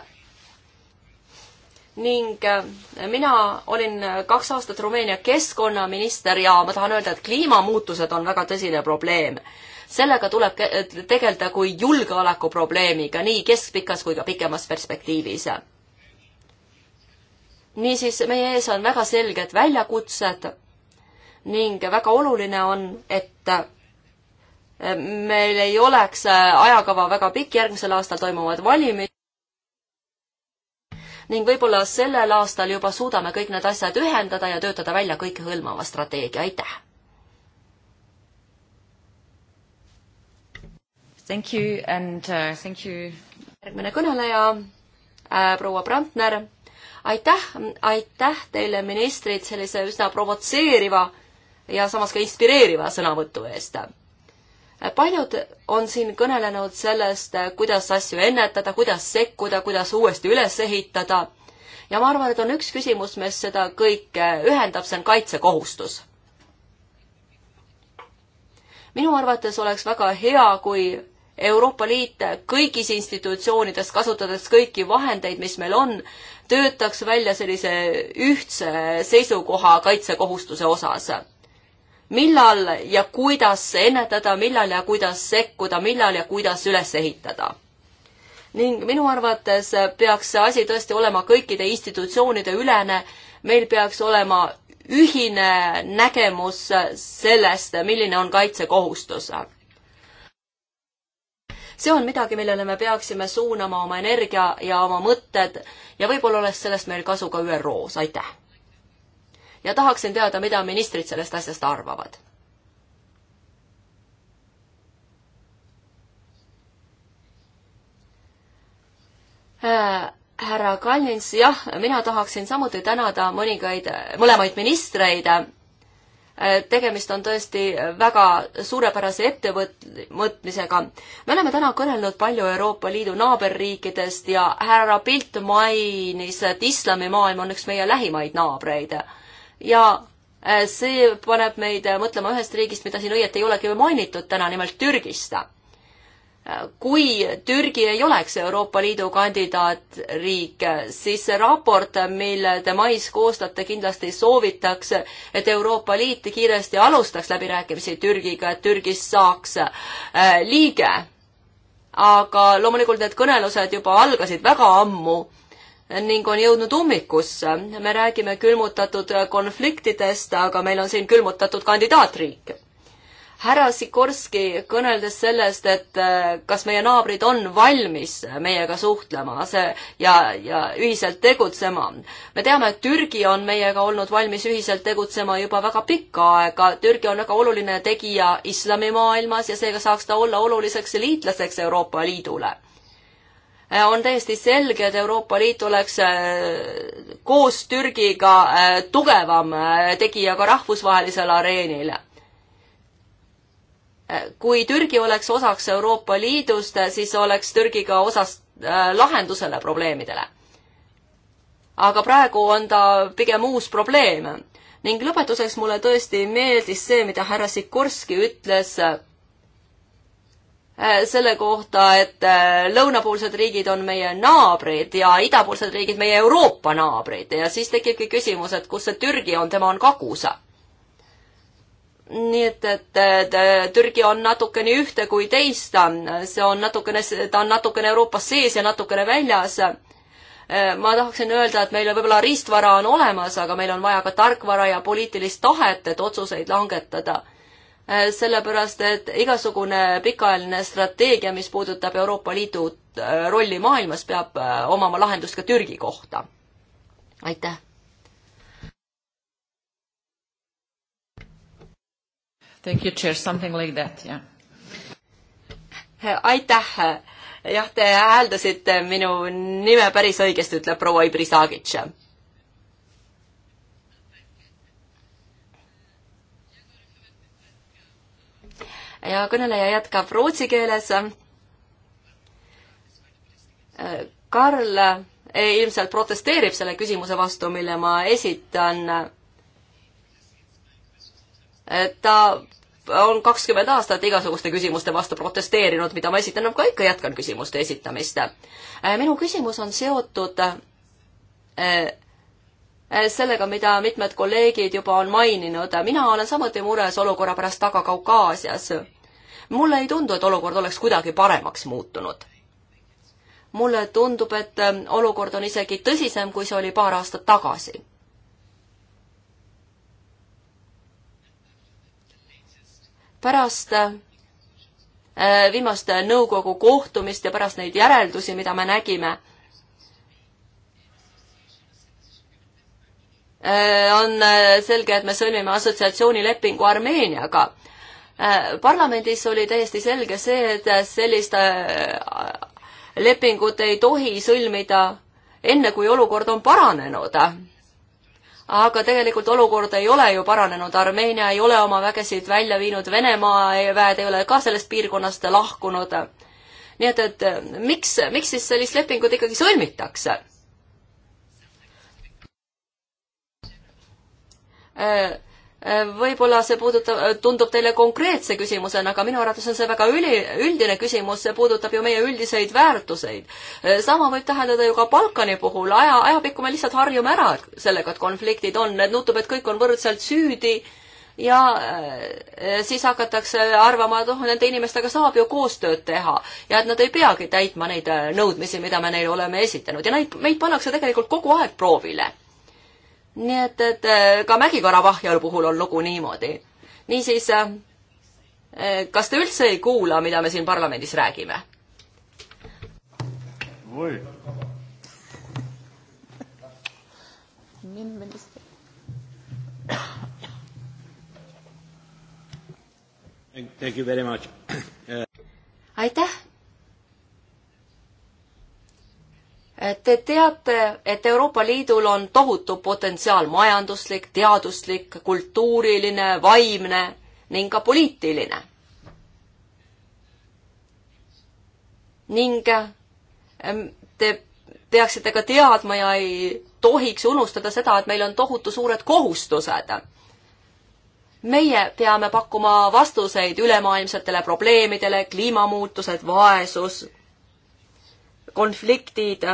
S1: ning äh, mina olin äh, kaks aastat Rumeenia keskkonnaminister ja ma tahan öelda, et kliimamuutused on väga tõsine probleem. sellega tuleb tegeleda kui julgeolekuprobleemiga nii keskpikas kui ka pikemas perspektiivis. niisiis, meie ees on väga selged väljakutsed ning väga oluline on, et äh, meil ei oleks ajakava väga pikk, järgmisel aastal toimuvad valimised ning võib-olla sellel aastal juba suudame kõik need asjad ühendada ja töötada välja kõikehõlmava strateegia, aitäh! Thank you and uh, thank you. järgmine kõneleja äh,, proua Brandner. aitäh, aitäh teile, ministrid, sellise üsna provotseeriva ja samas ka inspireeriva sõnavõtu eest paljud on siin kõnelenud sellest, kuidas asju ennetada, kuidas sekkuda, kuidas uuesti üles ehitada. ja ma arvan, et on üks küsimus, mis seda kõike ühendab, see on kaitsekohustus. minu arvates oleks väga hea, kui Euroopa Liit kõigis institutsioonides, kasutades kõiki vahendeid, mis meil on, töötaks välja sellise ühtse seisukoha kaitsekohustuse osas millal ja kuidas ennetada, millal ja kuidas sekkuda, millal ja kuidas üles ehitada. ning minu arvates peaks see asi tõesti olema kõikide institutsioonide ülene, meil peaks olema ühine nägemus sellest, milline on kaitsekohustus. see on midagi, millele me peaksime suunama oma energia ja oma mõtted ja võib-olla oleks sellest meil kasu ka ÜRO-s, aitäh! ja tahaksin teada, mida ministrid sellest asjast arvavad. Äh, härra Kalnins, jah, mina tahaksin samuti tänada mõningaid, mõlemaid ministreid äh, tegemist on tõesti väga suurepärase ettevõtmisega. me oleme täna kõnelnud palju Euroopa Liidu naaberriikidest ja härra Pilt mainis, et islamimaailm on üks meie lähimaid naabreid ja äh, see paneb meid äh, mõtlema ühest riigist, mida siin õieti ei olegi mainitud täna, nimelt Türgist. Äh, kui Türgi ei oleks Euroopa Liidu kandidaatriik, siis see raport, mille te mais koostate, kindlasti soovitaks, et Euroopa Liit kiiresti alustaks läbirääkimisi Türgiga, et Türgist saaks liige. aga loomulikult need kõnelused juba algasid väga ammu ning on jõudnud ummikusse. me räägime külmutatud konfliktidest, aga meil on siin külmutatud kandidaatriik. härra Sikorski kõneldes sellest, et äh, kas meie naabrid on valmis meiega suhtlema see, ja, ja ühiselt tegutsema. me teame, et Türgi on meiega olnud valmis ühiselt tegutsema juba väga pikka aega. Türgi on väga oluline tegija islamimaailmas ja seega saaks ta olla oluliseks liitlaseks Euroopa Liidule Äh, on täiesti selge, et Euroopa Liit oleks äh, koos Türgiga äh, tugevam tegija ka rahvusvahelisel areenil. kui Türgi oleks osaks Euroopa Liidust, siis oleks Türgi ka osas lahendusele probleemidele. aga praegu on ta pigem uus probleem ning lõpetuseks mulle tõesti meeldis see, mida härra Sikorski ütles Äh, selle kohta, et äh, lõunapoolsed riigid on meie naabrid ja idapoolsed riigid meie Euroopa naabrid ja siis tekibki küsimus, et kus see Türgi on, tema on kagus. nii et, et, et Türgi on natukene ühte kui teist, see on natukene, ta on natukene Euroopas sees ja natukene väljas. Äh, ma tahaksin öelda, et meil võib-olla riistvara on olemas, aga meil on vaja ka tarkvara ja poliitilist tahet, et otsuseid langetada Äh, sellepärast et igasugune pikaajaline strateegia, mis puudutab Euroopa Liidu äh, rolli maailmas, peab äh, omama lahendust ka Türgi kohta.
S3: aitäh. Thank you, chair, something like
S1: that, jah yeah.. aitäh, jah, te hääldasite minu nime päris õigesti, ütleb proua Ibri Saagitš ja kõneleja jätkab rootsi keeles. Karl eh, ilmselt protesteerib selle küsimuse vastu, mille ma esitan. Eh, ta on kakskümmend aastat igasuguste küsimuste vastu protesteerinud, mida ma esitan, aga ikka jätkan küsimuste esitamist. Eh, minu küsimus on seotud Äh, sellega, mida mitmed kolleegid juba on maininud. mina olen samuti mures olukorra pärast Taga-Kaukaasias. mulle ei tundu, et olukord oleks kuidagi paremaks muutunud. mulle tundub, et ähm, olukord on isegi tõsisem, kui see oli paar aastat tagasi. pärast äh, viimast nõukogu kohtumist ja pärast neid järeldusi, mida me nägime Äh, on äh, selge, et me sõlmime assotsiatsioonilepingu Armeeniaga. Äh, parlamendis oli täiesti selge see, et sellist lepingut ei tohi sõlmida enne, kui olukord on paranenud. aga tegelikult olukord ei ole ju paranenud, Armeenia ei ole oma vägesid välja viinud, Venemaa väed ei ole ka sellest piirkonnast lahkunud. nii et, et miks, miks siis sellist lepingut ikkagi sõlmitakse? Äh, äh, võib-olla see puudutab, äh, tundub teile konkreetse küsimusena, aga minu arvates on see väga üli, üldine küsimus, see puudutab ju meie üldiseid väärtuseid. sama võib tähendada ju ka Balkani puhul, aja, ajapikku me lihtsalt harjume ära sellega, et konfliktid on, et tundub, et kõik on võrdselt süüdi ja siis hakatakse arvama, et oh, nende inimestega saab ju koostööd teha ja et nad ei peagi täitma neid nõudmisi, mida me neile oleme esitanud ja neid, meid pannakse tegelikult kogu aeg proovile nii et, et äh, ka Mägi-Karabahhi puhul on lugu niimoodi. niisiis, äh, kas te üldse ei kuula, mida me siin parlamendis räägime? oi. aitäh Te teate, et Euroopa Liidul on tohutu potentsiaal majanduslik, teaduslik, kultuuriline, vaimne ning ka poliitiline. ning te peaksite ka teadma ja ei tohiks unustada seda, et meil on tohutu suured kohustused. meie peame pakkuma vastuseid ülemaailmsetele probleemidele, kliimamuutused, vaesus konfliktid.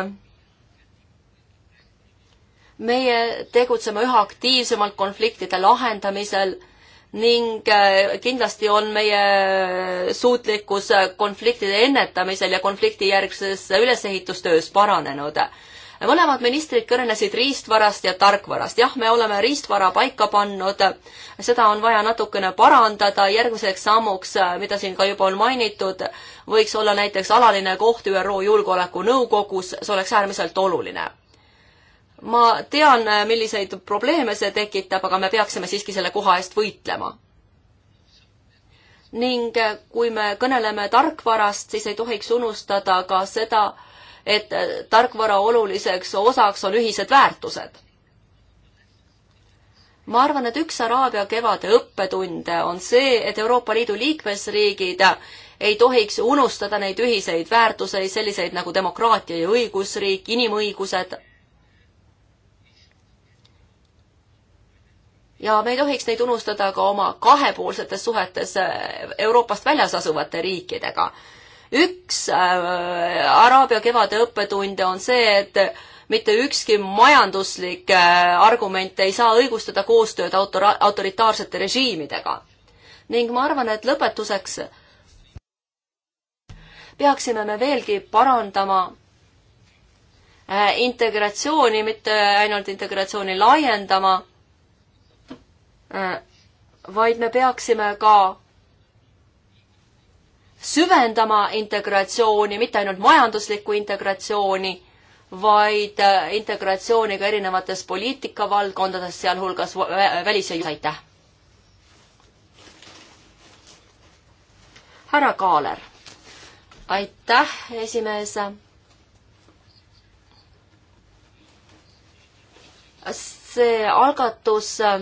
S1: meie tegutseme üha aktiivsemalt konfliktide lahendamisel ning äh, kindlasti on meie suutlikkus konfliktide ennetamisel ja konfliktijärgses ülesehitustöös paranenud mõlemad ministrid kõnelesid riistvarast ja tarkvarast. jah, me oleme riistvara paika pannud, seda on vaja natukene parandada, järgmiseks sammuks, mida siin ka juba on mainitud, võiks olla näiteks alaline koht ÜRO Julgeolekunõukogus, see oleks äärmiselt oluline ma tean, milliseid probleeme see tekitab, aga me peaksime siiski selle koha eest võitlema. ning kui me kõneleme tarkvarast, siis ei tohiks unustada ka seda, et tarkvara oluliseks osaks on ühised väärtused. ma arvan, et üks Araabia kevade õppetunde on see, et Euroopa Liidu liikmesriigid ei tohiks unustada neid ühiseid väärtuseid, selliseid nagu demokraatia ja õigusriik, inimõigused. ja me ei tohiks neid unustada ka oma kahepoolsetes suhetes Euroopast väljas asuvate riikidega üks äh, Araabia kevade õppetunde on see, et mitte ükski majanduslik äh, argument ei saa õigustada koostööd autor-, autoritaarsete režiimidega. ning ma arvan, et lõpetuseks peaksime me veelgi parandama äh, integratsiooni, mitte ainult integratsiooni laiendama, vaid me peaksime ka süvendama integratsiooni, mitte ainult majanduslikku integratsiooni, vaid äh, integratsiooni ka erinevates poliitikavaldkondades, sealhulgas välis- ja aitäh. härra Kaaler. aitäh, esimees see algatus, äh,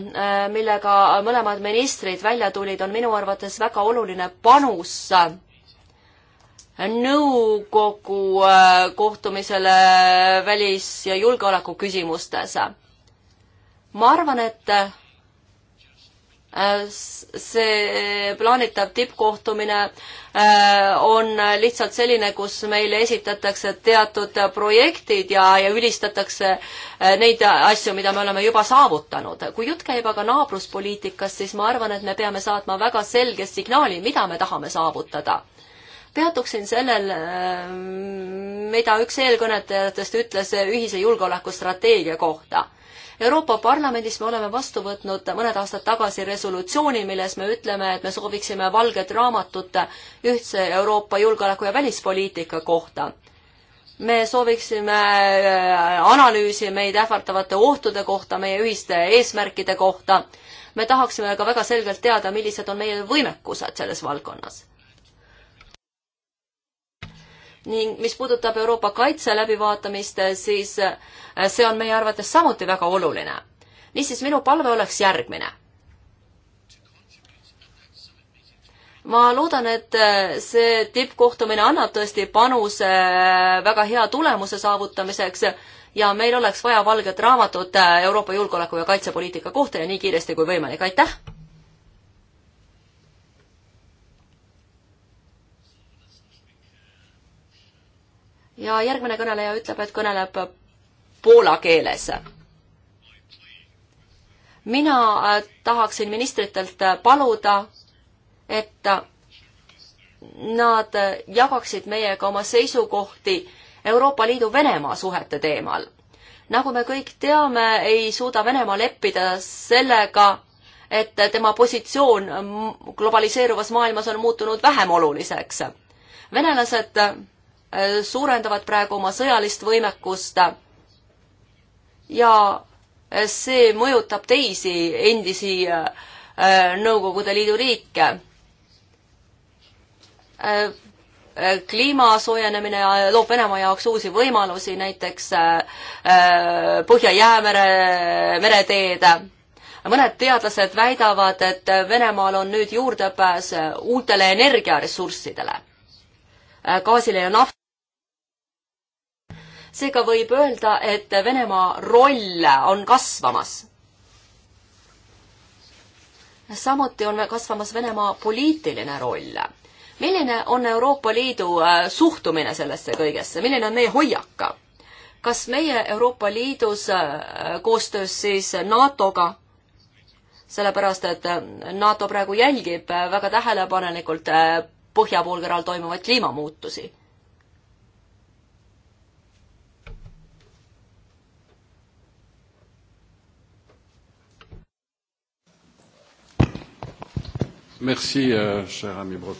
S1: millega mõlemad ministrid välja tulid, on minu arvates väga oluline panus äh, nõukogu äh, kohtumisele välis- ja julgeolekuküsimustes. ma arvan, et äh, see plaanitav tippkohtumine äh, on lihtsalt selline, kus meile esitatakse teatud projektid ja, ja ülistatakse neid asju, mida me oleme juba saavutanud. kui jutt käib aga naabruspoliitikast, siis ma arvan, et me peame saatma väga selge signaali, mida me tahame saavutada peatuksin sellel, äh, mida üks eelkõnetajatest ütles ühise julgeolekustrateegia kohta Euroopa Parlamendis me oleme vastu võtnud mõned aastad tagasi resolutsiooni, milles me ütleme, et me sooviksime valget raamatut ühtse Euroopa julgeoleku ja välispoliitika kohta. me sooviksime äh, analüüsi meid ähvardavate ohtude kohta, meie ühiste eesmärkide kohta. me tahaksime ka väga selgelt teada, millised on meie võimekused selles valdkonnas ning mis puudutab Euroopa kaitse läbivaatamist, siis äh, see on meie arvates samuti väga oluline. niisiis, minu palve oleks järgmine. ma loodan, et äh, see tippkohtumine annab tõesti panuse äh, väga hea tulemuse saavutamiseks ja meil oleks vaja valget raamatut Euroopa julgeoleku ja kaitsepoliitika kohta ja nii kiiresti kui võimalik, aitäh! ja järgmine kõneleja ütleb, et kõneleb poola keeles. mina äh, tahaksin ministritelt äh, paluda, et nad jagaksid meiega oma seisukohti Euroopa Liidu Venemaa suhete teemal. nagu me kõik teame, ei suuda Venemaa leppida sellega, et tema positsioon globaliseeruvas maailmas on muutunud vähem oluliseks. venelased suurendavad praegu oma sõjalist võimekust ja see mõjutab teisi endisi äh, Nõukogude Liidu riike. Äh, äh, kliima soojenemine loob Venemaa jaoks uusi võimalusi, näiteks Põhja-Jäämere mereteed. mõned teadlased väidavad, et Venemaal on nüüd juurdepääs uutele energiaressurssidele, gaasile ja naftale seega võib öelda, et Venemaa roll on kasvamas. samuti on kasvamas Venemaa poliitiline roll. milline on Euroopa Liidu äh, suhtumine sellesse kõigesse, milline on meie hoiak? kas meie Euroopa Liidus äh, koostöös siis NATO-ga sellepärast et äh, NATO praegu jälgib väga tähelepanelikult põhja poolkeral toimuvaid kliimamuutusi.
S2: Merci, euh, cher ami Brok.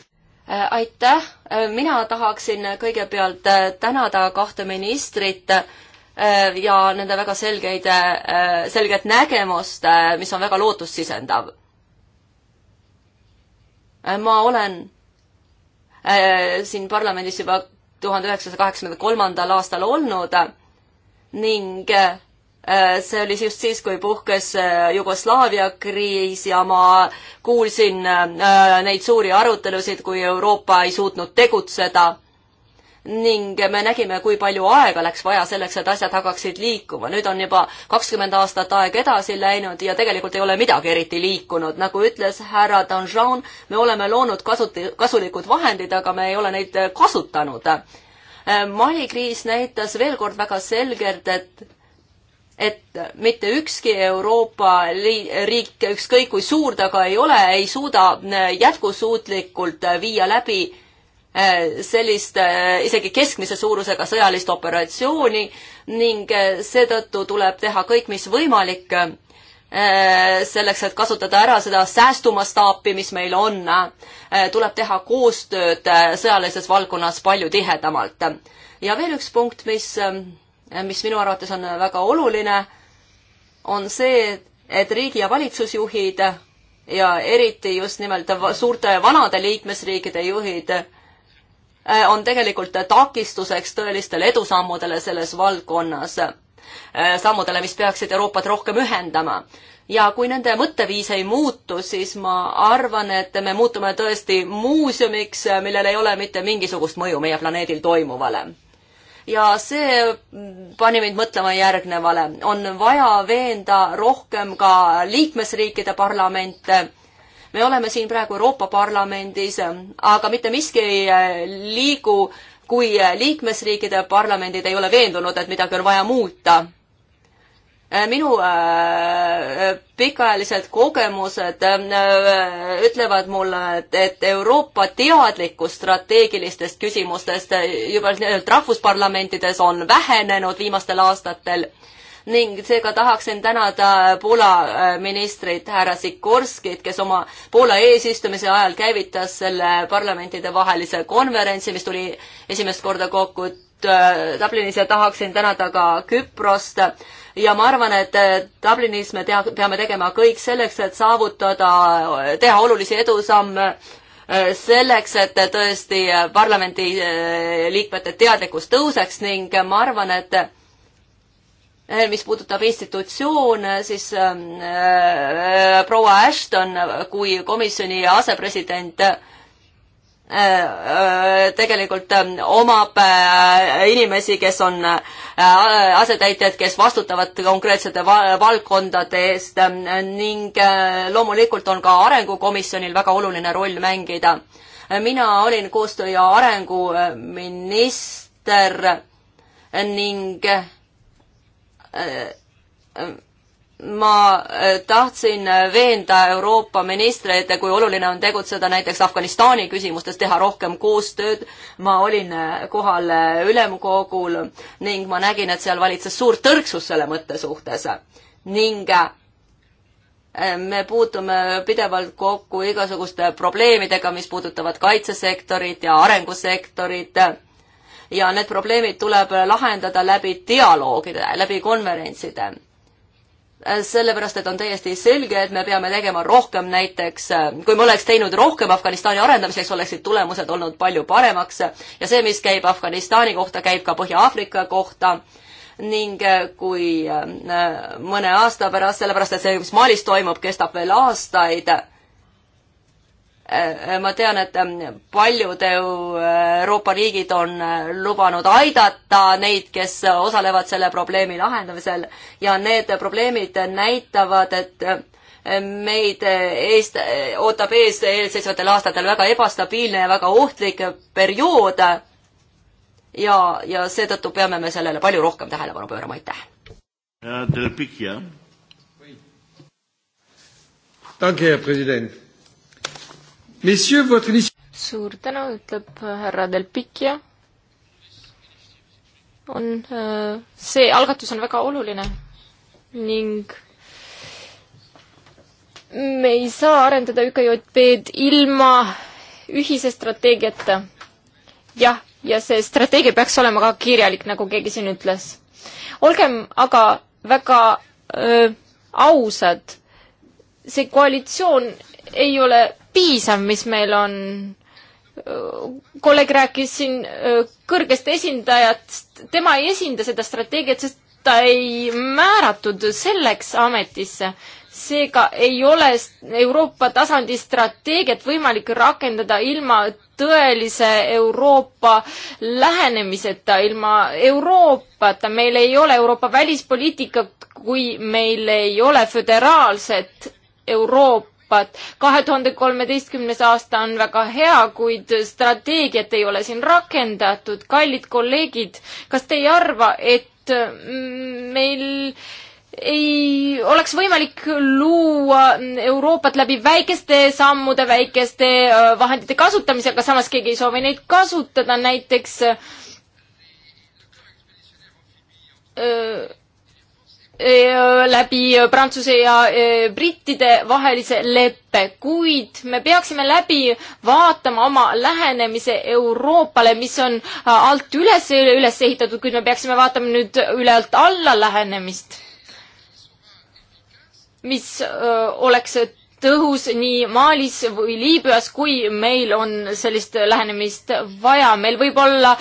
S1: Äh, aitäh, äh, mina tahaksin äh, kõigepealt tänada kahte ministrit ja nende väga selgeid, selget nägemust, mis on väga lootussisendav. ma olen siin parlamendis juba tuhande üheksasaja kaheksakümne kolmandal aastal olnud ning Äh, see oli just siis, kui puhkes äh, Jugoslaavia kriis ja ma kuulsin äh, neid suuri arutelusid, kui Euroopa ei suutnud tegutseda. ning me nägime, kui palju aega läks vaja selleks, et asjad hakkaksid liikuma. nüüd on juba kakskümmend aastat aega edasi läinud ja tegelikult ei ole midagi eriti liikunud. nagu ütles härra Danjean, me oleme loonud kasuti-, kasulikud vahendid, aga me ei ole neid kasutanud. Mali kriis näitas veel kord väga selgelt, et et mitte ükski Euroopa riik, ükskõik kui suur ta ka ei ole, ei suuda äh, jätkusuutlikult äh, viia läbi äh, sellist isegi keskmise suurusega sõjalist operatsiooni ning seetõttu tuleb teha kõik, mis võimalik selleks, et kasutada ära seda säästumastaapi, mis meil on, tuleb teha koostööd sõjalises valdkonnas palju tihedamalt. ja veel üks punkt, mis mis minu arvates on väga oluline, on see, et riigi- ja valitsusjuhid ja eriti just nimelt suurte vanade liikmesriikide juhid äh, on tegelikult takistuseks tõelistele edusammudele selles valdkonnas, äh, sammudele, mis peaksid Euroopat rohkem ühendama. ja kui nende mõtteviis ei muutu, siis ma arvan, et me muutume tõesti muuseumiks, millel ei ole mitte mingisugust mõju meie planeedil toimuvale ja see pani mind mõtlema järgnevale. on vaja veenda rohkem ka liikmesriikide parlamente me oleme siin praegu Euroopa Parlamendis, aga mitte miski ei äh, liigu, kui liikmesriikide parlamendid ei ole veendunud, et midagi on vaja muuta. Äh, minu äh, äh, pikaajalised kogemused ütlevad mulle, et, et Euroopa teadlikkus strateegilistest küsimustest juba rahvusparlamentides on vähenenud viimastel aastatel ning seega tahaksin tänada Poola ministrit härra Sikorskit, kes oma Poola eesistumise ajal käivitas selle parlamentidevahelise konverentsi, mis tuli esimest korda kokku Dublinis ja tahaksin tänada ka Küprost ja ma arvan, et eh, Dublinis me tea, peame tegema kõik selleks, et saavutada, eh, teha olulisi edusamme eh, selleks, et tõesti parlamendi liikmete teadlikkus tõuseks ning ma arvan, et mis puudutab institutsioone, siis äh, proua Ashton kui komisjoni asepresident äh, Äh, äh, tegelikult ähm, omab äh, inimesi, kes on asetäitjad, kes vastutavad konkreetsete valdkondade eest ähm, ning loomulikult on ka Arengukomisjonil väga oluline roll mängida. mina olin koostöö- ja arenguminister ning ma äh, tahtsin äh, veenda Euroopa ministreid, kui oluline on tegutseda näiteks Afganistani küsimustes, teha rohkem koostööd. ma olin äh, kohal ülemkogul ning ma nägin, et seal valitses suur tõrksus selle mõtte suhtes ning me puutume pidevalt kokku igasuguste probleemidega, mis puudutavad kaitsesektorit ja arengusektorit ja need probleemid tuleb lahendada läbi dialoogide, läbi konverentside sellepärast et on täiesti selge, et me peame tegema rohkem näiteks, kui me oleks teinud rohkem Afganistani arendamiseks, oleksid tulemused olnud palju paremaks ja see, mis käib Afganistani kohta, käib ka Põhja-Aafrika kohta ning äh, kui äh, mõne aasta pärast, sellepärast et see, mis Malis toimub, kestab veel aastaid Äh, ma tean, et ähm, paljud äh, Euroopa riigid on äh, lubanud aidata neid, kes osalevad selle probleemi lahendamisel ja need probleemid näitavad, et meid eest, ootab ees eelseisvatel aastatel väga ebastabiilne ja väga ohtlik periood. ja, ja seetõttu peame me sellele palju rohkem tähelepanu pöörama, aitäh!
S2: Danke, Herr Präsident!
S3: suur tänu, ütleb härra Delpicchia. on, äh, see algatus on väga oluline ning me ei saa arendada ÜKJP-d ilma ühise strateegiata. jah, ja see strateegia peaks olema ka kirjalik, nagu keegi siin ütles. olgem aga väga öö, äh, ausad, see koalitsioon ei ole piisav, mis meil on. kolleeg rääkis siin kõrgest esindajast, tema ei esinda seda strateegiat, sest ta ei määratud selleks ametisse seega ei ole Euroopa tasandi strateegiat võimalik rakendada ilma tõelise Euroopa lähenemiseta, ilma Euroopata. meil ei ole Euroopa välispoliitikat, kui meil ei ole föderaalset Euroopat Euroopat. kahe tuhande kolmeteistkümnes aasta on väga hea, kuid strateegiat ei ole siin rakendatud. kallid kolleegid, kas te ei arva, et mm, meil ei oleks võimalik luua Euroopat läbi väikeste sammude, väikeste vahendite kasutamise, aga samas keegi ei soovi neid kasutada, näiteks öö, läbi Prantsuse ja brittide vahelise leppe, kuid me peaksime läbi vaatama oma lähenemise Euroopale, mis on äh, alt üles, üles ehitatud, kuid me peaksime vaatama nüüd ülalt alla lähenemist, mis oleks tõhus nii Malis või Liibüas, kui meil on sellist lähenemist vaja. meil võib olla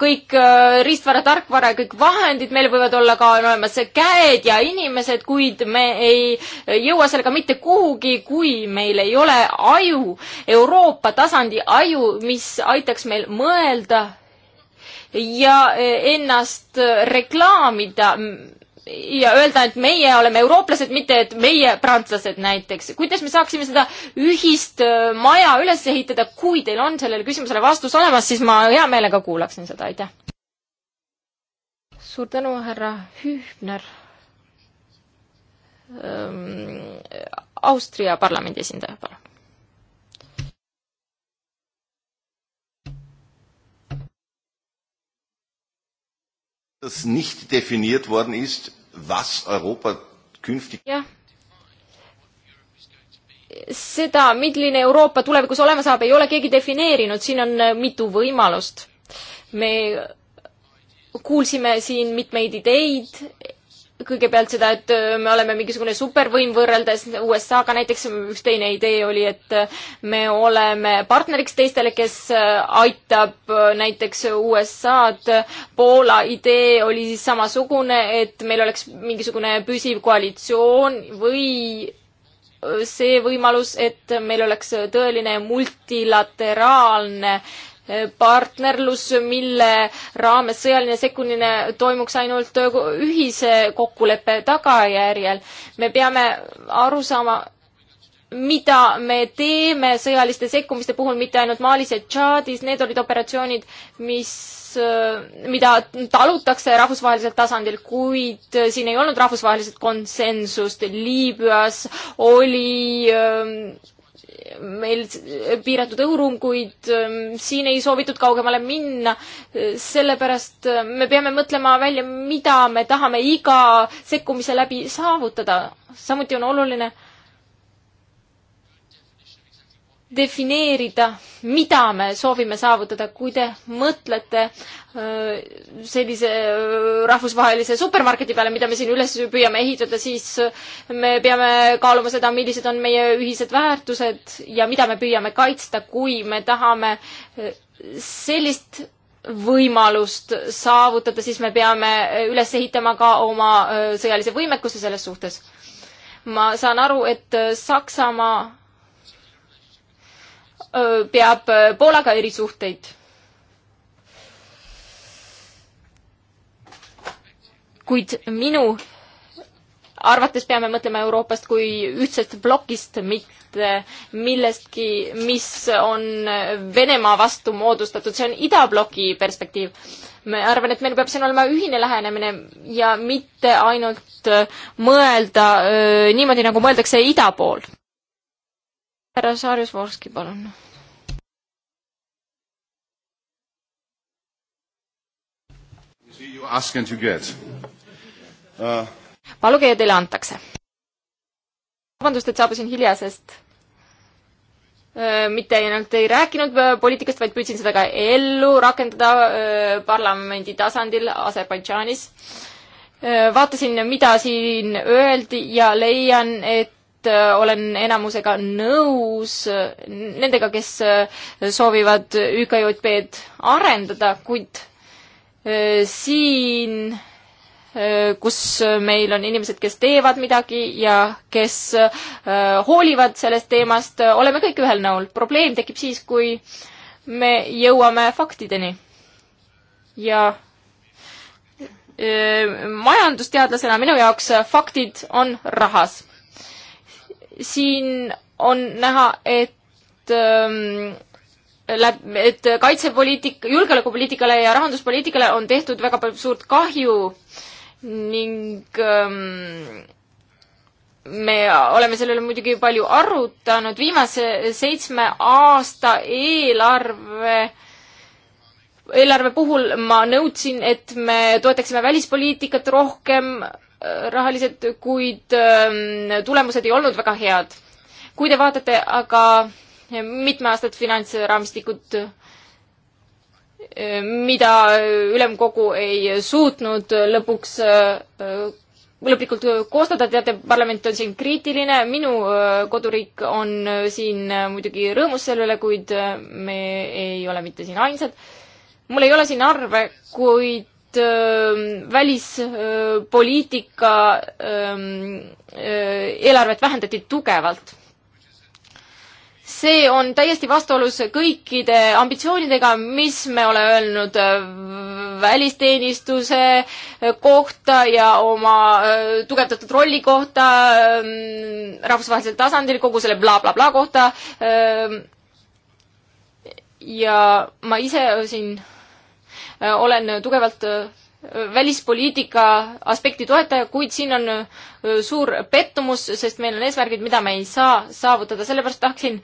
S3: kõik äh, riistvara, tarkvara ja kõik vahendid, meil võivad olla ka olemas käed ja inimesed, kuid me ei jõua sellega mitte kuhugi, kui meil ei ole aju, Euroopa tasandi aju, mis aitaks meil mõelda ja äh, ennast reklaamida ja öelda, et meie oleme eurooplased, mitte et meie prantslased näiteks. kuidas me saaksime seda ühist äh, maja üles ehitada, kui teil on sellele küsimusele vastus olemas, siis ma hea meelega kuulaksin seda, aitäh. suur tänu, härra Hübner ähm,. Austria parlamendi esindaja, palun.
S1: das nicht definiert worden ist, was Euroopa künftig
S3: jah, seda, milline Euroopa tulevikus olema saab, ei ole keegi defineerinud, siin on äh, mitu võimalust. me kuulsime siin mitmeid ideid, kõigepealt seda, et äh, me oleme mingisugune supervõim võrreldes USA-ga näiteks, üks teine idee oli, et äh, me oleme partneriks teistele, kes äh, aitab näiteks USA-d. Poola idee oli samasugune, et meil oleks mingisugune püsiv koalitsioon või see võimalus, et meil oleks tõeline multilateraalne partnerlus, mille raames sõjaline sekkumine toimuks ainult ühise kokkuleppe tagajärjel. me peame aru saama, mida me teeme sõjaliste sekkumiste puhul, mitte ainult Malis ja Tšaadis, need olid operatsioonid, mis, mida talutakse rahvusvahelisel tasandil, kuid siin ei olnud rahvusvahelist konsensust. Liibüas oli öö, ähm, meil piiratud õhuruum, kuid ähm, siin ei soovitud kaugemale minna. Äh, sellepärast äh, me peame mõtlema välja, mida me tahame iga sekkumise läbi saavutada. samuti on oluline äh, defineerida, mida me soovime saavutada, kui te mõtlete sellise rahvusvahelise supermarketi peale, mida me siin üles püüame ehitada, siis me peame kaaluma seda, millised on meie ühised väärtused ja mida me püüame kaitsta, kui me tahame sellist võimalust saavutada, siis me peame üles ehitama ka oma sõjalise võimekuse selles suhtes. ma saan aru, et Saksamaa peab Poolaga erisuhteid. kuid minu arvates peame mõtlema Euroopast kui ühtsest plokist, mitte millestki, mis on Venemaa vastu moodustatud, see on idabloki perspektiiv. ma arvan, et meil peab siin olema ühine lähenemine ja mitte ainult mõelda öö, niimoodi, nagu mõeldakse ida pool härra Saarjus Vorski, palun. Uh, paluge ja teile antakse. vabandust, et saabusin hilja, sest äh, mitte ainult ei rääkinud äh, poliitikast, vaid püüdsin seda ka ellu rakendada äh, parlamendi tasandil Aserbaidžaanis. vaatasin, mida siin öeldi ja leian, et Äh, olen enamusega nõus äh, nendega, kes äh, soovivad ÜKJP-d arendada, kuid siin, kus meil on inimesed, kes teevad midagi ja kes hoolivad sellest teemast, oleme kõik ühel nõul. probleem tekib siis, kui me jõuame faktideni. ja majandusteadlasena minu jaoks faktid on rahas siin on näha, et ähm, läheb, et kaitsepoliitika, julgeolekupoliitikale ja rahanduspoliitikale on tehtud väga palju suurt kahju ning ähm, me oleme selle üle muidugi palju arutanud, viimase seitsme aasta eelarve eelarve puhul ma nõudsin, et me toetaksime välispoliitikat rohkem, rahalised, kuid ähm, tulemused ei olnud väga head. kui te vaatate aga mitmeaastat finantsraamistikut, äh, mida ülemkogu ei suutnud lõpuks, äh, lõplikult koostada, teate, parlament on siin kriitiline, minu äh, koduriik on siin muidugi rõõmus selle üle, kuid me ei ole mitte siin ainsad. mul ei ole siin arve, kuid välispoliitika eelarvet vähendati tugevalt. see on täiesti vastuolus kõikide ambitsioonidega, mis me oleme öelnud välisteenistuse kohta ja oma tugevdatud rolli kohta rahvusvahelisel tasandil, kogu selle blablabla bla, bla kohta. ja ma ise siin Äh, olen tugevalt äh, välispoliitika aspekti toetaja, kuid siin on äh, suur pettumus, sest meil on eesmärgid, mida me ei saa saavutada, sellepärast tahaksin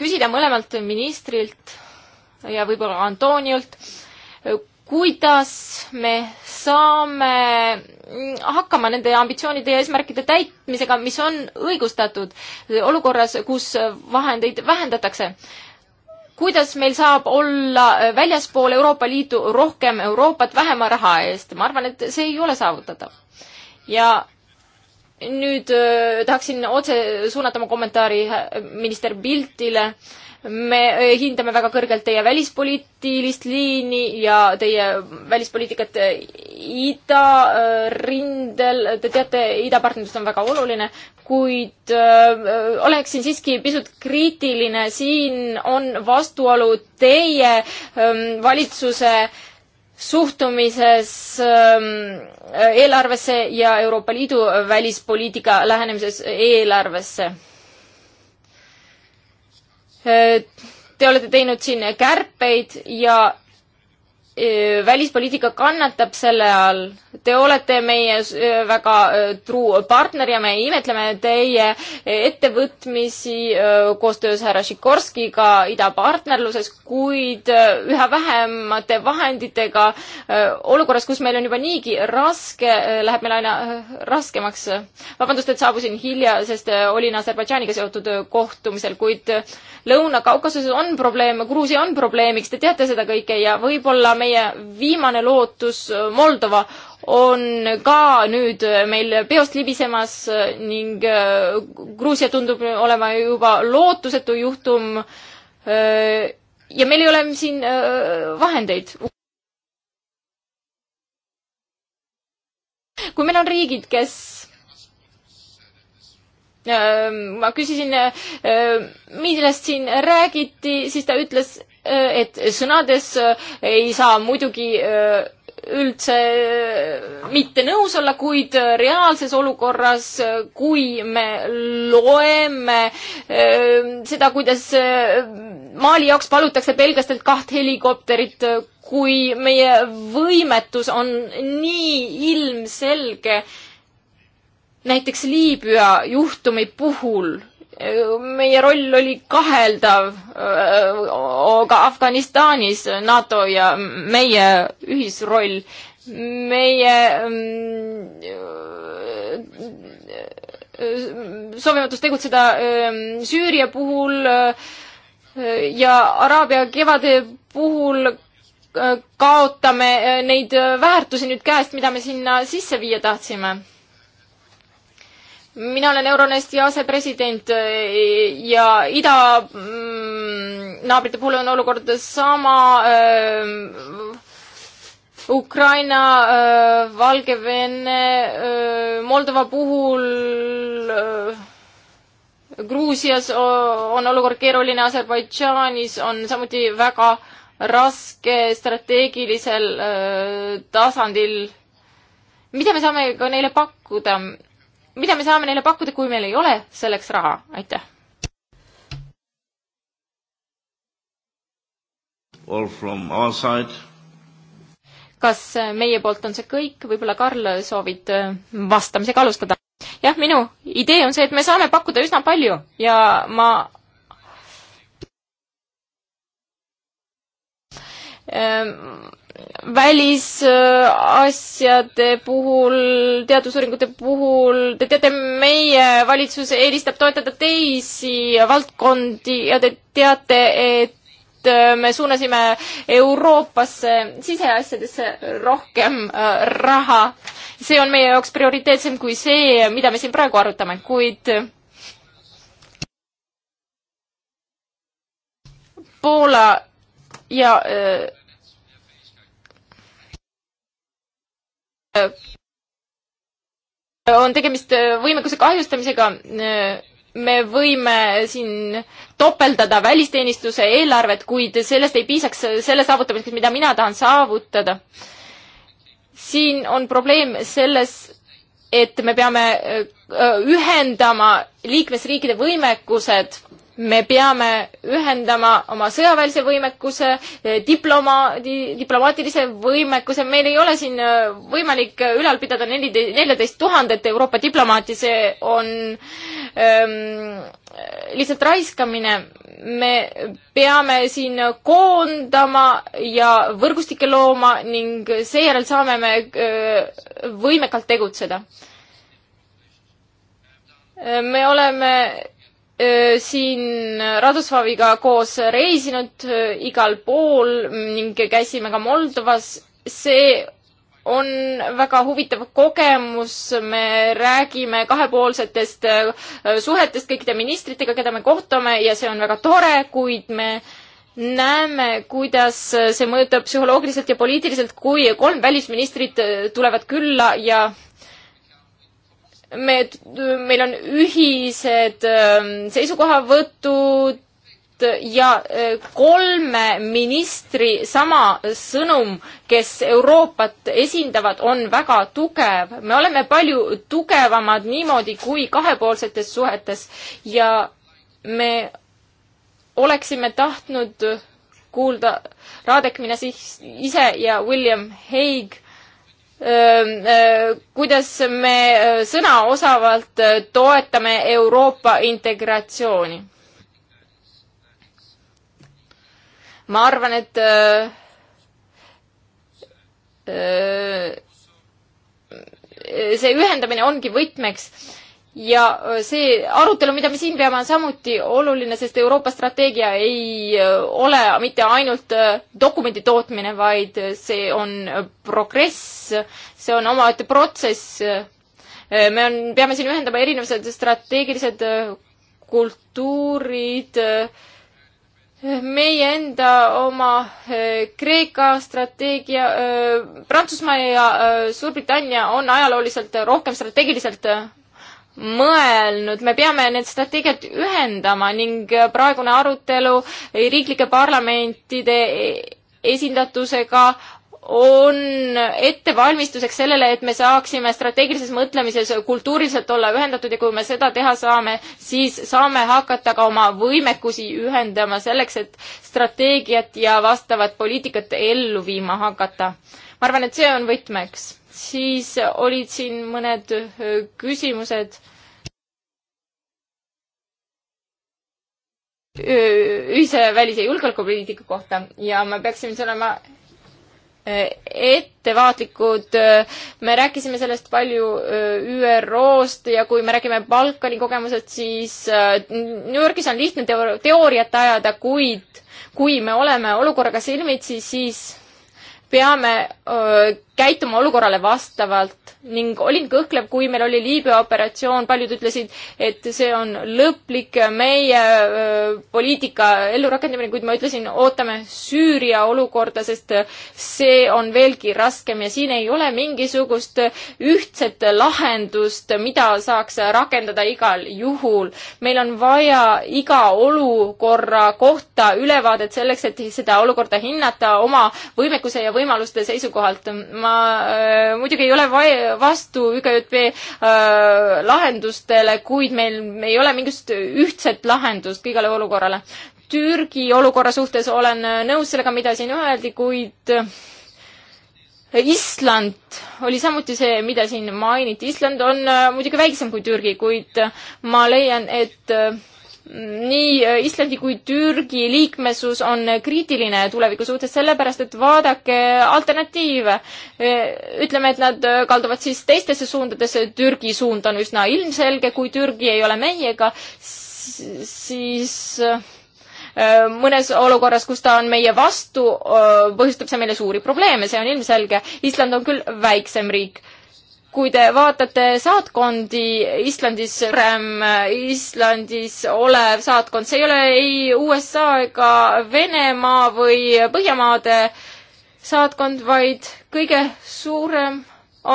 S3: küsida mõlemalt ministrilt ja võib-olla Antoniult, kuidas me saame hakkama nende ambitsioonide ja eesmärkide täitmisega, mis on õigustatud olukorras, kus vahendeid vähendatakse kuidas meil saab olla äh, väljaspool Euroopa Liitu rohkem Euroopat vähema raha eest, ma arvan, et see ei ole saavutatav. ja nüüd öö, äh, tahaksin otse suunata oma kommentaari äh, minister Biltile me eh, hindame väga kõrgelt teie välispoliitilist liini ja teie välispoliitikat eh, idarindel. Eh, Te teate, idapartnerlus on väga oluline, kuid öö, oleksin siiski pisut kriitiline. siin on vastuolu teie öö, ehm, valitsuse suhtumises öö, ehm, eelarvesse ja Euroopa Liidu välispoliitika lähenemises eelarvesse Äh, te olete teinud siin kärpeid ja äh, välispoliitika kannatab selle all. Te olete meie äh, väga truu partner ja me imetleme teie ettevõtmisi koostöös härra Sikorskiga idapartnerluses, kuid üha vähemate vahenditega olukorras, kus meil on juba niigi raske, läheb meil aina raskemaks. vabandust, et saabusin hilja, sest olin Aserbaidžaaniga seotud kohtumisel, kuid Lõuna-Kaukasuses on probleeme, Gruusia on probleemiks, te teate seda kõike ja võib-olla meie viimane lootus, äh, Moldova, on ka nüüd äh, meil peost libisemas äh, ning Gruusia tundub olema juba lootusetu juhtum. ja meil ei ole siin vahendeid. kui meil on riigid, kes ma küsisin, millest siin räägiti, siis ta ütles, et sõnades ei saa muidugi üldse mitte nõus olla, kuid reaalses olukorras, kui me loeme seda, kuidas Mali jaoks palutakse belglastelt kaht helikopterit, kui meie võimetus on nii ilmselge, näiteks Liibüa juhtumi puhul äh, meie roll oli kaheldav äh, äh, ka Afganistanis NATO ja meie ühisroll, meie mm, soovimatus tegutseda ähm, Süüria puhul ja Araabia kevade puhul kaotame neid väärtusi nüüd käest, mida me sinna sisse viia tahtsime mina olen Euronesti asepresident eh, ja idanaabrite mm, puhul on olukord sama. Eh, Ukraina, eh, Valgevene, Moldova puhul, Gruusias on olukord keeruline, Aserbaidžaanis on samuti väga raske strateegilisel tasandil. mida me saame ka neile pakkuda? mida me saame neile pakkuda, kui meil ei ole selleks raha? aitäh.
S2: All from our side.
S3: kas meie poolt on see kõik, võib-olla Karl soovid äh, vastamisega alustada? jah, minu idee on see, et me saame pakkuda üsna palju ja ma ähm, välisasjade puhul, teadusuuringute puhul, te teate, meie valitsus eelistab toetada teisi valdkondi ja te teate, et äh, me suunasime Euroopasse siseasjadesse rohkem äh, raha. see on meie jaoks prioriteetsem kui see, mida me siin praegu arutame, kuid Poola ja öö, äh, Äh, on tegemist äh, võimekuse kahjustamisega. Äh, me võime siin topeldada välisteenistuse eelarvet, kuid sellest ei piisaks selle saavutamiseks, mida mina tahan saavutada. siin on probleem selles, et me peame ühendama liikmesriikide võimekused me peame ühendama oma sõjaväelise võimekuse, diplomaadi, diplomaatilise võimekuse, meil ei ole siin äh, võimalik ülal pidada neliteist, neljateist tuhandet Euroopa diplomaati, see on ähm, lihtsalt raiskamine. me peame siin koondama ja võrgustikke looma ning seejärel saame me äh, võimekalt tegutseda. Äh, me oleme siin Radosvaviga koos reisinud igal pool ning käisime ka Moldovas. see on väga huvitav kogemus, me räägime kahepoolsetest suhetest kõikide ministritega, keda me kohtame ja see on väga tore, kuid me näeme, kuidas see mõjutab psühholoogiliselt ja poliitiliselt, kui kolm välisministrit tulevad külla ja me, meil on ühised ähm, seisukohavõtud, ja äh, kolme ministri sama sõnum, kes Euroopat esindavad, on väga tugev. me oleme palju tugevamad niimoodi kui kahepoolsetes suhetes ja me oleksime tahtnud kuulda Radek Minasih ise ja William Hague kuidas me sõnaosavalt toetame Euroopa integratsiooni. ma arvan, et see ühendamine ongi võtmeks ja äh, see arutelu, mida me siin peame, on samuti oluline, sest Euroopa strateegia ei äh, ole mitte ainult äh, dokumendi tootmine, vaid see on progress, see on omaette protsess. me on, peame siin ühendama erinevad strateegilised kultuurid, meie enda oma Kreeka strateegia, Prantsusmaa ja Suurbritannia on ajalooliselt rohkem strateegiliselt mõelnud, me peame need strateegiad ühendama ning praegune arutelu riiklike parlamentide esindatusega on ettevalmistuseks sellele, et me saaksime strateegilises mõtlemises kultuuriliselt olla ühendatud ja kui me seda teha saame, siis saame hakata ka oma võimekusi ühendama selleks, et strateegiat ja vastavat poliitikat ellu viima hakata. ma arvan, et see on võtmeks siis olid siin mõned äh, küsimused ühise välis- ja julgeolekupoliitika kohta ja me peaksime siin olema äh, ettevaatlikud. Äh, me rääkisime sellest palju ÜRO-st ja kui me räägime Balkani kogemused, siis New Yorgis on lihtne teo-, teooriat ajada, kuid kui me oleme olukorraga silmitsi, siis peame öö, käituma olukorrale vastavalt ning olin kõhklev, kui meil oli Liibüa operatsioon, paljud ütlesid, et see on lõplik meie poliitika ellurakendamine, kuid ma ütlesin, ootame Süüria olukorda, sest see on veelgi raskem ja siin ei ole mingisugust ühtset lahendust, mida saaks rakendada igal juhul. meil on vaja iga olukorra kohta ülevaadet selleks, et seda olukorda hinnata oma võimekuse ja võimaluste seisukohalt ma äh, muidugi ei ole va-, vastu ÜKJP äh, lahendustele, kuid meil, meil ei ole mingit ühtset lahendust igale olukorrale. Türgi olukorra suhtes olen äh, nõus sellega, mida siin öeldi, kuid äh, Island oli samuti see, mida siin mainiti. Island on äh, muidugi väiksem kui Türgi, kuid ma leian, et nii äh, Islandi kui Türgi liikmesus on kriitiline tuleviku suhtes, sellepärast et vaadake alternatiive. Äh, ütleme, et nad äh, kalduvad siis teistesse suundadesse, Türgi suund on üsna ilmselge, kui Türgi ei ole meiega, siis mõnes olukorras, kus ta on meie vastu, põhjustab see meile suuri probleeme, see on ilmselge. Island on küll väiksem riik kui te vaatate saatkondi Islandis, Islandis olev saatkond, see ei ole ei USA ega Venemaa või Põhjamaade saatkond, vaid kõige suurem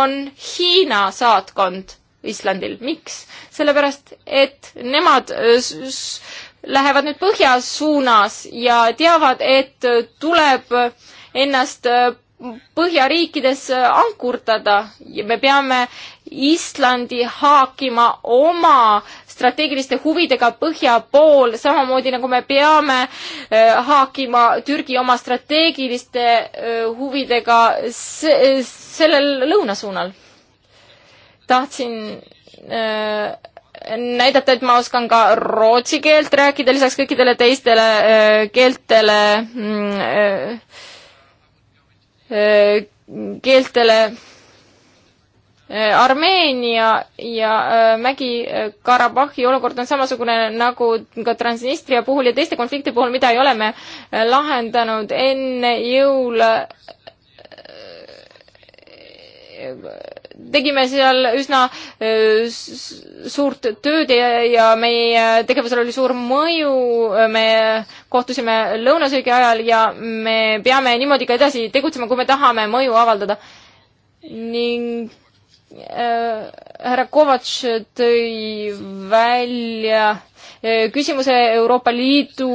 S3: on Hiina saatkond Islandil. miks? sellepärast, et nemad lähevad nüüd põhja suunas ja teavad, et tuleb ennast põhjariikides äh, ankurdada ja me peame Islandi haakima oma strateegiliste huvidega põhja pool, samamoodi nagu me peame äh, haakima Türgi oma strateegiliste äh, huvidega sellel lõunasuunal. tahtsin näidata, et ma oskan ka rootsi keelt rääkida, lisaks kõikidele teistele keeltele mm, Äh, keeltele äh, Armeenia ja äh, Mägi-Karabahhi olukord on samasugune nagu ka Transnistria puhul ja teiste konflikti puhul, mida ei ole me lahendanud enne jõule tegime seal üsna suurt tööd ja, ja meie tegevusel oli suur mõju. me kohtusime lõunasöögi ajal ja me peame niimoodi ka edasi tegutsema, kui me tahame mõju avaldada. ning äh, härra Kovatš tõi välja küsimuse Euroopa Liidu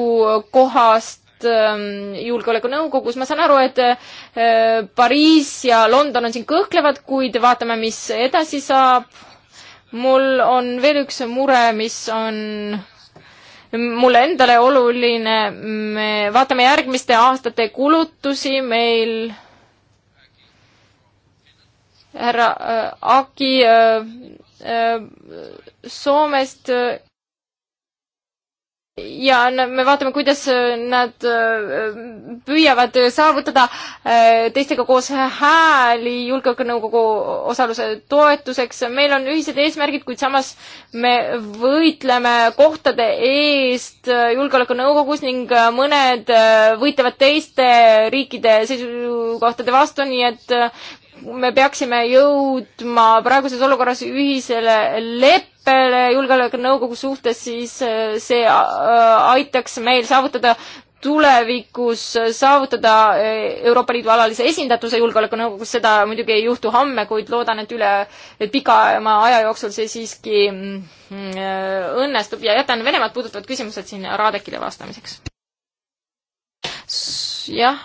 S3: kohast Liidust ähm, Julgeolekunõukogus, ma saan aru, et äh, Pariis ja London on siin kõhklevad, kuid vaatame, mis edasi saab. mul on veel üks mure, mis on mulle endale oluline, me vaatame järgmiste aastate kulutusi meil härra äh, Aki äh, äh, Soomest äh, ja me vaatame, kuidas äh, nad äh, püüavad äh, saavutada teistega koos hääli Julgeolekunõukogu osaluse toetuseks. meil on ühised eesmärgid, kuid samas me võitleme kohtade eest Julgeolekunõukogus ning mõned võitlevad teiste riikide seisukohtade vastu, nii et me peaksime jõudma praeguses olukorras ühisele leppele Julgeolekunõukogu suhtes, siis äh, see äh, aitaks meil saavutada tulevikus saavutada äh, Euroopa Liidu alalise esindatuse Julgeolekunõukogus, seda muidugi ei juhtu homme, kuid loodan, et üle pikema aja jooksul see siiski mm, õnnestub ja jätan Venemaad puudutavad küsimused siin Radekile vastamiseks. jah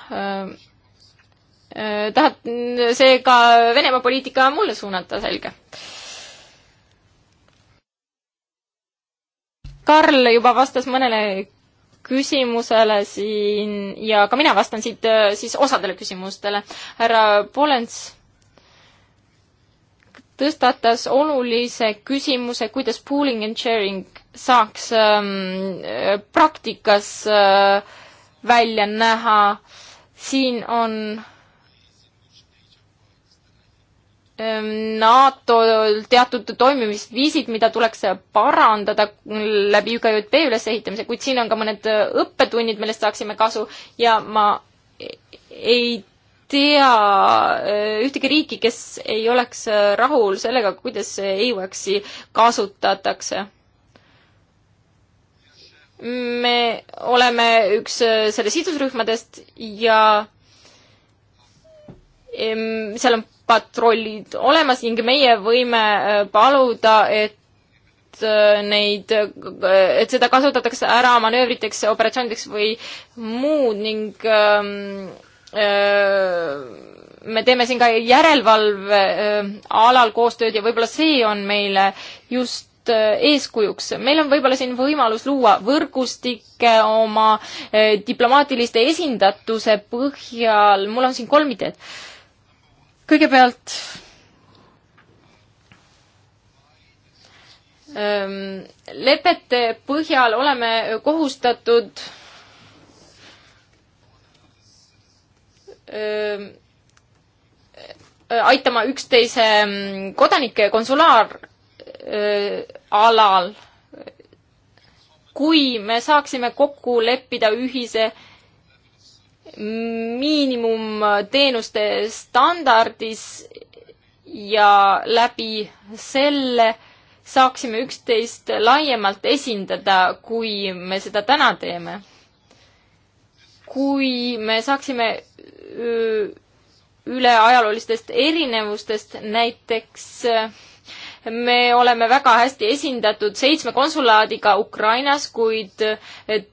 S3: Äh, tahad seega Venemaa poliitika mulle suunata, selge. Karl juba vastas mõnele küsimusele siin ja ka mina vastan siit äh, siis osadele küsimustele. härra Polents tõstatas olulise küsimuse, kuidas pooling and sharing saaks ähm, praktikas äh, välja näha. siin on äh, Ehm, NATO teatud toimimisviisid, mida tuleks parandada läbi ÜKJP ülesehitamise, kuid siin on ka mõned õppetunnid, millest saaksime kasu ja ma ei tea eh, ühtegi riiki, kes ei oleks eh, rahul sellega, kuidas EUX-i kasutatakse. me oleme üks eh, selle sidusrühmadest ja seal on patrullid olemas ning meie võime äh, paluda, et äh, neid, äh, et seda kasutatakse ära manöövriteks, operatsioonideks või muud ning ähm, me teeme siin ka järelevalve alal koostööd ja võib-olla see on meile just eeskujuks. meil on võib-olla siin võimalus luua võrgustikke oma diplomaatiliste esindatuse põhjal, mul on siin kolm ideed kõigepealt ähm, lepete põhjal oleme kohustatud ähm, aitama üksteise ähm, kodanikke konsulaaralal, äh, kui me saaksime kokku leppida ühise äh, miinimumteenuste standardis ja läbi selle saaksime üksteist laiemalt esindada, kui me seda täna teeme. kui me saaksime üle ajaloolistest erinevustest näiteks äh, me oleme väga hästi esindatud seitsme konsulaadiga Ukrainas, kuid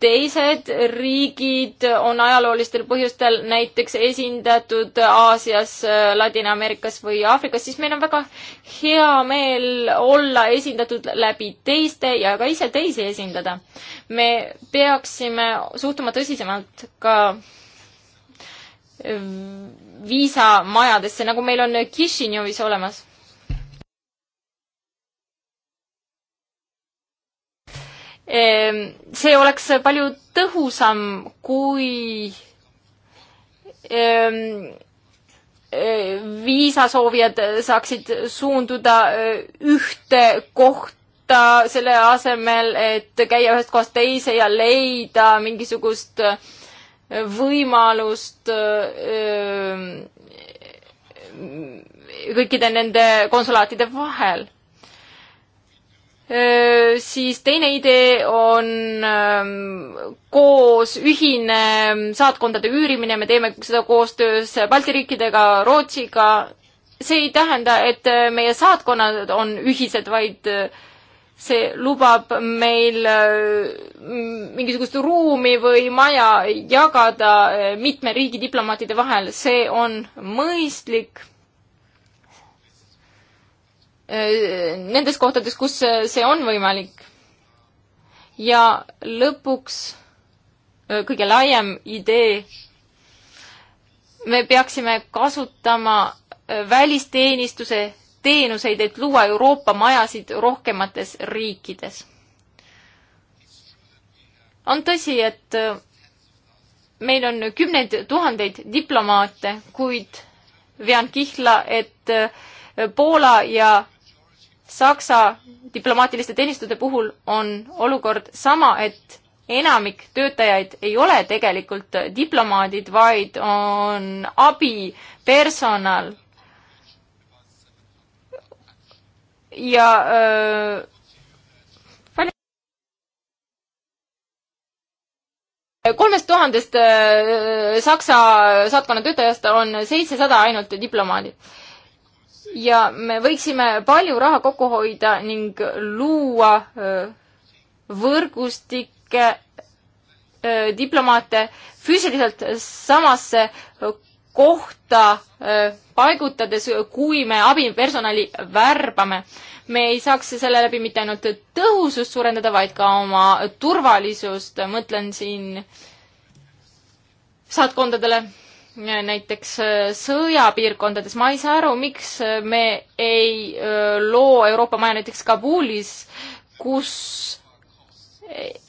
S3: teised riigid on ajaloolistel põhjustel näiteks esindatud Aasias, Ladina-Ameerikas või Aafrikas, siis meil on väga hea meel olla esindatud läbi teiste ja ka ise teisi esindada. me peaksime suhtuma tõsisemalt ka viisamajadesse, nagu meil on Kišinjovis olemas Ehm, see oleks palju tõhusam, kui ehm, eh, viisasoovijad saaksid suunduda eh, ühte kohta selle asemel, et käia ühest kohast teise ja leida mingisugust eh, võimalust kõikide nende konsulaatide vahel siis teine idee on ähm, koos ühine ähm, saatkondade üürimine, me teeme seda koostöös Balti riikidega, Rootsiga. see ei tähenda, et äh, meie saatkonnad on ühised, vaid äh, see lubab meil äh, mingisugust ruumi või maja jagada mitme riigi diplomaatide vahel, see on mõistlik Äh, nendes kohtades, kus äh, see on võimalik. ja lõpuks äh, kõige laiem idee, me peaksime kasutama välisteenistuse teenuseid, et luua Euroopa majasid rohkemates riikides. on tõsi, et meil on kümneid tuhandeid diplomaate, kuid vean kihla, et Poola ja Saksa diplomaatiliste teenistuste puhul on olukord sama, et enamik töötajaid ei ole tegelikult diplomaadid, vaid on abipersonal. ja öö, äh, kolmest tuhandest äh, Saksa saatkonna töötajast on seitsesada ainult diplomaadid ja me võiksime palju raha kokku hoida ning luua võrgustikke, diplomaate füüsiliselt samasse kohta paigutades, kui me abipersonali värbame. me ei saaks selle läbi mitte ainult tõhusust suurendada, vaid ka oma turvalisust, mõtlen siin saatkondadele näiteks äh, sõjapiirkondades, ma ei saa aru, miks me ei äh, loo Euroopa maja näiteks Kabulis, kus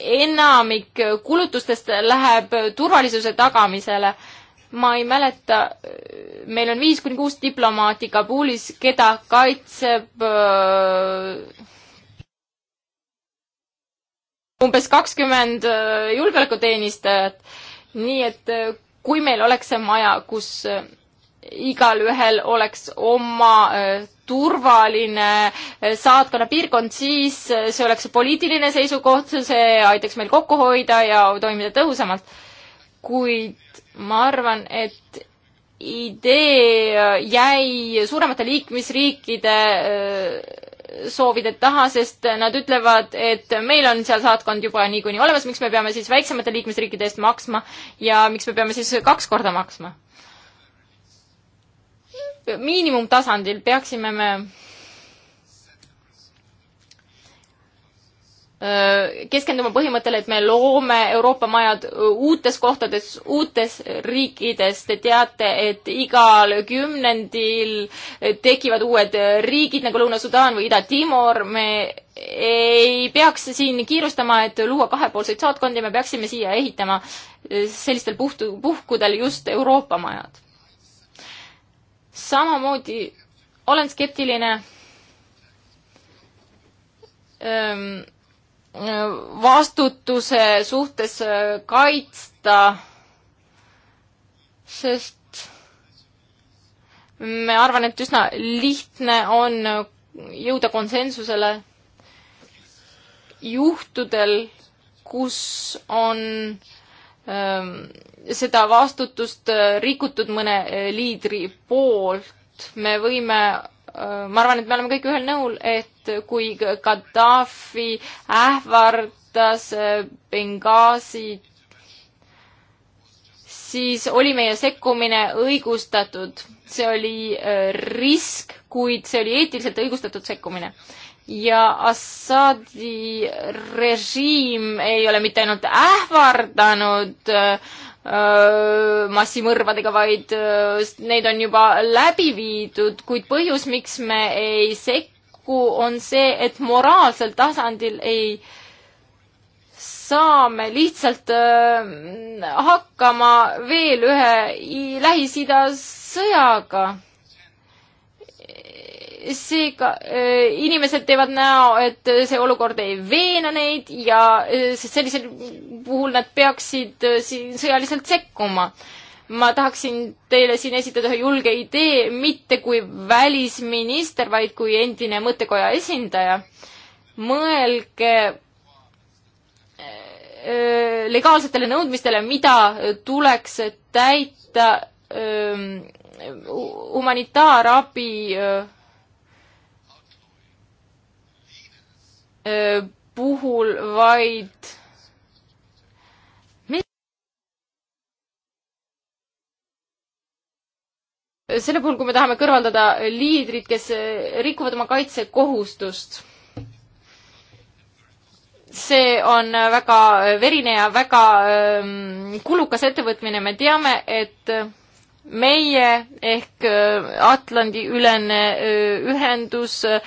S3: enamik kulutustest läheb turvalisuse tagamisele. ma ei mäleta, äh, meil on viis kuni kuus diplomaati Kabulis, keda kaitseb umbes kakskümmend julgeolekuteenistajat. nii et kui meil oleks see maja, kus äh, igalühel oleks oma äh, turvaline äh, saatkonna piirkond, siis see oleks poliitiline seisukoht, see aitaks meil kokku hoida ja toimida tõhusamalt. kuid ma arvan, et idee jäi suuremate liikmesriikide soovide taha, sest nad ütlevad, et meil on seal saatkond juba niikuinii olemas, miks me peame siis väiksemate liikmesriikide eest maksma ja miks me peame siis kaks korda maksma? miinimumtasandil peaksime me keskenduma põhimõttele, et me loome Euroopa majad uutes kohtades, uutes riikides. Te teate, et igal kümnendil tekivad uued riigid nagu Lõuna-Sudaan või Ida-Timor. me ei peaks siin kiirustama, et luua kahepoolseid saatkondi, me peaksime siia ehitama sellistel puhtu, puhkudel just Euroopa majad. samamoodi olen skeptiline ähm, vastutuse suhtes äh, kaitsta, sest ma arvan, et üsna lihtne on äh, jõuda konsensusele juhtudel, kus on ähm, seda vastutust äh, rikutud mõne liidri poolt, me võime äh,, ma arvan, et me oleme kõik ühel nõul, et ajast, kui Gaddafi ähvardas äh, Benghazi, siis oli meie sekkumine õigustatud. see oli äh, risk, kuid see oli eetiliselt õigustatud sekkumine ja Assadi režiim ei ole mitte ainult ähvardanud äh, massimõrvadega, vaid neid on juba läbi viidud, kuid põhjus, miks me ei sekku, paraku on see, et moraalsel tasandil ei saa me lihtsalt äh, hakkama veel ühe Lähis-Ida sõjaga. seega äh, inimesed teevad näo, et see olukord ei veena neid ja äh, sellisel puhul nad peaksid äh, siin sõjaliselt sekkuma äh, ma tahaksin teile siin esitada ühe julge idee, mitte kui välisminister, vaid kui endine mõttekoja esindaja. mõelge äh, äh, legaalsetele nõudmistele, mida tuleks täita ähm, humanitaarabi äh, puhul, vaid selle puhul, kui me tahame kõrvaldada liidrid, kes rikuvad oma kaitsekohustust. see on väga verine ja väga ähm, kulukas ettevõtmine, me teame, et meie ehk äh, Atlandi ülene äh, ühendus äh,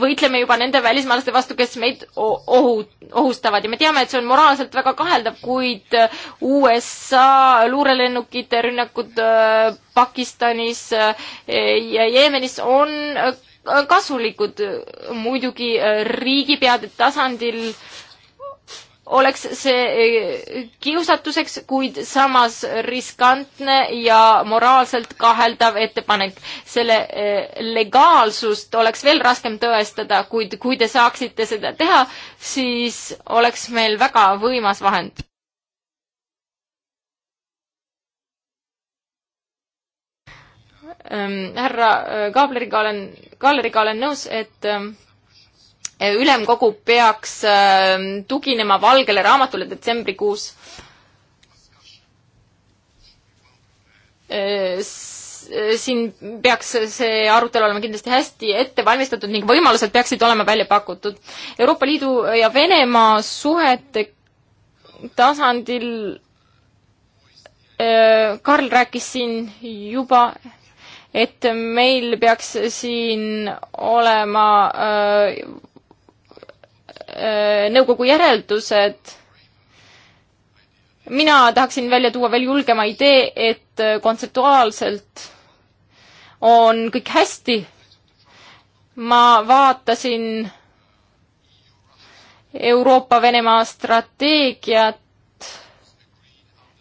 S3: võitleme juba nende välismaalaste vastu, kes meid ohu, ohustavad ja me teame, et see on moraalselt väga kaheldav, kuid USA luurelennukite rünnakud Pakistanis ja Jeemenis on kasulikud muidugi riigipeade tasandil äh, oleks see eh, kiusatuseks, kuid samas riskantne ja moraalselt kaheldav ettepanek. selle eh, legaalsust oleks veel raskem tõestada, kuid kui te saaksite seda teha, siis oleks meil väga võimas vahend. Ehm, härra Kaableriga eh, olen, Kaaleriga olen nõus, et ehm, Eh, ülemkogu peaks ähm, tuginema valgele raamatule detsembrikuus. Äh, äh, siin peaks see arutelu olema kindlasti hästi ette valmistatud ning võimalused peaksid olema välja pakutud. Euroopa Liidu ja Venemaa suhete tasandil äh, Karl rääkis siin juba et meil peaks siin olema Äh, nõukogu järeldused. mina tahaksin välja tuua veel julgema idee, et äh, kontseptuaalselt on kõik hästi. ma vaatasin Euroopa-Venemaa strateegiat,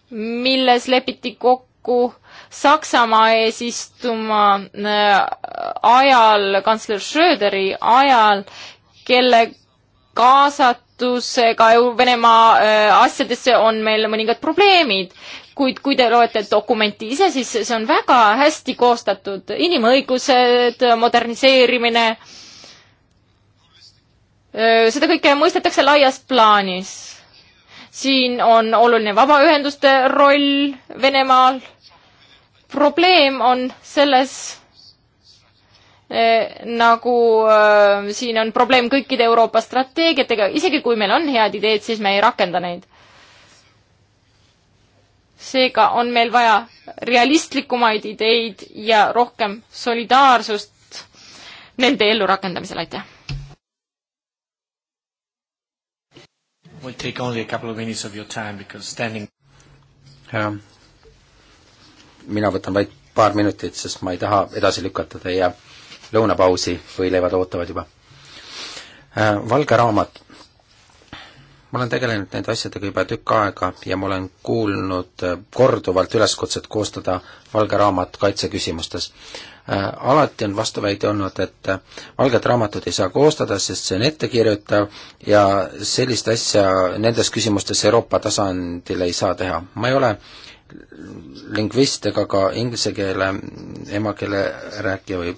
S3: milles lepiti kokku Saksamaa eesistuma äh, ajal, kantsler Schröderi ajal, kelle kaasatusega Venemaa äh, asjadesse on meil mõningad probleemid, kuid kui te loete dokumenti ise, siis see on väga hästi koostatud, inimõigused, moderniseerimine, äh, seda kõike mõistetakse laias plaanis. siin on oluline vabaühenduste roll Venemaal. probleem on selles, Eh, nagu äh, siin on probleem kõikide Euroopa strateegiatega, isegi kui meil on head ideed, siis me ei rakenda neid. seega on meil vaja realistlikumaid ideid ja rohkem solidaarsust nende ellurakendamisel, aitäh!
S2: We'll take only a couple of minutes of your time because standing jah, mina võtan vaid paar minutit, sest ma ei taha edasi lükata teie lõunapausi või leivad ootavad juba. Äh, valge raamat. ma olen tegelenud nende asjadega juba tükk aega ja ma olen kuulnud äh, korduvalt üleskutset koostada valge raamat kaitseküsimustes. Äh, alati on vastuväide olnud, et valget raamatut ei saa koostada, sest see on ettekirjutav ja sellist asja nendes küsimustes Euroopa tasandil ei saa teha. ma ei ole lingvist ega ka inglise keele emakeele rääkija või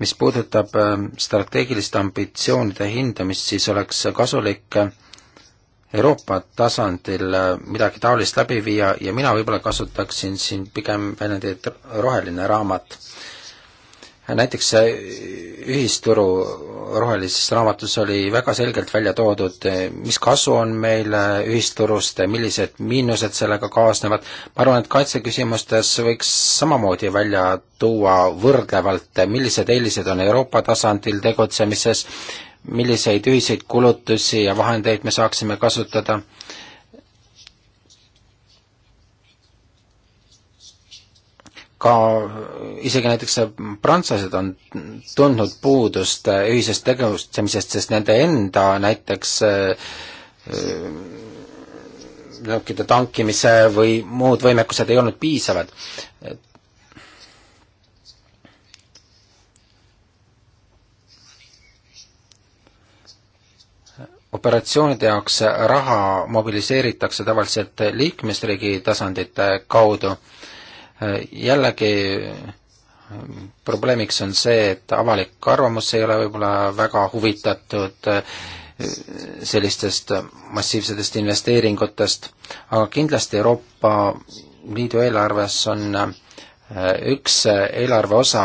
S2: mis puudutab ähm, strateegiliste ambitsioonide hindamist, siis oleks kasulik äh, Euroopa tasandil äh, midagi taolist läbi viia ja mina võib-olla kasutaksin siin pigem väljendit roheline raamat näiteks ühisturu rohelises raamatus oli väga selgelt välja toodud, mis kasu on meil ühisturust, millised miinused sellega kaasnevad, ma arvan, et kaitseküsimustes võiks samamoodi välja tuua võrdlevalt, millised eelised on Euroopa tasandil tegutsemises, milliseid ühiseid kulutusi ja vahendeid me saaksime kasutada ka isegi näiteks prantslased on tundnud puudust äh, ühisest tegutsemisest, sest nende enda näiteks lennukite äh, äh, tankimise või muud võimekused ei olnud piisavad. operatsioonide jaoks raha mobiliseeritakse tavaliselt liikmesriigi tasandite kaudu jällegi probleemiks on see, et avalik arvamus ei ole võib-olla väga huvitatud eh, sellistest massiivsetest investeeringutest, aga kindlasti Euroopa Liidu eelarves on eh, üks eelarve osa,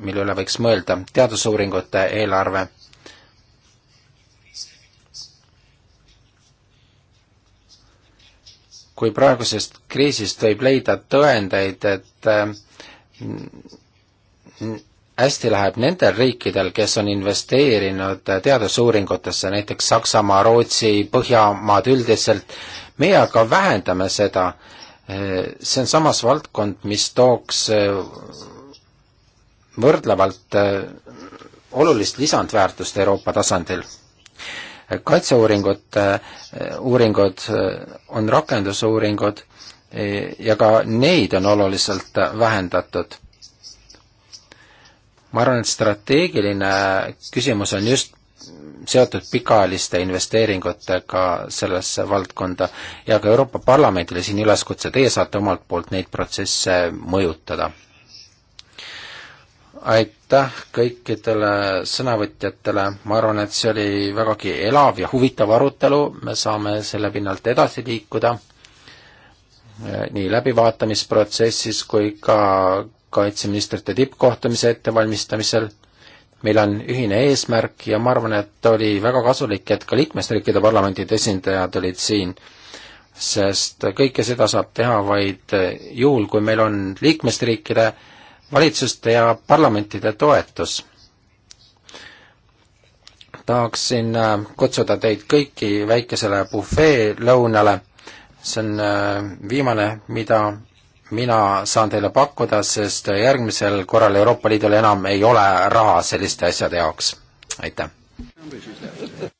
S2: mille üle võiks mõelda, teadusuuringute eelarve kui praegusest kriisist võib leida tõendeid, et ähm, hästi läheb nendel riikidel, kes on investeerinud äh, teadusuuringutesse, näiteks Saksamaa, Rootsi, Põhjamaad üldiselt, meie aga vähendame seda, äh, see on samas valdkond, mis tooks äh, võrdlevalt olulist lisandväärtust Euroopa tasandil kaitseuuringud, uuringud on rakendusuuringud ja ka neid on oluliselt vähendatud. ma arvan, et strateegiline küsimus on just seotud pikaajaliste investeeringutega sellesse valdkonda ja ka Euroopa Parlamendile siin üleskutse, teie saate omalt poolt neid protsesse mõjutada aitäh kõikidele sõnavõtjatele, ma arvan, et see oli vägagi elav ja huvitav arutelu, me saame selle pinnalt edasi liikuda nii läbivaatamisprotsessis kui ka kaitseministrite tippkohtumise ettevalmistamisel. meil on ühine eesmärk ja ma arvan, et oli väga kasulik, et ka liikmesriikide parlamendide esindajad olid siin sest kõike seda saab teha vaid juhul, kui meil on liikmesriikide valitsuste ja parlamentide toetus. tahaksin äh, kutsuda teid kõiki väikesele bufeelõunale, see on äh, viimane, mida mina saan teile pakkuda, sest järgmisel korral Euroopa Liidul enam ei ole raha selliste asjade jaoks. aitäh!